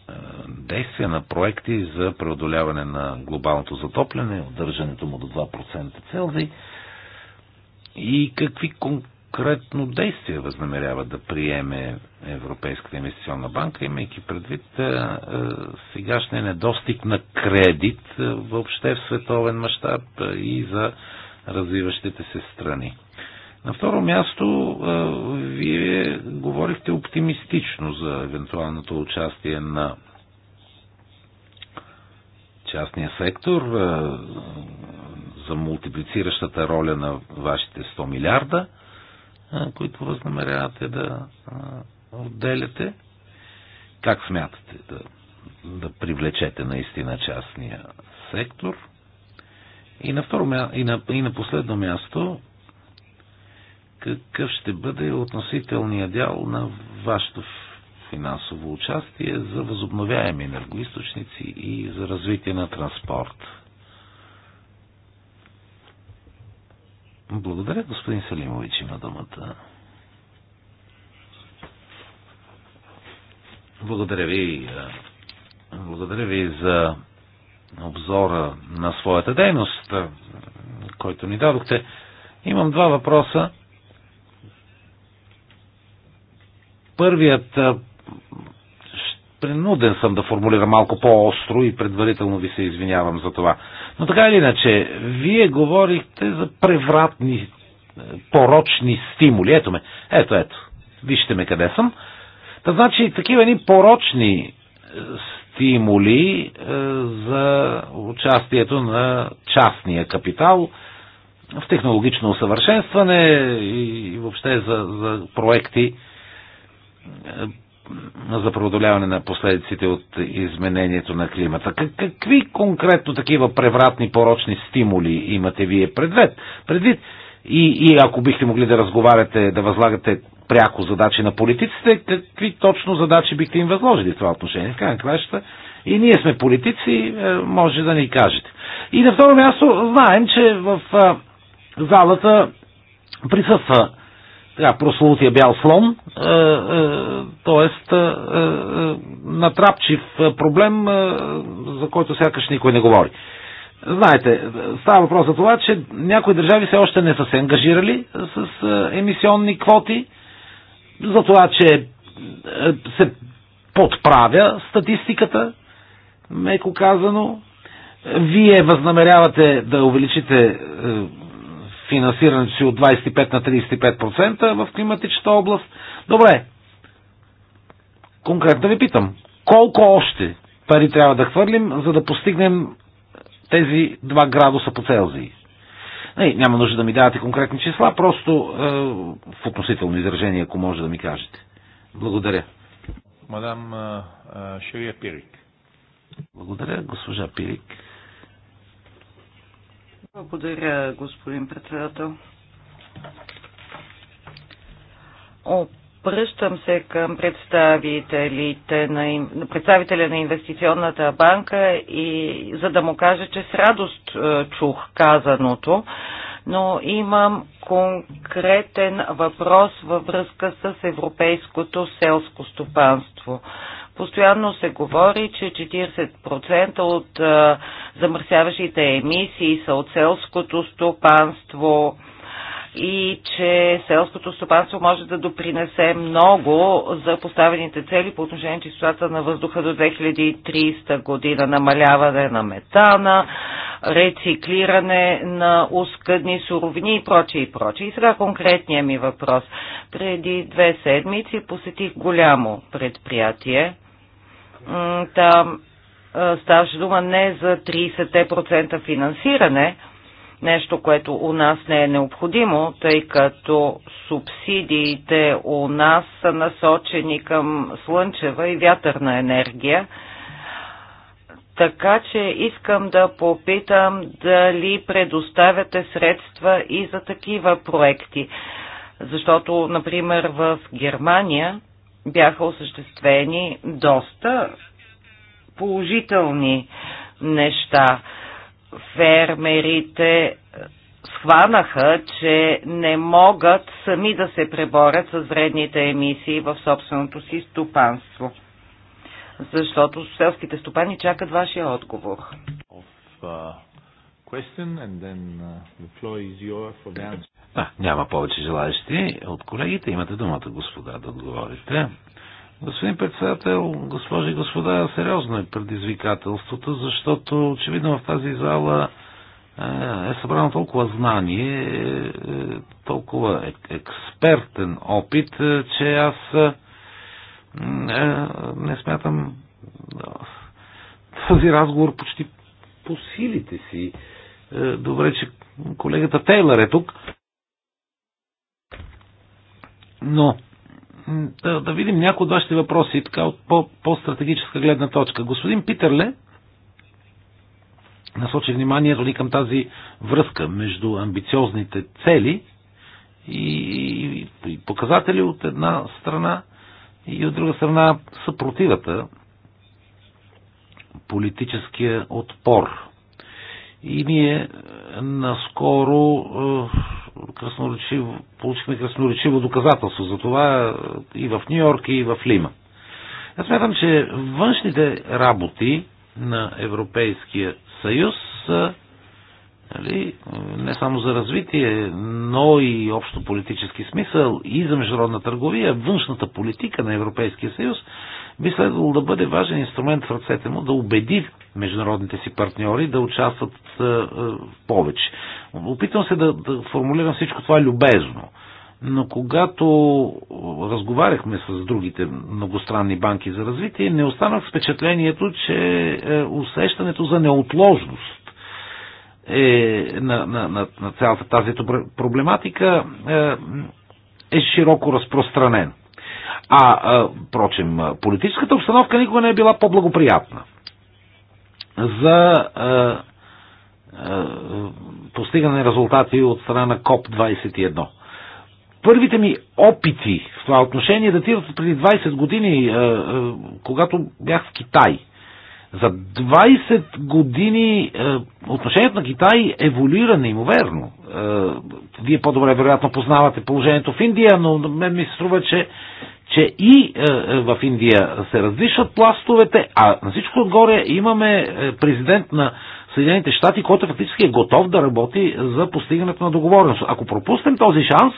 е, действия на проекти за преодоляване на глобалното затопляне, удържането му до 2% Целзий и какви конкретно действия възнамерява да приеме Европейската инвестиционна банка, имайки предвид е, е, сегашния недостиг на кредит въобще в световен мащаб и за развиващите се страни. На второ място, вие говорихте оптимистично за евентуалното участие на частния сектор, за мултиплициращата роля на вашите 100 милиарда, които възнамерявате да отделяте. Как смятате да, да привлечете наистина частния сектор? И на, второ, и на, и на последно място, какъв ще бъде относителният дял на вашето финансово участие за възобновяеми енергоисточници и за развитие на транспорт? Благодаря, господин Салимович, има думата. Благодаря ви. Благодаря ви за обзора на своята дейност, който ни дадохте. Имам два въпроса. Първият принуден съм да формулирам малко по-остро и предварително ви се извинявам за това. Но така или иначе, вие говорихте за превратни, порочни стимули. Ето ме, ето, ето. Вижте ме къде съм. Та значи такива ни порочни стимули е, за участието на частния капитал в технологично усъвършенстване и въобще за, за проекти, е, за преодоляване на последиците от изменението на климата. Какви конкретно такива превратни порочни стимули имате вие предвид? предвид? И, и ако бихте могли да разговаряте, да възлагате пряко задачи на политиците, какви точно задачи бихте им възложили в това отношение? В крайна краща и ние сме политици, е, може да ни кажете. И на второ място знаем, че в е, залата присъства така, прословутия е бял слон, т.е. Е, е, натрапчив проблем, за който сякаш никой не говори. Знаете, става въпрос за това, че някои държави все още не са се ангажирали с емисионни квоти, за това, че се подправя статистиката, меко казано. Вие възнамерявате да увеличите финансирането си от 25 на 35% в климатичната област. Добре, конкретно ви питам, колко още пари трябва да хвърлим, за да постигнем тези 2 градуса по Целзий? Не, няма нужда да ми давате конкретни числа, просто е, в относително изражение, ако може да ми кажете. Благодаря. Мадам е, е Ширия Пирик. Благодаря, госпожа Пирик. Благодаря, господин председател. Обръщам се към представителите на, на представителя на инвестиционната банка и за да му кажа, че с радост е, чух казаното, но имам конкретен въпрос във връзка с европейското селско стопанство. Постоянно се говори, че 40% от а, замърсяващите емисии са от селското стопанство и че селското стопанство може да допринесе много за поставените цели по отношение на чистотата на въздуха до 2300 година, намаляване на метана, рециклиране на оскъдни суровини и прочие и прочие. И сега конкретният ми въпрос. Преди две седмици посетих голямо предприятие, там ставаше дума не за 30% финансиране, нещо, което у нас не е необходимо, тъй като субсидиите у нас са насочени към слънчева и вятърна енергия. Така че искам да попитам дали предоставяте средства и за такива проекти. Защото, например, в Германия бяха осъществени доста положителни неща. Фермерите схванаха, че не могат сами да се преборят с вредните емисии в собственото си стопанство. Защото селските стопани чакат вашия отговор. Uh, Uh, няма повече желаящи от колегите. Имате думата, господа, да отговорите. Господин председател, госпожи и господа, сериозно е предизвикателството, защото очевидно в тази зала е, е събрано толкова знание, е, е, толкова експертен опит, че аз не смятам този разговор почти по силите си. Добре, че колегата Тейлър е тук. Но да, да видим някои от вашите въпроси, така от по, по-стратегическа гледна точка. Господин Питерле насочи вниманието ни към тази връзка между амбициозните цели и, и, и показатели от една страна и от друга страна съпротивата, политическия отпор. И ние е, наскоро е, красноречиво, получихме красноречиво доказателство за това е, и в Нью Йорк, и в Лима. Аз смятам, че външните работи на Европейския съюз са нали, не само за развитие, но и общо политически смисъл и за международна търговия, външната политика на Европейския съюз би следвало да бъде важен инструмент в ръцете му да убеди международните си партньори да участват е, е, повече. Опитвам се да, да формулирам всичко това любезно. Но когато разговаряхме с другите многостранни банки за развитие, не останах впечатлението, че е, усещането за неотложност е, на, на, на, на цялата тази проблематика е, е широко разпространен. А, впрочем, политическата обстановка никога не е била по-благоприятна за а, а, постигане на резултати от страна на КОП-21. Първите ми опити в това отношение датират преди 20 години, а, а, когато бях в Китай – за 20 години е, отношението на Китай еволюира неимоверно. Е, вие по-добре вероятно познавате положението в Индия, но мен ми се струва, че, че и е, е в Индия се различат пластовете, а на всичко отгоре имаме е, президент на Съединените щати, който фактически е готов да работи за постигането на договореност. Ако пропуснем този шанс,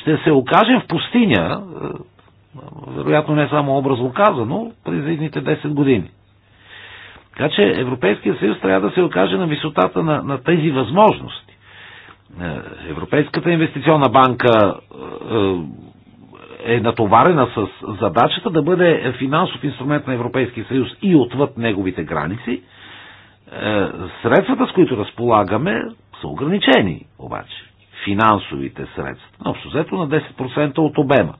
ще се окажем в пустиня, е, вероятно не само образно казано, през едните 10 години. Така че Европейския съюз трябва да се окаже на висотата на, на тези възможности. Е, Европейската инвестиционна банка е, е натоварена с задачата да бъде финансов инструмент на Европейския съюз и отвъд неговите граници. Е, средствата, с които разполагаме, са ограничени обаче. Финансовите средства. Но общо взето на 10% от обема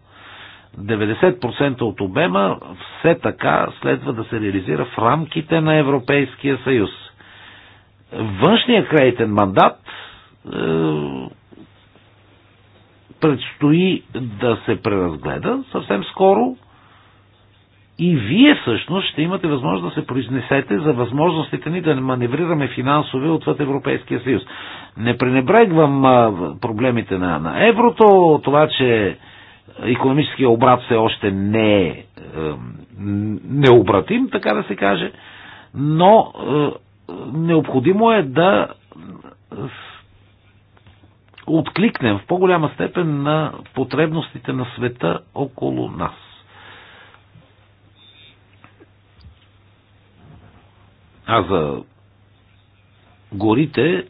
90% от обема все така следва да се реализира в рамките на Европейския съюз. Външният кредитен мандат е, предстои да се преразгледа съвсем скоро и вие всъщност ще имате възможност да се произнесете за възможностите ни да маневрираме финансови отвъд Европейския съюз. Не пренебрегвам проблемите на, на еврото, това, че економическия обрат все още не е необратим, така да се каже, но е, необходимо е да откликнем в по-голяма степен на потребностите на света около нас. А за горите,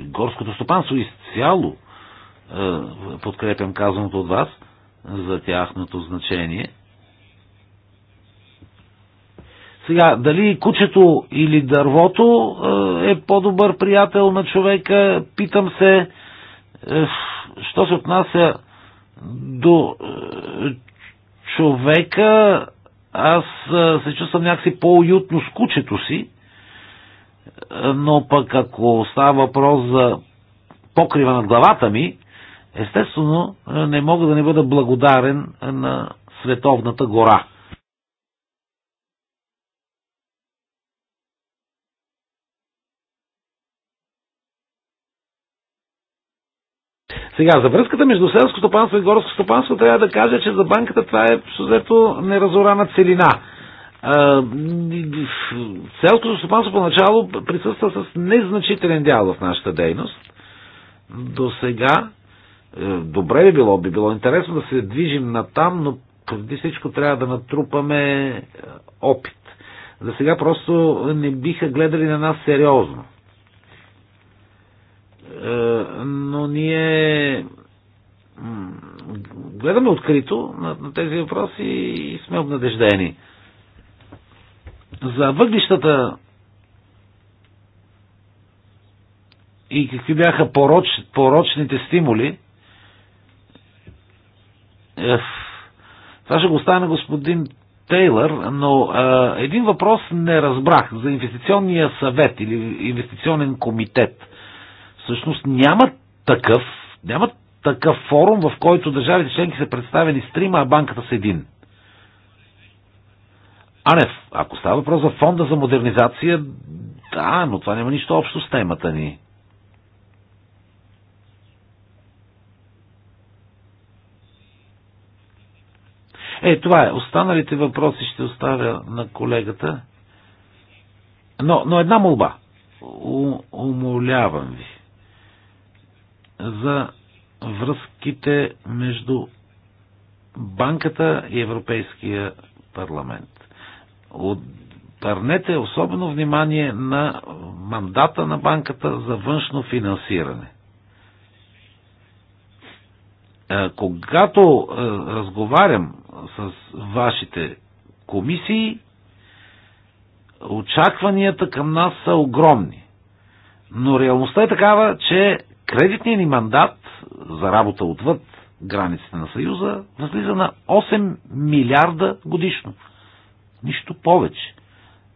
горското стопанство изцяло е, подкрепям казаното от вас за тяхното значение. Сега, дали кучето или дървото е, е по-добър приятел на човека, питам се, е, що се отнася до човека, аз се чувствам някакси по-уютно с кучето си, но пък ако става въпрос за покрива над главата ми, Естествено, не мога да не бъда благодарен на Световната гора. Сега, за връзката между селско стопанство и горско стопанство трябва да кажа, че за банката това е съответно неразорана целина. Селското стопанство поначало присъства с незначителен дял в нашата дейност. До сега е, добре би било, би било интересно да се движим на там, но преди всичко трябва да натрупаме е, опит. За сега просто не биха гледали на нас сериозно. Е, но ние гледаме открито на, на тези въпроси и сме обнадеждени. За въглищата и какви бяха пороч, порочните стимули, това ще го оставя господин Тейлър, но а, един въпрос не разбрах за инвестиционния съвет или инвестиционен комитет. Всъщност няма такъв, няма такъв форум, в който държавите членки са представени с трима, а банката с един. А не, ако става въпрос за фонда за модернизация, да, но това няма нищо общо с темата ни. Е, това е. Останалите въпроси ще оставя на колегата. Но, но една молба. У, умолявам ви за връзките между банката и Европейския парламент. Отърнете особено внимание на мандата на банката за външно финансиране. Е, когато е, разговарям с вашите комисии, очакванията към нас са огромни. Но реалността е такава, че кредитният ни мандат за работа отвъд границите на Съюза възлиза на 8 милиарда годишно. Нищо повече.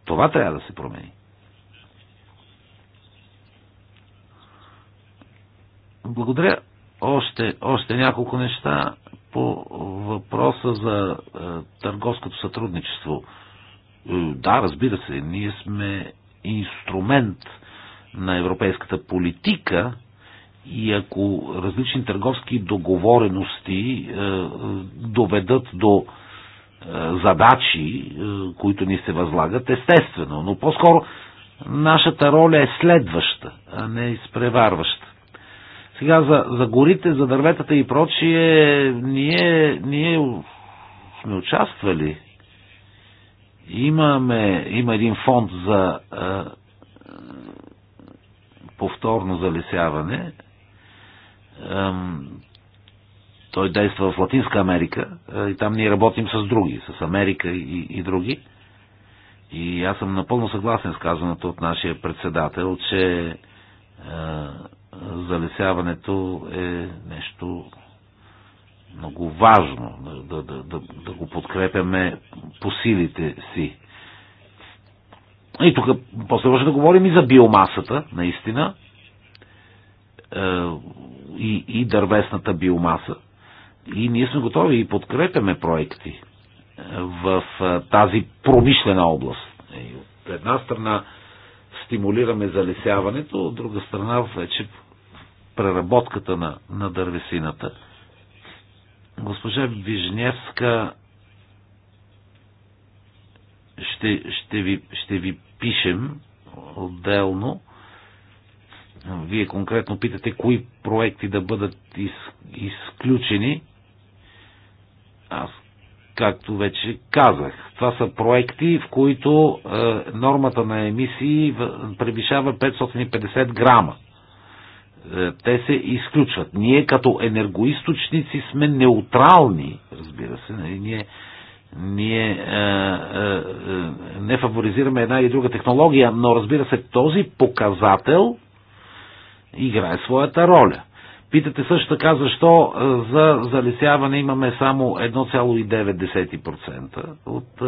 Това трябва да се промени. Благодаря. Още, още няколко неща по въпроса за е, търговското сътрудничество. Е, да, разбира се, ние сме инструмент на европейската политика и ако различни търговски договорености е, доведат до е, задачи, е, които ни се възлагат, естествено, но по-скоро нашата роля е следваща, а не изпреварваща. Сега за, за горите, за дърветата и прочие, ние, ние сме участвали. Имаме, има един фонд за а, повторно залесяване. Ам, той действа в Латинска Америка и там ние работим с други, с Америка и, и други. И аз съм напълно съгласен с казаното от нашия председател, че а, залесяването е нещо много важно, да, да, да, да го подкрепяме по силите си. И тук после може да говорим и за биомасата, наистина, е, и, и дървесната биомаса. И ние сме готови и подкрепяме проекти в е, тази промишлена област. И е, от една страна стимулираме залесяването, от друга страна вече преработката на, на дървесината. Госпожа Вижневска ще, ще, ви, ще ви пишем отделно. Вие конкретно питате кои проекти да бъдат из, изключени. Аз както вече казах. Това са проекти, в които е, нормата на емисии превишава 550 грама. Е, те се изключват. Ние като енергоисточници сме неутрални, разбира се. Нали? Ние, ние е, е, е, не фаворизираме една или друга технология, но разбира се, този показател играе своята роля. Питате също така защо за залесяване имаме само 1,9% от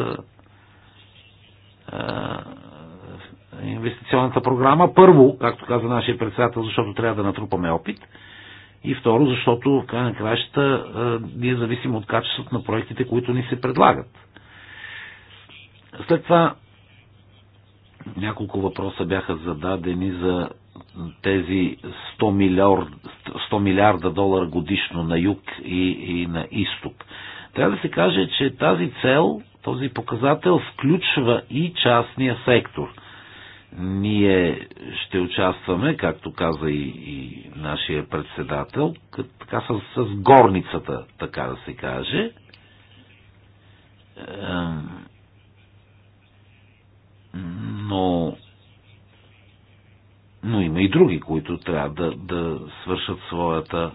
инвестиционната програма. Първо, както каза нашия председател, защото трябва да натрупаме опит. И второ, защото в край на краищата ние зависим от качеството на проектите, които ни се предлагат. След това няколко въпроса бяха зададени за тези 100 милиарда, 100 милиарда долара годишно на юг и, и на изток. Трябва да се каже, че тази цел, този показател включва и частния сектор. Ние ще участваме, както каза и, и нашия председател, така с, с горницата, така да се каже. Но но има и други, които трябва да, да свършат своята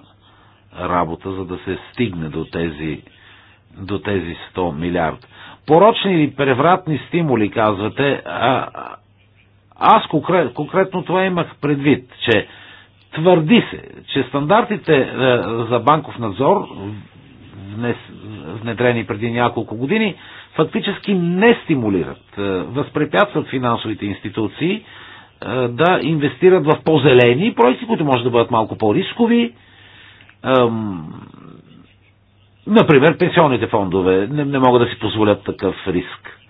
работа, за да се стигне до тези, до тези 100 милиард. Порочни или превратни стимули, казвате, а, аз конкрет, конкретно това имах предвид, че твърди се, че стандартите е, за банков надзор, внедрени преди няколко години, фактически не стимулират, е, възпрепятстват финансовите институции да инвестират в по-зелени проекти, които може да бъдат малко по-рискови. Например, пенсионните фондове не, не могат да си позволят такъв риск.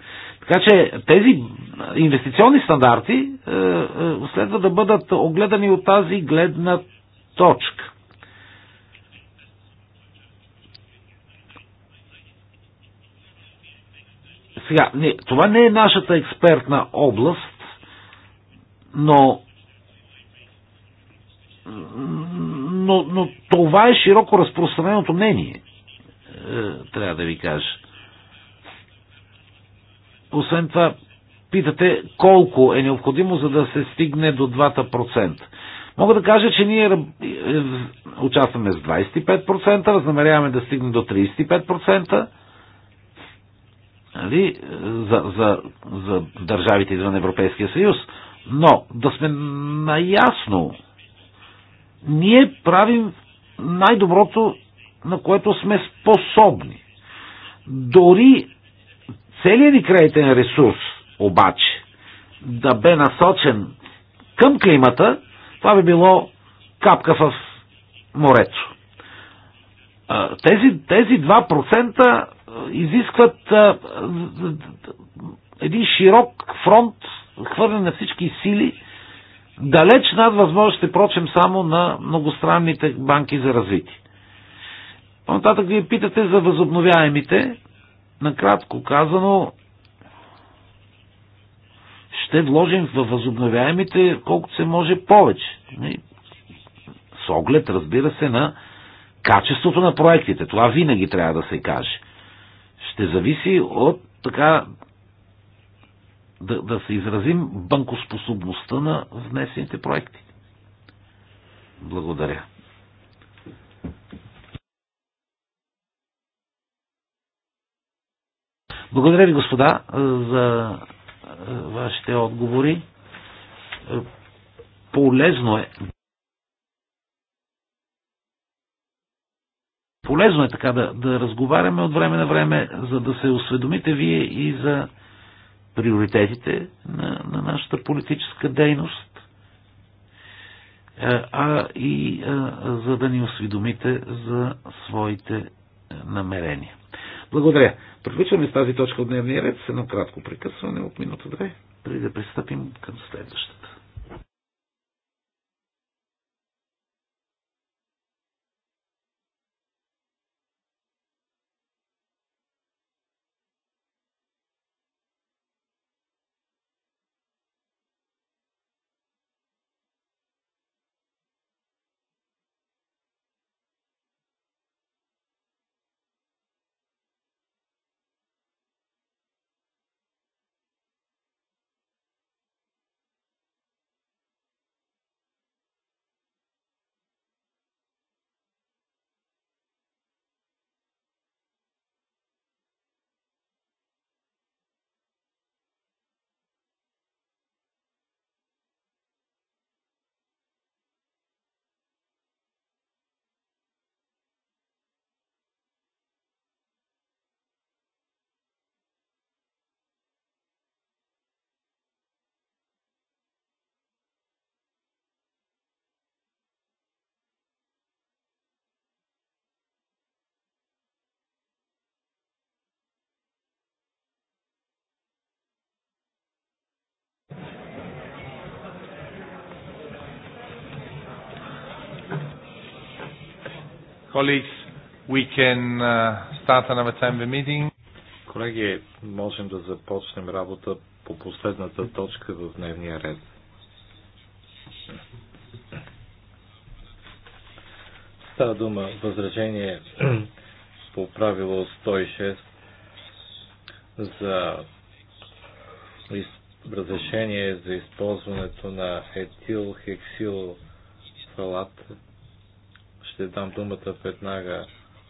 Така че тези инвестиционни стандарти е, е, следва да бъдат огледани от тази гледна точка. Сега, не, това не е нашата експертна област, но, но, но това е широко разпространеното мнение, е, трябва да ви кажа. Освен това, питате колко е необходимо, за да се стигне до 2%. Мога да кажа, че ние е, участваме с 25%, възнамеряваме да стигнем до 35%. Нали? За, за, за държавите извън Европейския съюз. Но да сме наясно, ние правим най-доброто, на което сме способни. Дори целият ни кредитен ресурс, обаче, да бе насочен към климата, това би било капка в морето. Тези, тези 2% изискват един широк фронт хвърляне на всички сили далеч над възможностите, прочем, само на многостранните банки за развитие. По-нататък вие питате за възобновяемите. Накратко казано, ще вложим във възобновяемите колкото се може повече. С оглед, разбира се, на качеството на проектите. Това винаги трябва да се каже. Ще зависи от така да, да се изразим банкоспособността на внесените проекти. Благодаря. Благодаря ви, господа, за е, вашите отговори. Е, полезно е. Полезно е така да, да разговаряме от време на време, за да се осведомите вие и за приоритетите на, на нашата политическа дейност, е, а и е, за да ни осведомите за своите е, намерения. Благодаря. Приключваме с тази точка от дневния ред с едно кратко прекъсване от минута-две, преди да пристъпим към следващата. Colleagues, we can uh, start another time the meeting. Колеги, можем да започнем работа по последната точка в дневния ред. Става дума възражение по правило 106 за разрешение за използването на етил хексил фалат ще дам думата веднага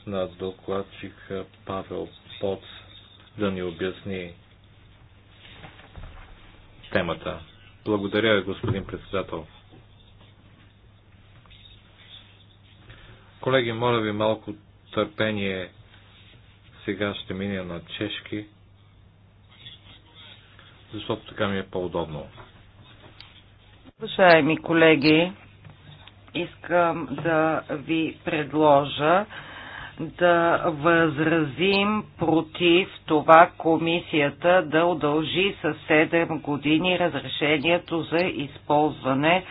на докладчик Павел Поц да ни обясни темата. Благодаря ви, господин председател. Колеги, моля ви малко търпение. Сега ще миня на чешки, защото така ми е по-удобно. Уважаеми колеги, искам да ви предложа да възразим против това комисията да удължи с 7 години разрешението за използване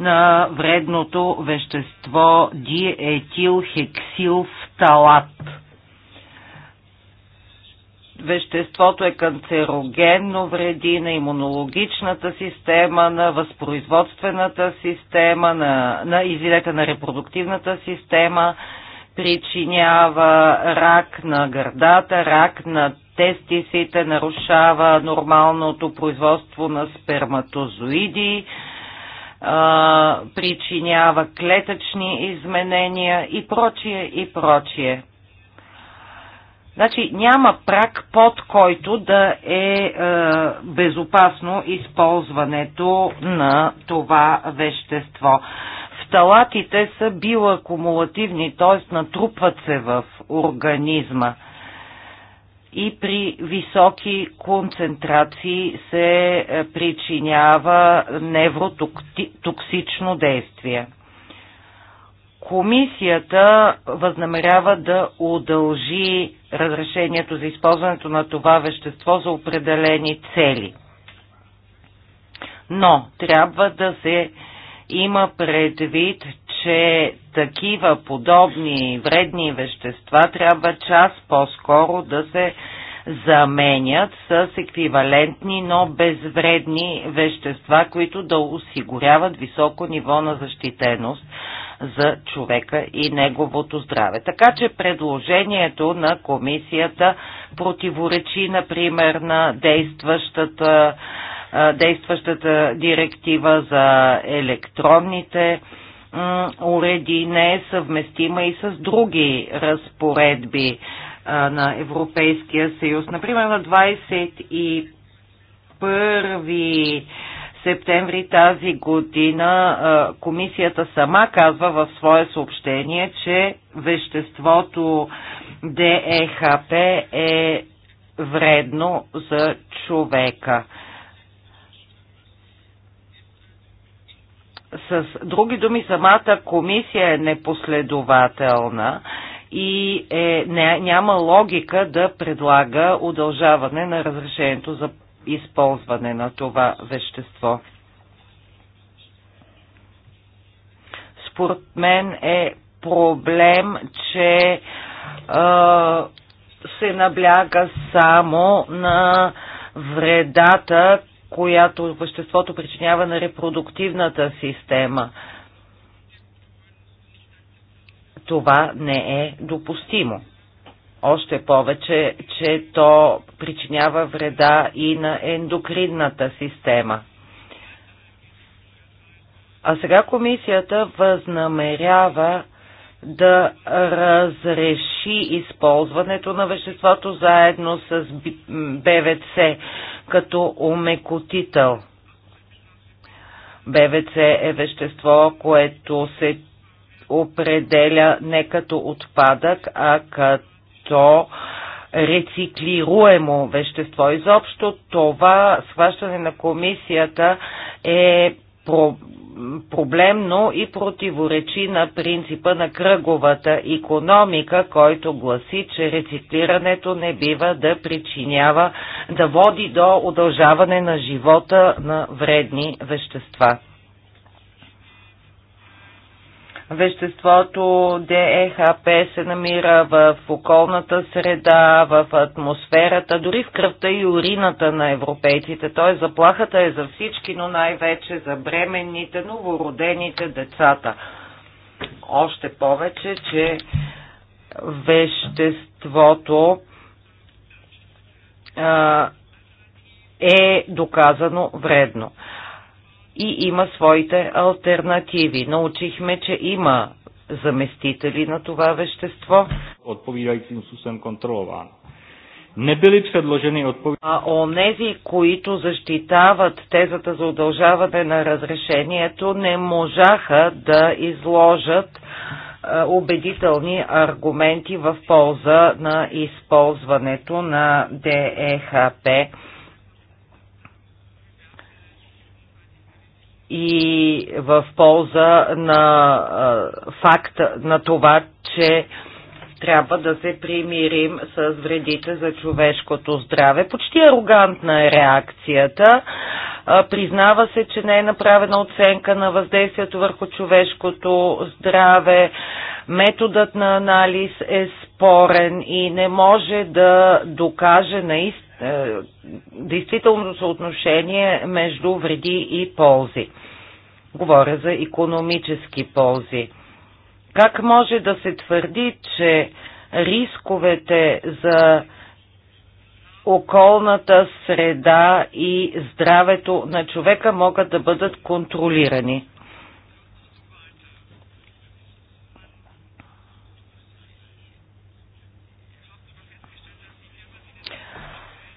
на вредното вещество диетилхексилфталат веществото е канцерогенно, вреди на имунологичната система, на възпроизводствената система, на, на извинете, на репродуктивната система, причинява рак на гърдата, рак на тестисите, нарушава нормалното производство на сперматозоиди, а, причинява клетъчни изменения и прочие, и прочие. Значи няма прак, под който да е, е безопасно използването на това вещество. Фталатите са биоакумулативни, т.е. натрупват се в организма и при високи концентрации се е, причинява невротоксично действие. Комисията възнамерява да удължи разрешението за използването на това вещество за определени цели. Но трябва да се има предвид, че такива подобни вредни вещества трябва час по-скоро да се заменят с еквивалентни, но безвредни вещества, които да осигуряват високо ниво на защитеност за човека и неговото здраве. Така че предложението на комисията противоречи, например, на действащата, действащата директива за електронните уреди, не е съвместима и с други разпоредби на Европейския съюз. Например, на 21 септември тази година комисията сама казва в свое съобщение, че веществото ДЕХП е вредно за човека. С други думи, самата комисия е непоследователна и е, не, няма логика да предлага удължаване на разрешението за използване на това вещество. Според мен е проблем, че а, се набляга само на вредата, която веществото причинява на репродуктивната система. Това не е допустимо. Още повече, че то причинява вреда и на ендокринната система. А сега комисията възнамерява да разреши използването на веществото заедно с БВЦ като омекотител. БВЦ е вещество, което се определя не като отпадък, а като то рециклируемо вещество. Изобщо това схващане на комисията е про проблемно и противоречи на принципа на кръговата економика, който гласи, че рециклирането не бива да причинява, да води до удължаване на живота на вредни вещества. Веществото ДЕХП се намира в околната среда, в атмосферата, дори в кръвта и урината на европейците. Т.е. заплахата е за всички, но най-вече за бременните, новородените, децата. Още повече, че веществото а, е доказано вредно и има своите альтернативи. Научихме, че има заместители на това вещество. Отповидайцим сусен контролован. Не били предложени отповеди. А онези, които защитават тезата за удължаване на разрешението, не можаха да изложат е, убедителни аргументи в полза на използването на ДЕХП и в полза на факта на това, че трябва да се примирим с вредите за човешкото здраве. Почти арогантна е реакцията. Признава се, че не е направена оценка на въздействието върху човешкото здраве. Методът на анализ е спорен и не може да докаже наистина е, действително съотношение между вреди и ползи. Говоря за економически ползи. Как може да се твърди, че рисковете за околната среда и здравето на човека могат да бъдат контролирани?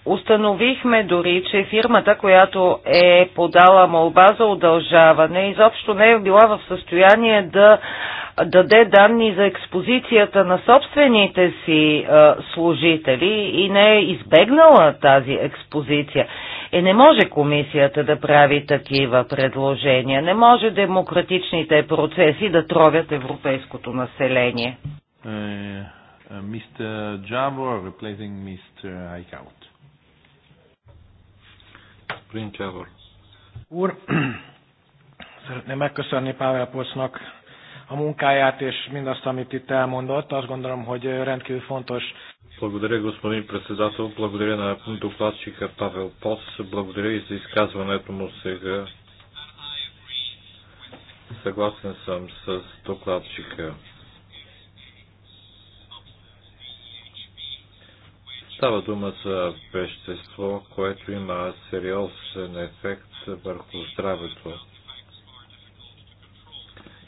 Установихме дори, че фирмата, която е подала молба за удължаване, изобщо не е била в състояние да даде данни за експозицията на собствените си служители и не е избегнала тази експозиция. Е, не може комисията да прави такива предложения, не може демократичните процеси да тровят европейското население. Е, е, мистер Джаво, replacing Мистер Айкаут. Prin Тявор. Úr, szeretném megköszönni Pável Posznak a munkáját és mindazt, amit itt elmondott. Azt gondolom, hogy rendkívül fontos. Благодаря, господин председател. Благодаря на докладчика Павел Пос. Благодаря и за изказването му сега. Съгласен съм с докладчика. Става дума за вещество, което има сериозен ефект върху здравето.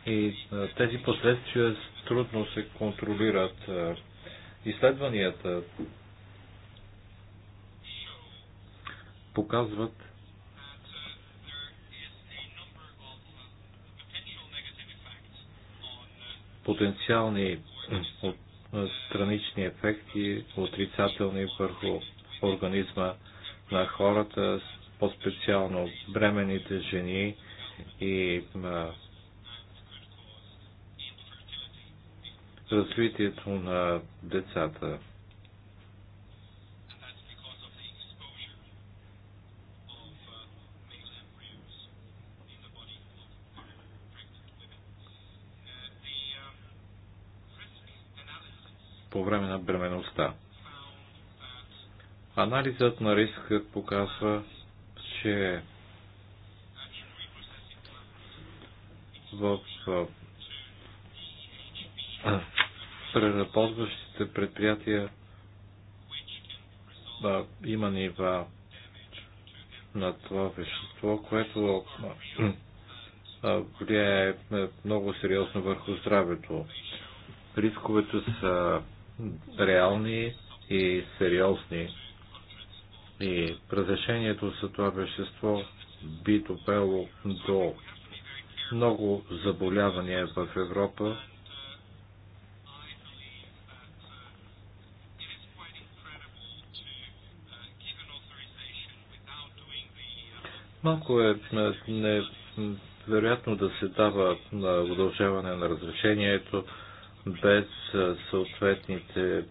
И тези последствия трудно се контролират. Изследванията показват, потенциални странични ефекти, отрицателни върху организма на хората, по-специално бременните жени и развитието на децата. по време на бременността. Анализът на риска показва, че в преработващите предприятия а, има нива на това вещество, което а, влияе много сериозно върху здравето. Рисковете са реални и сериозни. И разрешението за това вещество би допело до много заболявания в Европа. Малко е, е невероятно да се дава на е, удължаване на разрешението без съответните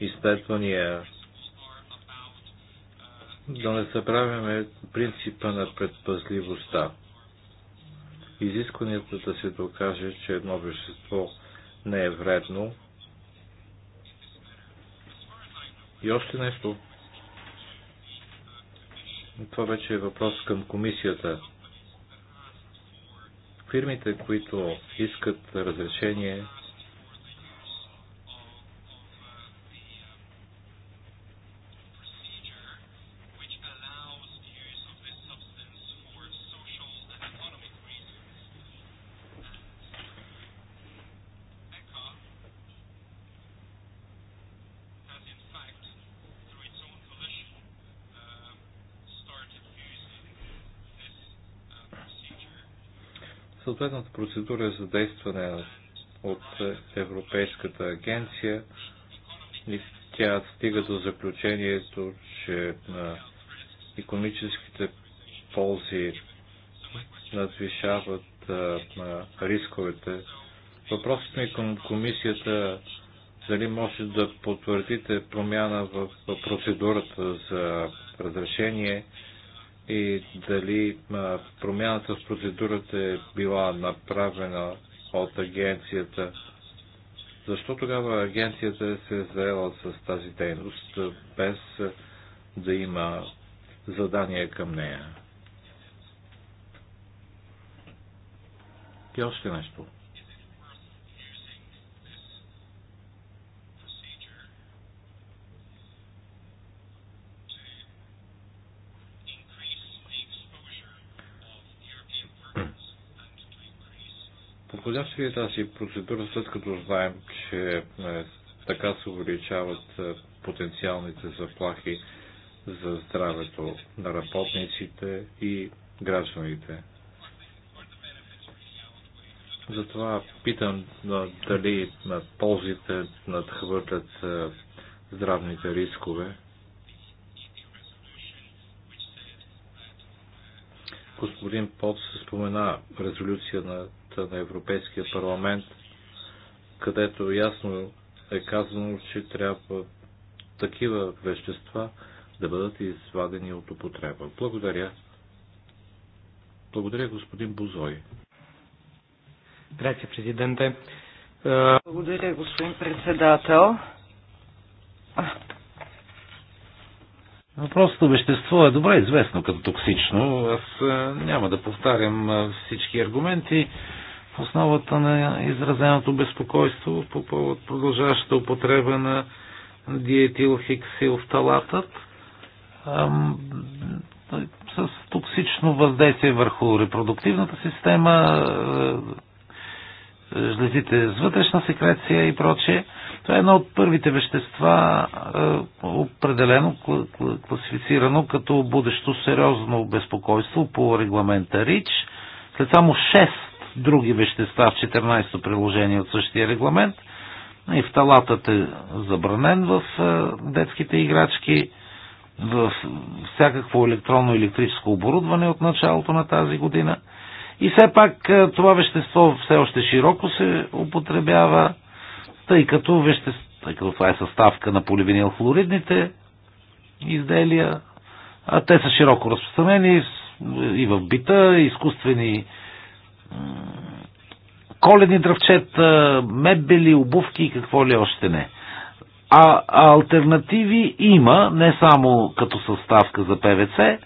изследвания. Да не забравяме принципа на предпазливостта. Изискванията да се докаже, че едно вещество не е вредно. И още нещо. Това вече е въпрос към комисията Фирмите, които искат разрешение, съответната процедура за действане от Европейската агенция и тя стига до заключението, че на економическите ползи надвишават на рисковете. Въпросът ми е към комисията дали може да потвърдите промяна в процедурата за разрешение и дали промяната в процедурата е била направена от агенцията. Защо тогава агенцията се е заела с тази дейност, без да има задание към нея? И още нещо. Подходяща ли е тази процедура, след като знаем, че е, така се увеличават е, потенциалните заплахи за здравето на работниците и гражданите? Затова питам дали на ползите надхвърлят здравните рискове. Господин Поп се спомена резолюция на на Европейския парламент, където ясно е казано, че трябва такива вещества да бъдат извадени от употреба. Благодаря. Благодаря, господин Бозой. Грация, президенте. Благодаря, господин председател. Просто вещество е добре известно като токсично. Аз е, няма да повтарям е, всички аргументи в основата на изразеното безпокойство по повод продължаващата употреба на диетилхиксилфталатът с токсично въздействие върху репродуктивната система, е, е, жлезите с вътрешна секреция и прочее. Това е едно от първите вещества, е, определено, класифицирано като будещо сериозно безпокойство по регламента РИЧ. След само други вещества в 14-то приложение от същия регламент. И фталатът е забранен в е, детските играчки, в всякакво електронно електрическо оборудване от началото на тази година. И все пак е, това вещество все още широко се употребява, тъй като, вещество, тъй като това е съставка на поливинилхлоридните изделия, а те са широко разпространени и в бита, изкуствени коледни дравчета, мебели, обувки и какво ли още не. А, а альтернативи има, не само като съставка за ПВЦ,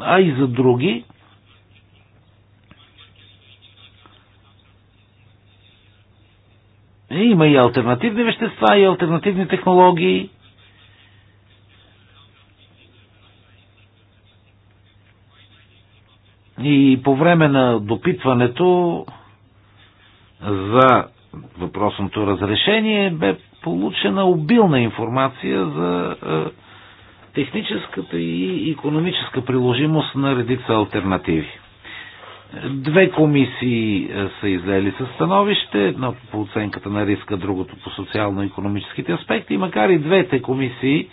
а и за други. Е, има и альтернативни вещества, и альтернативни технологии. И по време на допитването за въпросното разрешение бе получена обилна информация за е, техническата и економическа приложимост на редица альтернативи. Две комисии е, са излели със становище, едно по оценката на риска, другото по социално-економическите аспекти, макар и двете комисии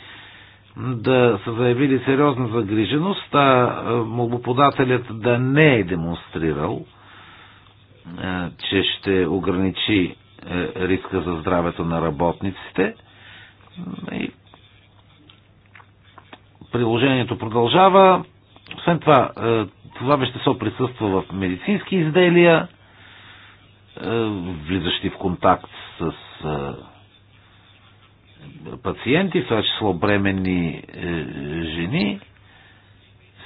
да са заявили сериозна загриженост, а молбоподателят да не е демонстрирал, че ще ограничи е, риска за здравето на работниците. приложението продължава. Освен това, е, това вещество присъства в медицински изделия, е, влизащи в контакт с пациенти, в това число бремени е, жени.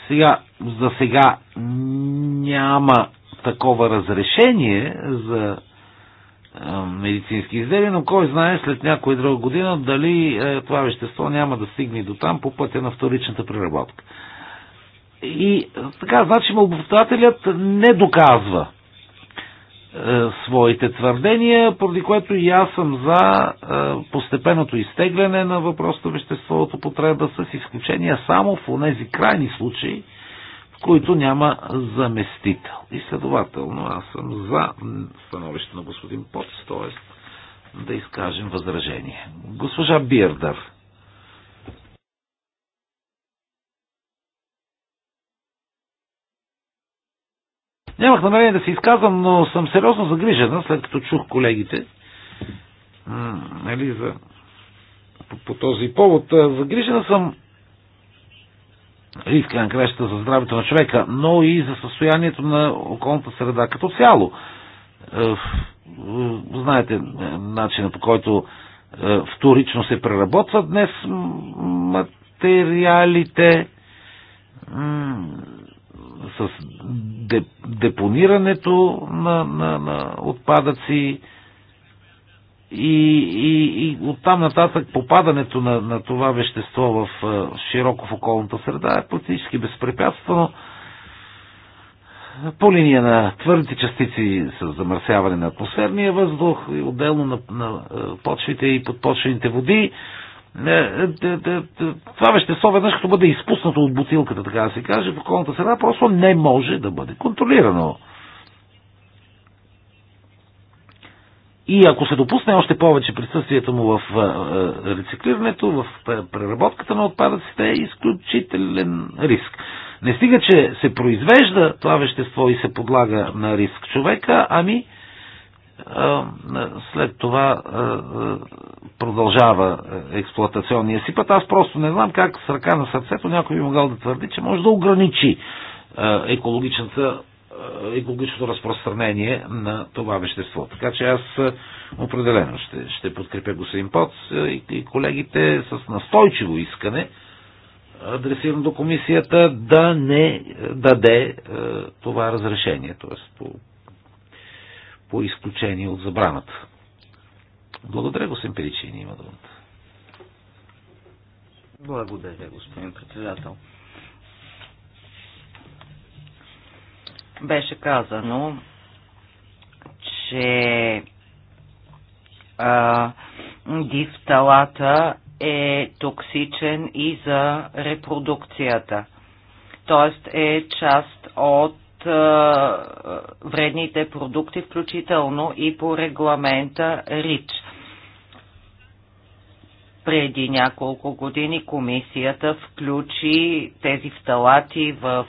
Сега, за сега няма такова разрешение за е, медицински изделия, но кой знае след някоя друга година дали е, това вещество няма да стигне до там по пътя на вторичната преработка. И така, значи, мълбовтателят не доказва е, своите твърдения, поради което и аз съм за е, постепенното изтегляне на въпросното вещество от употреба с изключение само в тези крайни случаи, в които няма заместител. И следователно аз съм за становище на господин Поц, т.е. да изкажем възражение. Госпожа Бирдър. Нямах намерение да се изказвам, но съм сериозно загрижена, след като чух колегите. Нали, за... по, по този повод. Загрижена съм риска на крайна за здравето на човека, но и за състоянието на околната среда като цяло. Знаете начина по който вторично се преработват днес материалите с депонирането на, на, на отпадъци и, и, и оттам нататък попадането на, на това вещество в широко в околната среда е практически безпрепятствено по линия на твърдите частици с замърсяване на атмосферния въздух и отделно на, на почвите и подпочвените води е, е, е, това вещество веднъж като бъде изпуснато от бутилката, така да се каже, в околната среда, просто не може да бъде контролирано. И ако се допусне още повече присъствието му в рециклирането, в преработката на отпадъците, е изключителен риск. Не стига, че се произвежда това вещество и се подлага на риск човека, ами след това продължава експлуатационния си път. Аз просто не знам как с ръка на сърцето някой би могъл да твърди, че може да ограничи екологичната екологичното разпространение на това вещество. Така че аз определено ще, ще подкрепя господин Поц и, и колегите с настойчиво искане, адресирано до комисията, да не даде това разрешение, Тоест, по, по изключение от забраната. Благодаря, господин Перичин, има думата. Благодаря, господин председател. Беше казано, че а, дифталата е токсичен и за репродукцията. Тоест е част от вредните продукти, включително и по регламента РИЧ. Преди няколко години комисията включи тези фталати в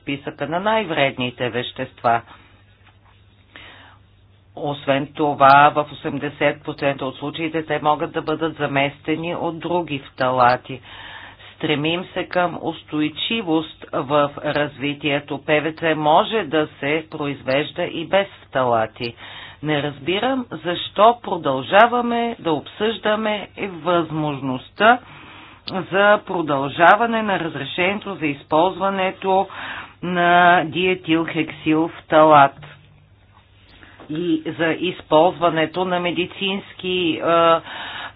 списъка на най-вредните вещества. Освен това, в 80% от случаите те могат да бъдат заместени от други фталати. Стремим се към устойчивост в развитието. ПВЦ може да се произвежда и без фталати. Не разбирам защо продължаваме да обсъждаме възможността за продължаване на разрешението за използването на диетилхексил в талат и за използването на медицински а,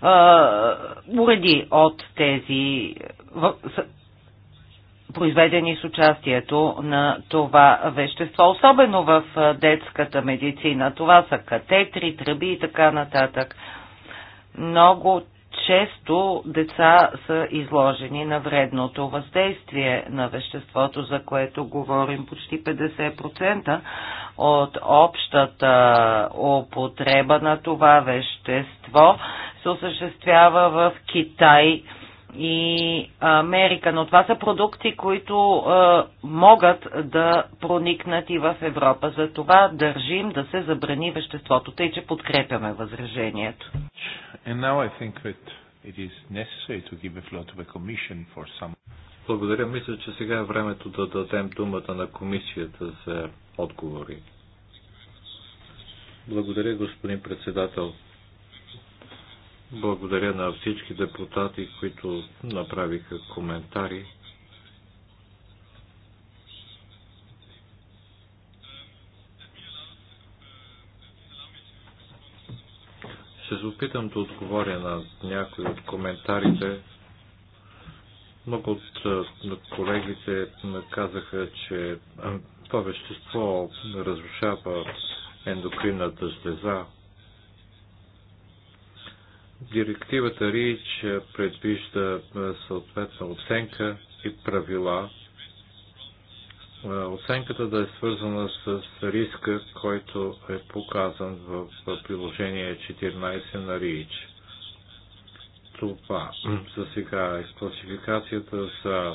а, уреди от тези произведени с участието на това вещество, особено в детската медицина. Това са катетри, тръби и така нататък. Много често деца са изложени на вредното въздействие на веществото, за което говорим почти 50% от общата употреба на това вещество се осъществява в Китай и Америка, но това са продукти, които а, могат да проникнат и в Европа. За това държим да се забрани веществото, тъй че подкрепяме възражението. Благодаря. Мисля, че сега е времето да дадем думата на комисията за отговори. Благодаря, господин председател. Благодаря на всички депутати, които направиха коментари. Ще се опитам да отговоря на някои от коментарите. Много от е, колегите казаха, че е, това вещество разрушава ендокринната слеза. Директивата РИЧ предвижда съответна оценка и правила. Оценката да е свързана с риска, който е показан в приложение 14 на РИЧ. Това <clears throat> за сега е класификацията за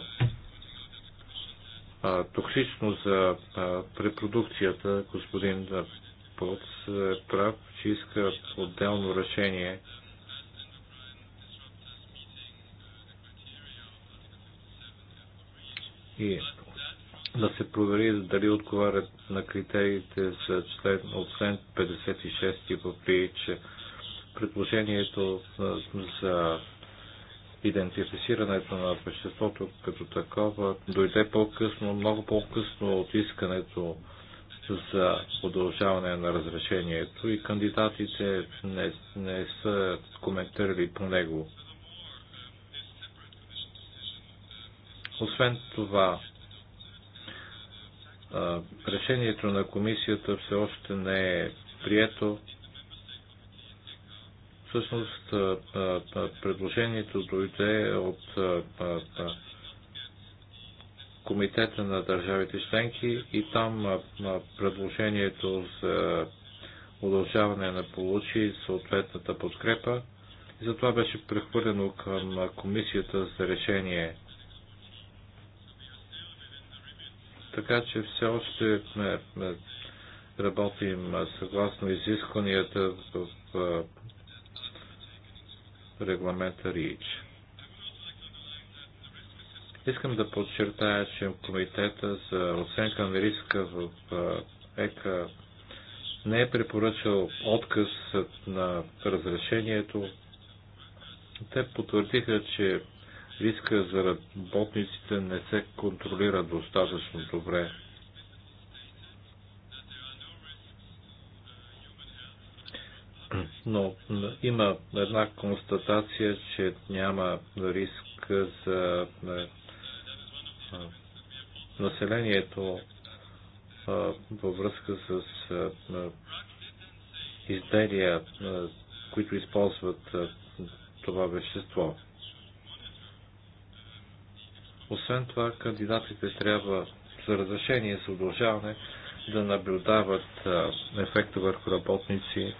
токсично за препродукцията, Господин Пълц е прав, че иска отделно решение – и да се провери дали отговарят на критериите за член, от член 56 в че предложението за идентифицирането на веществото като такова дойде по-късно, много по-късно от искането за удължаване на разрешението и кандидатите не, не са коментирали по него. Освен това, решението на комисията все още не е прието. Всъщност, предложението дойде от Комитета на държавите членки и там предложението за удължаване на получи съответната подкрепа. И затова беше прехвърлено към комисията за решение. така че все още е, е, работим е, съгласно изискванията в регламента РИЧ. Искам да подчертая, че комитета за оценка на риска в ЕКА не е препоръчал отказ на разрешението. Те потвърдиха, че риска за работниците не се контролира достатъчно добре. Но има една констатация, че няма риск за е, е, населението е, във връзка с изделия, които използват това вещество. Освен това, кандидатите трябва за разрешение за удължаване да наблюдават ефекта върху работници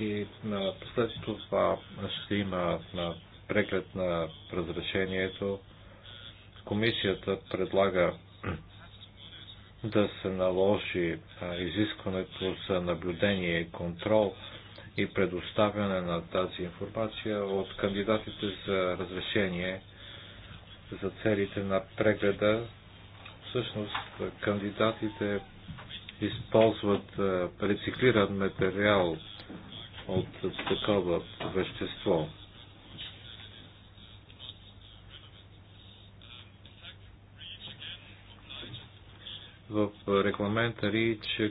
и след това ще има преглед на разрешението. Комисията предлага да се наложи изискването за наблюдение и контрол и предоставяне на тази информация от кандидатите за разрешение за целите на прегледа, всъщност кандидатите използват е, рециклиран материал от такова вещество. в регламента ли, че е,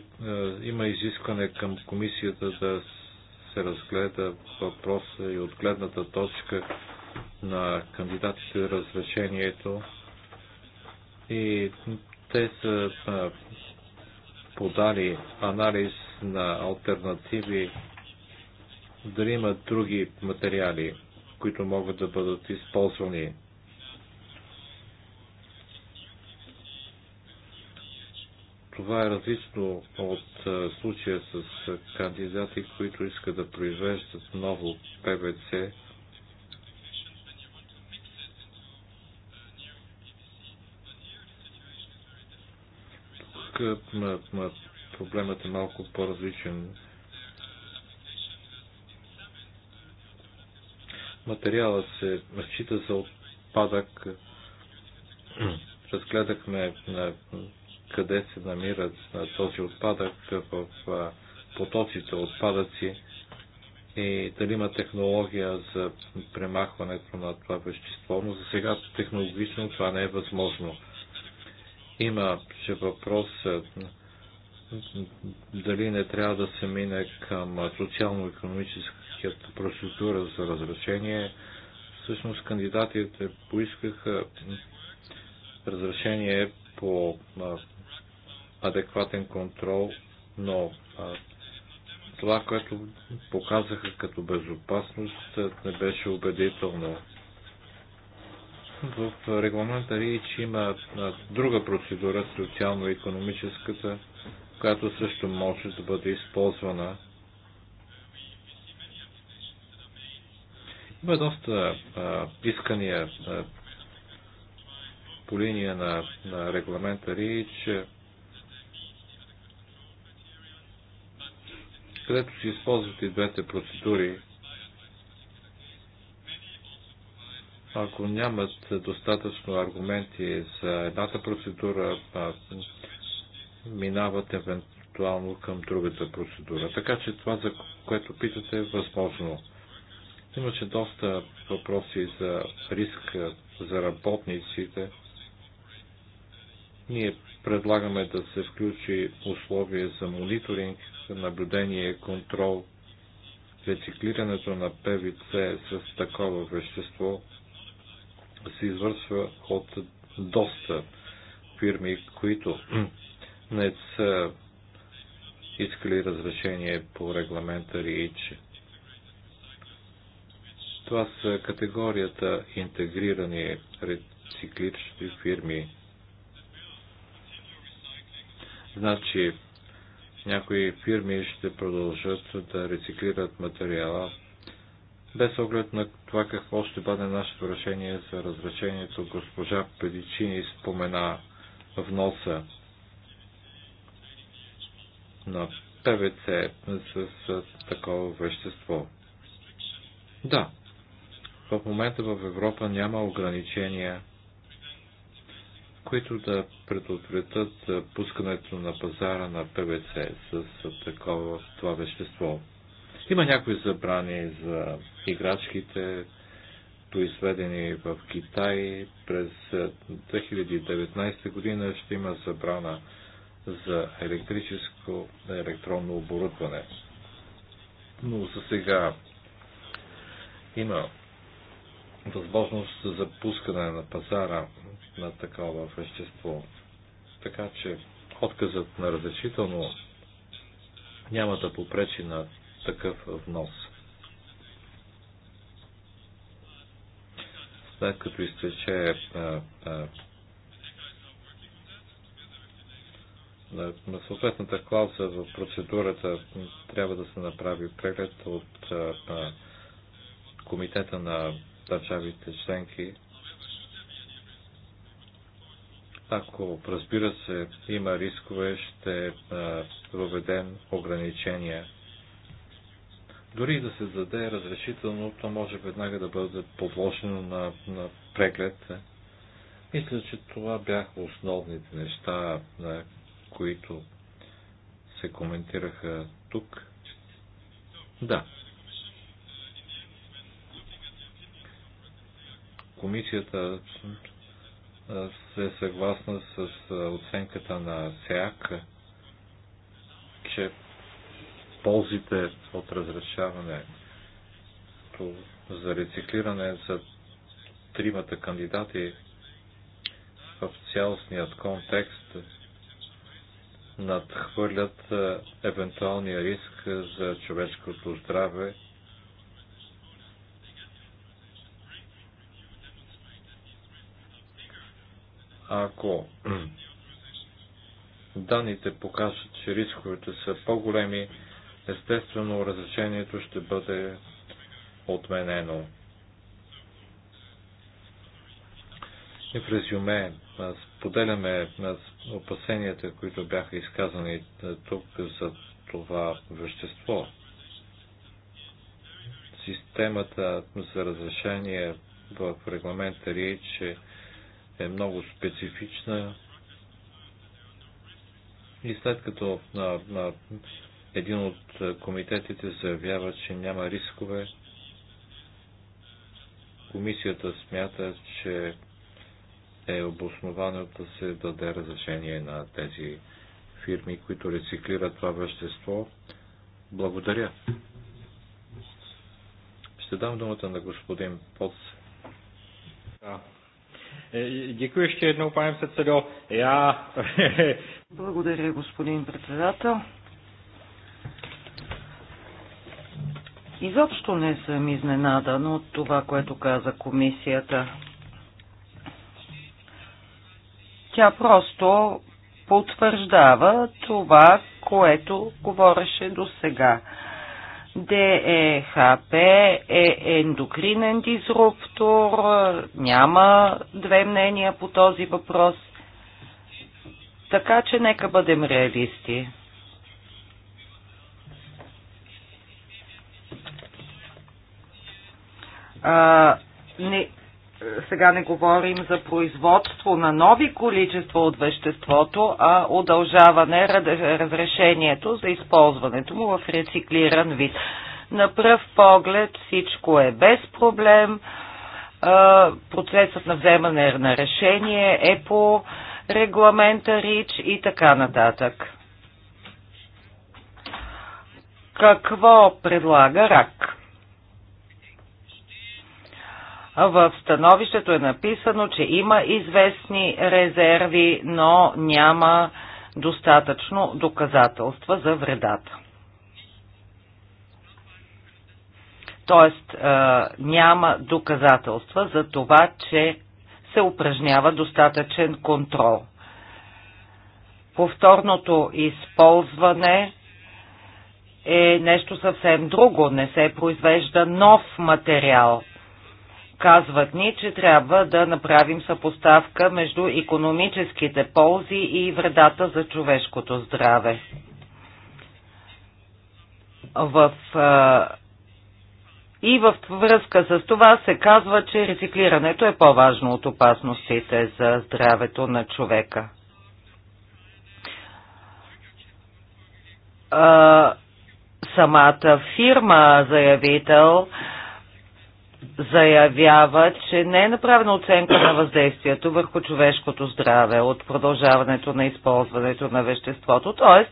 има изискване към комисията да се разгледа въпроса и от гледната точка на кандидатите разрешението и те са подали анализ на альтернативи, дали има други материали, които могат да бъдат използвани. Това е различно от случая с кандидати, които искат да произвеждат ново ПВЦ тук проблемът е малко по-различен. Материалът се счита за отпадък. Разгледахме къде се намира този отпадък в потоците отпадъци и дали има технология за премахването на това вещество, но за сега технологично това не е възможно. Имаше въпрос е, дали не трябва да се мине към социално-економическата процедура за разрешение. Всъщност кандидатите поискаха разрешение по адекватен контрол, но това, което показаха като безопасност, не беше убедително. В регламента че има друга процедура, социално-економическата, която също може да бъде използвана. Има доста искания по линия на, на регламента РИЧ, където се използват и двете процедури ако нямат достатъчно аргументи за едната процедура, минават евентуално към другата процедура. Така че това, за което питате, е възможно. Имаше доста въпроси за риск за работниците. Ние предлагаме да се включи условие за мониторинг, за наблюдение контрол. Рециклирането на ПВЦ с такова вещество се извършва от доста фирми, които не са искали разрешение по регламента РИЧ. Това са категорията интегрирани рециклични фирми. Значи, някои фирми ще продължат да рециклират материала без оглед на това какво ще бъде нашето решение за разрешението, госпожа Педичини спомена вноса на ПВЦ с, с такова вещество. Да, в момента в Европа няма ограничения, които да предотвратят пускането на пазара на ПВЦ с такова това вещество. Има някои забрани за играчките, произведени в Китай. През 2019 е, година ще има забрана за електрическо електронно оборудване. Но за сега има възможност за пускане на пазара на такова вещество. Така че отказът на разрешително няма да попречи на такъв внос. След като изтече е, е, а, а, на, съответната клауза в процедурата трябва да се направи преглед от а, е, а, комитета на държавите членки. Ако, разбира се, има рискове, ще а, въведем ограничения дори да се заде разрешително, то може веднага да бъде подложено на, на преглед. Мисля, че това бяха основните неща, които се коментираха тук. Да. Комисията се е съгласна с оценката на СЕАК, че ползите от разрешаване за рециклиране за тримата кандидати в цялостният контекст надхвърлят е, евентуалния риск е, за човешкото здраве ако <clears throat> данните покажат, че рисковете са по-големи естествено разрешението ще бъде отменено. И в резюме споделяме опасенията, които бяха изказани тук за това вещество. Системата за разрешение в регламента РИЧ е много специфична и след като на, на, един от комитетите заявява, че няма рискове. Комисията смята, че е обосновано да се даде разрешение на тези фирми, които рециклират това вещество. Благодаря. Ще дам думата на господин Поц. Да. Е, ще едно jednou, pane předsedo. Благодаря, господин председател. Изобщо не съм изненадан от това, което каза комисията. Тя просто потвърждава това, което говореше до сега. ДЕХП е ендокринен дизруптор, няма две мнения по този въпрос. Така че нека бъдем реалисти. А, не, сега не говорим за производство на нови количества от веществото, а удължаване разрешението за използването му в рециклиран вид. На пръв поглед всичко е без проблем. Процесът на вземане на решение е по регламента РИЧ и така нататък. Какво предлага РАК? в становището е написано, че има известни резерви, но няма достатъчно доказателства за вредата. Тоест няма доказателства за това, че се упражнява достатъчен контрол. Повторното използване е нещо съвсем друго. Не се произвежда нов материал. Казват ни, че трябва да направим съпоставка между економическите ползи и вредата за човешкото здраве. В и в връзка с това се казва, че рециклирането е по-важно от опасностите за здравето на човека. А, самата фирма заявител заявява, че не е направена оценка на въздействието върху човешкото здраве от продължаването на използването на веществото. Тоест,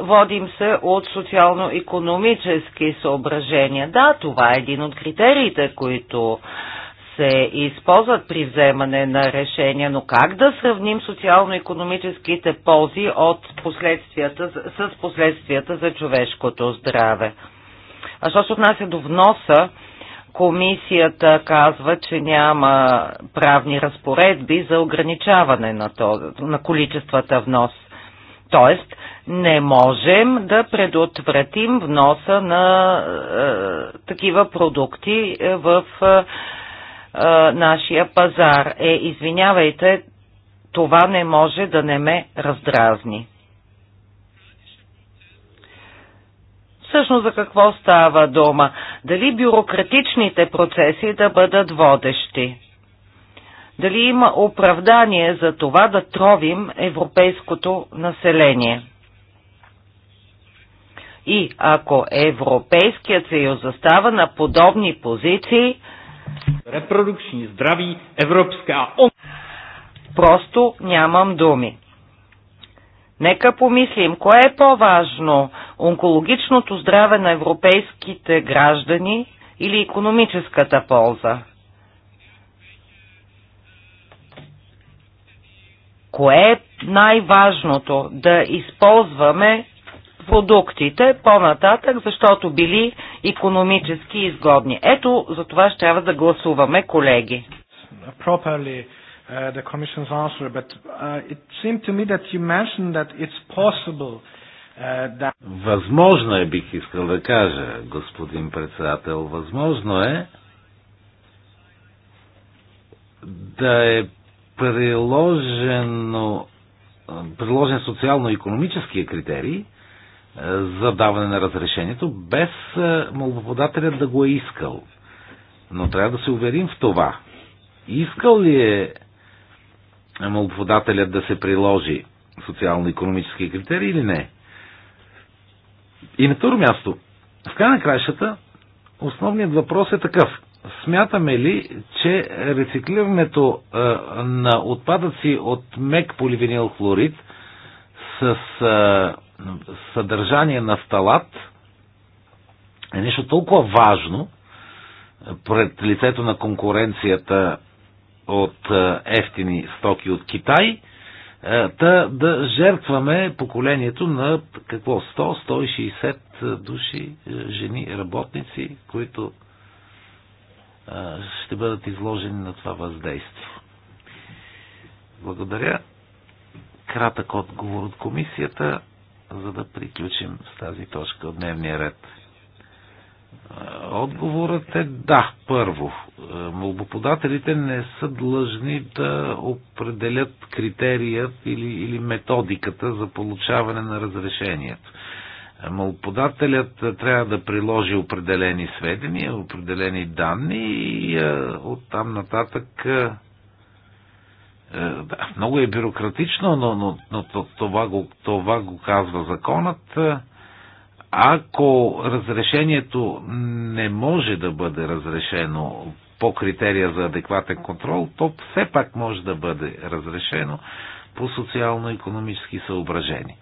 водим се от социално-економически съображения. Да, това е един от критериите, които се използват при вземане на решения, но как да сравним социално-економическите ползи от последствията, с последствията за човешкото здраве? А що се отнася до вноса, Комисията казва, че няма правни разпоредби за ограничаване на, то, на количествата внос. Тоест, не можем да предотвратим вноса на е, такива продукти е, в е, е, нашия пазар. Е, извинявайте, това не може да не ме раздразни. Всъщност за какво става дума? Дали бюрократичните процеси да бъдат водещи? Дали има оправдание за това да тровим европейското население? И ако Европейският съюз застава на подобни позиции, репродукции, здрави, европска... Просто нямам думи. Нека помислим, кое е по-важно – онкологичното здраве на европейските граждани или економическата полза? Кое е най-важното – да използваме продуктите по-нататък, защото били економически изгодни. Ето, за това ще трябва да гласуваме, колеги. Properly Uh, the Commission's answer, but uh, it seemed to me that you mentioned that it's possible uh, Възможно е, бих искал да кажа, господин председател, възможно е да е приложено, приложен социално-економическия критерий е, за даване на разрешението, без е, молбоподателя да го е искал. Но трябва да се уверим в това. Искал ли е молбоводателят да се приложи социално-економически критерии или не. И на второ място, в края на краищата, основният въпрос е такъв. Смятаме ли, че рециклирането е, на отпадъци от мек поливинил хлорид с е, съдържание на сталат е нещо толкова важно пред лицето на конкуренцията от е, ефтини стоки от Китай, да, е, да жертваме поколението на какво 100-160 души е, жени работници, които ще бъдат изложени на това въздействие. Благодаря. Кратък отговор от комисията, за да приключим с тази точка от дневния ред. Отговорът е да, първо. Молбоподателите не са длъжни да определят критерият или, или методиката за получаване на разрешението. Молбоподателят трябва да приложи определени сведения, определени данни и оттам нататък да, много е бюрократично, но, но, но това, го, това го казва законът. Ако разрешението не може да бъде разрешено по критерия за адекватен контрол, то все пак може да бъде разрешено по социално-економически съображения.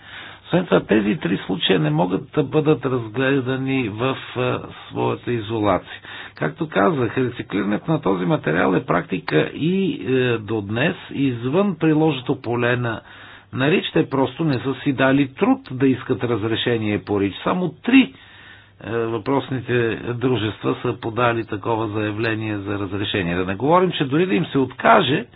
Освен това, тези три случая не могат да бъдат разгледани в а, своята изолация. Както казах, рециклирането на този материал е практика и е, до днес извън приложното поле на Нарич те просто не са си дали труд да искат разрешение по рич. Само три е, въпросните дружества са подали такова заявление за разрешение. Да не говорим, че дори да им се откаже, е,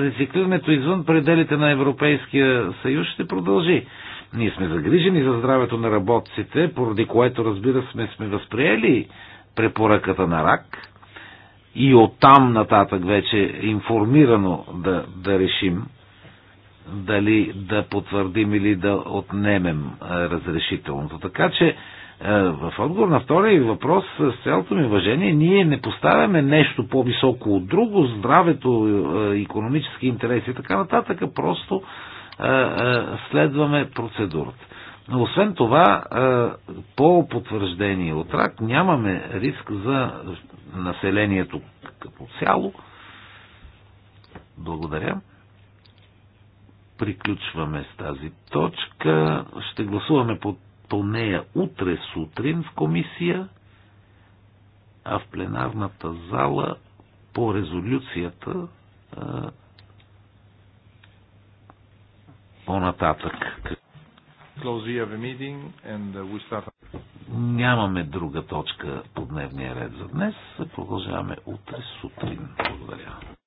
рециклирането извън пределите на Европейския съюз ще продължи. Ние сме загрижени за здравето на работците, поради което, разбира сме, сме възприели препоръката на рак и оттам нататък вече информирано да, да решим дали да потвърдим или да отнемем разрешителното. Така че в отговор на втория въпрос, с цялото ми уважение, ние не поставяме нещо по-високо от друго, здравето, економически интереси и така нататък, просто следваме процедурата. Но Освен това, по потвърждение от рак нямаме риск за населението като цяло. Благодаря приключваме с тази точка. Ще гласуваме по, по нея утре сутрин в комисия, а в пленарната зала по резолюцията по-нататък. Uh, Нямаме друга точка по дневния ред за днес. Продължаваме утре сутрин. Благодаря.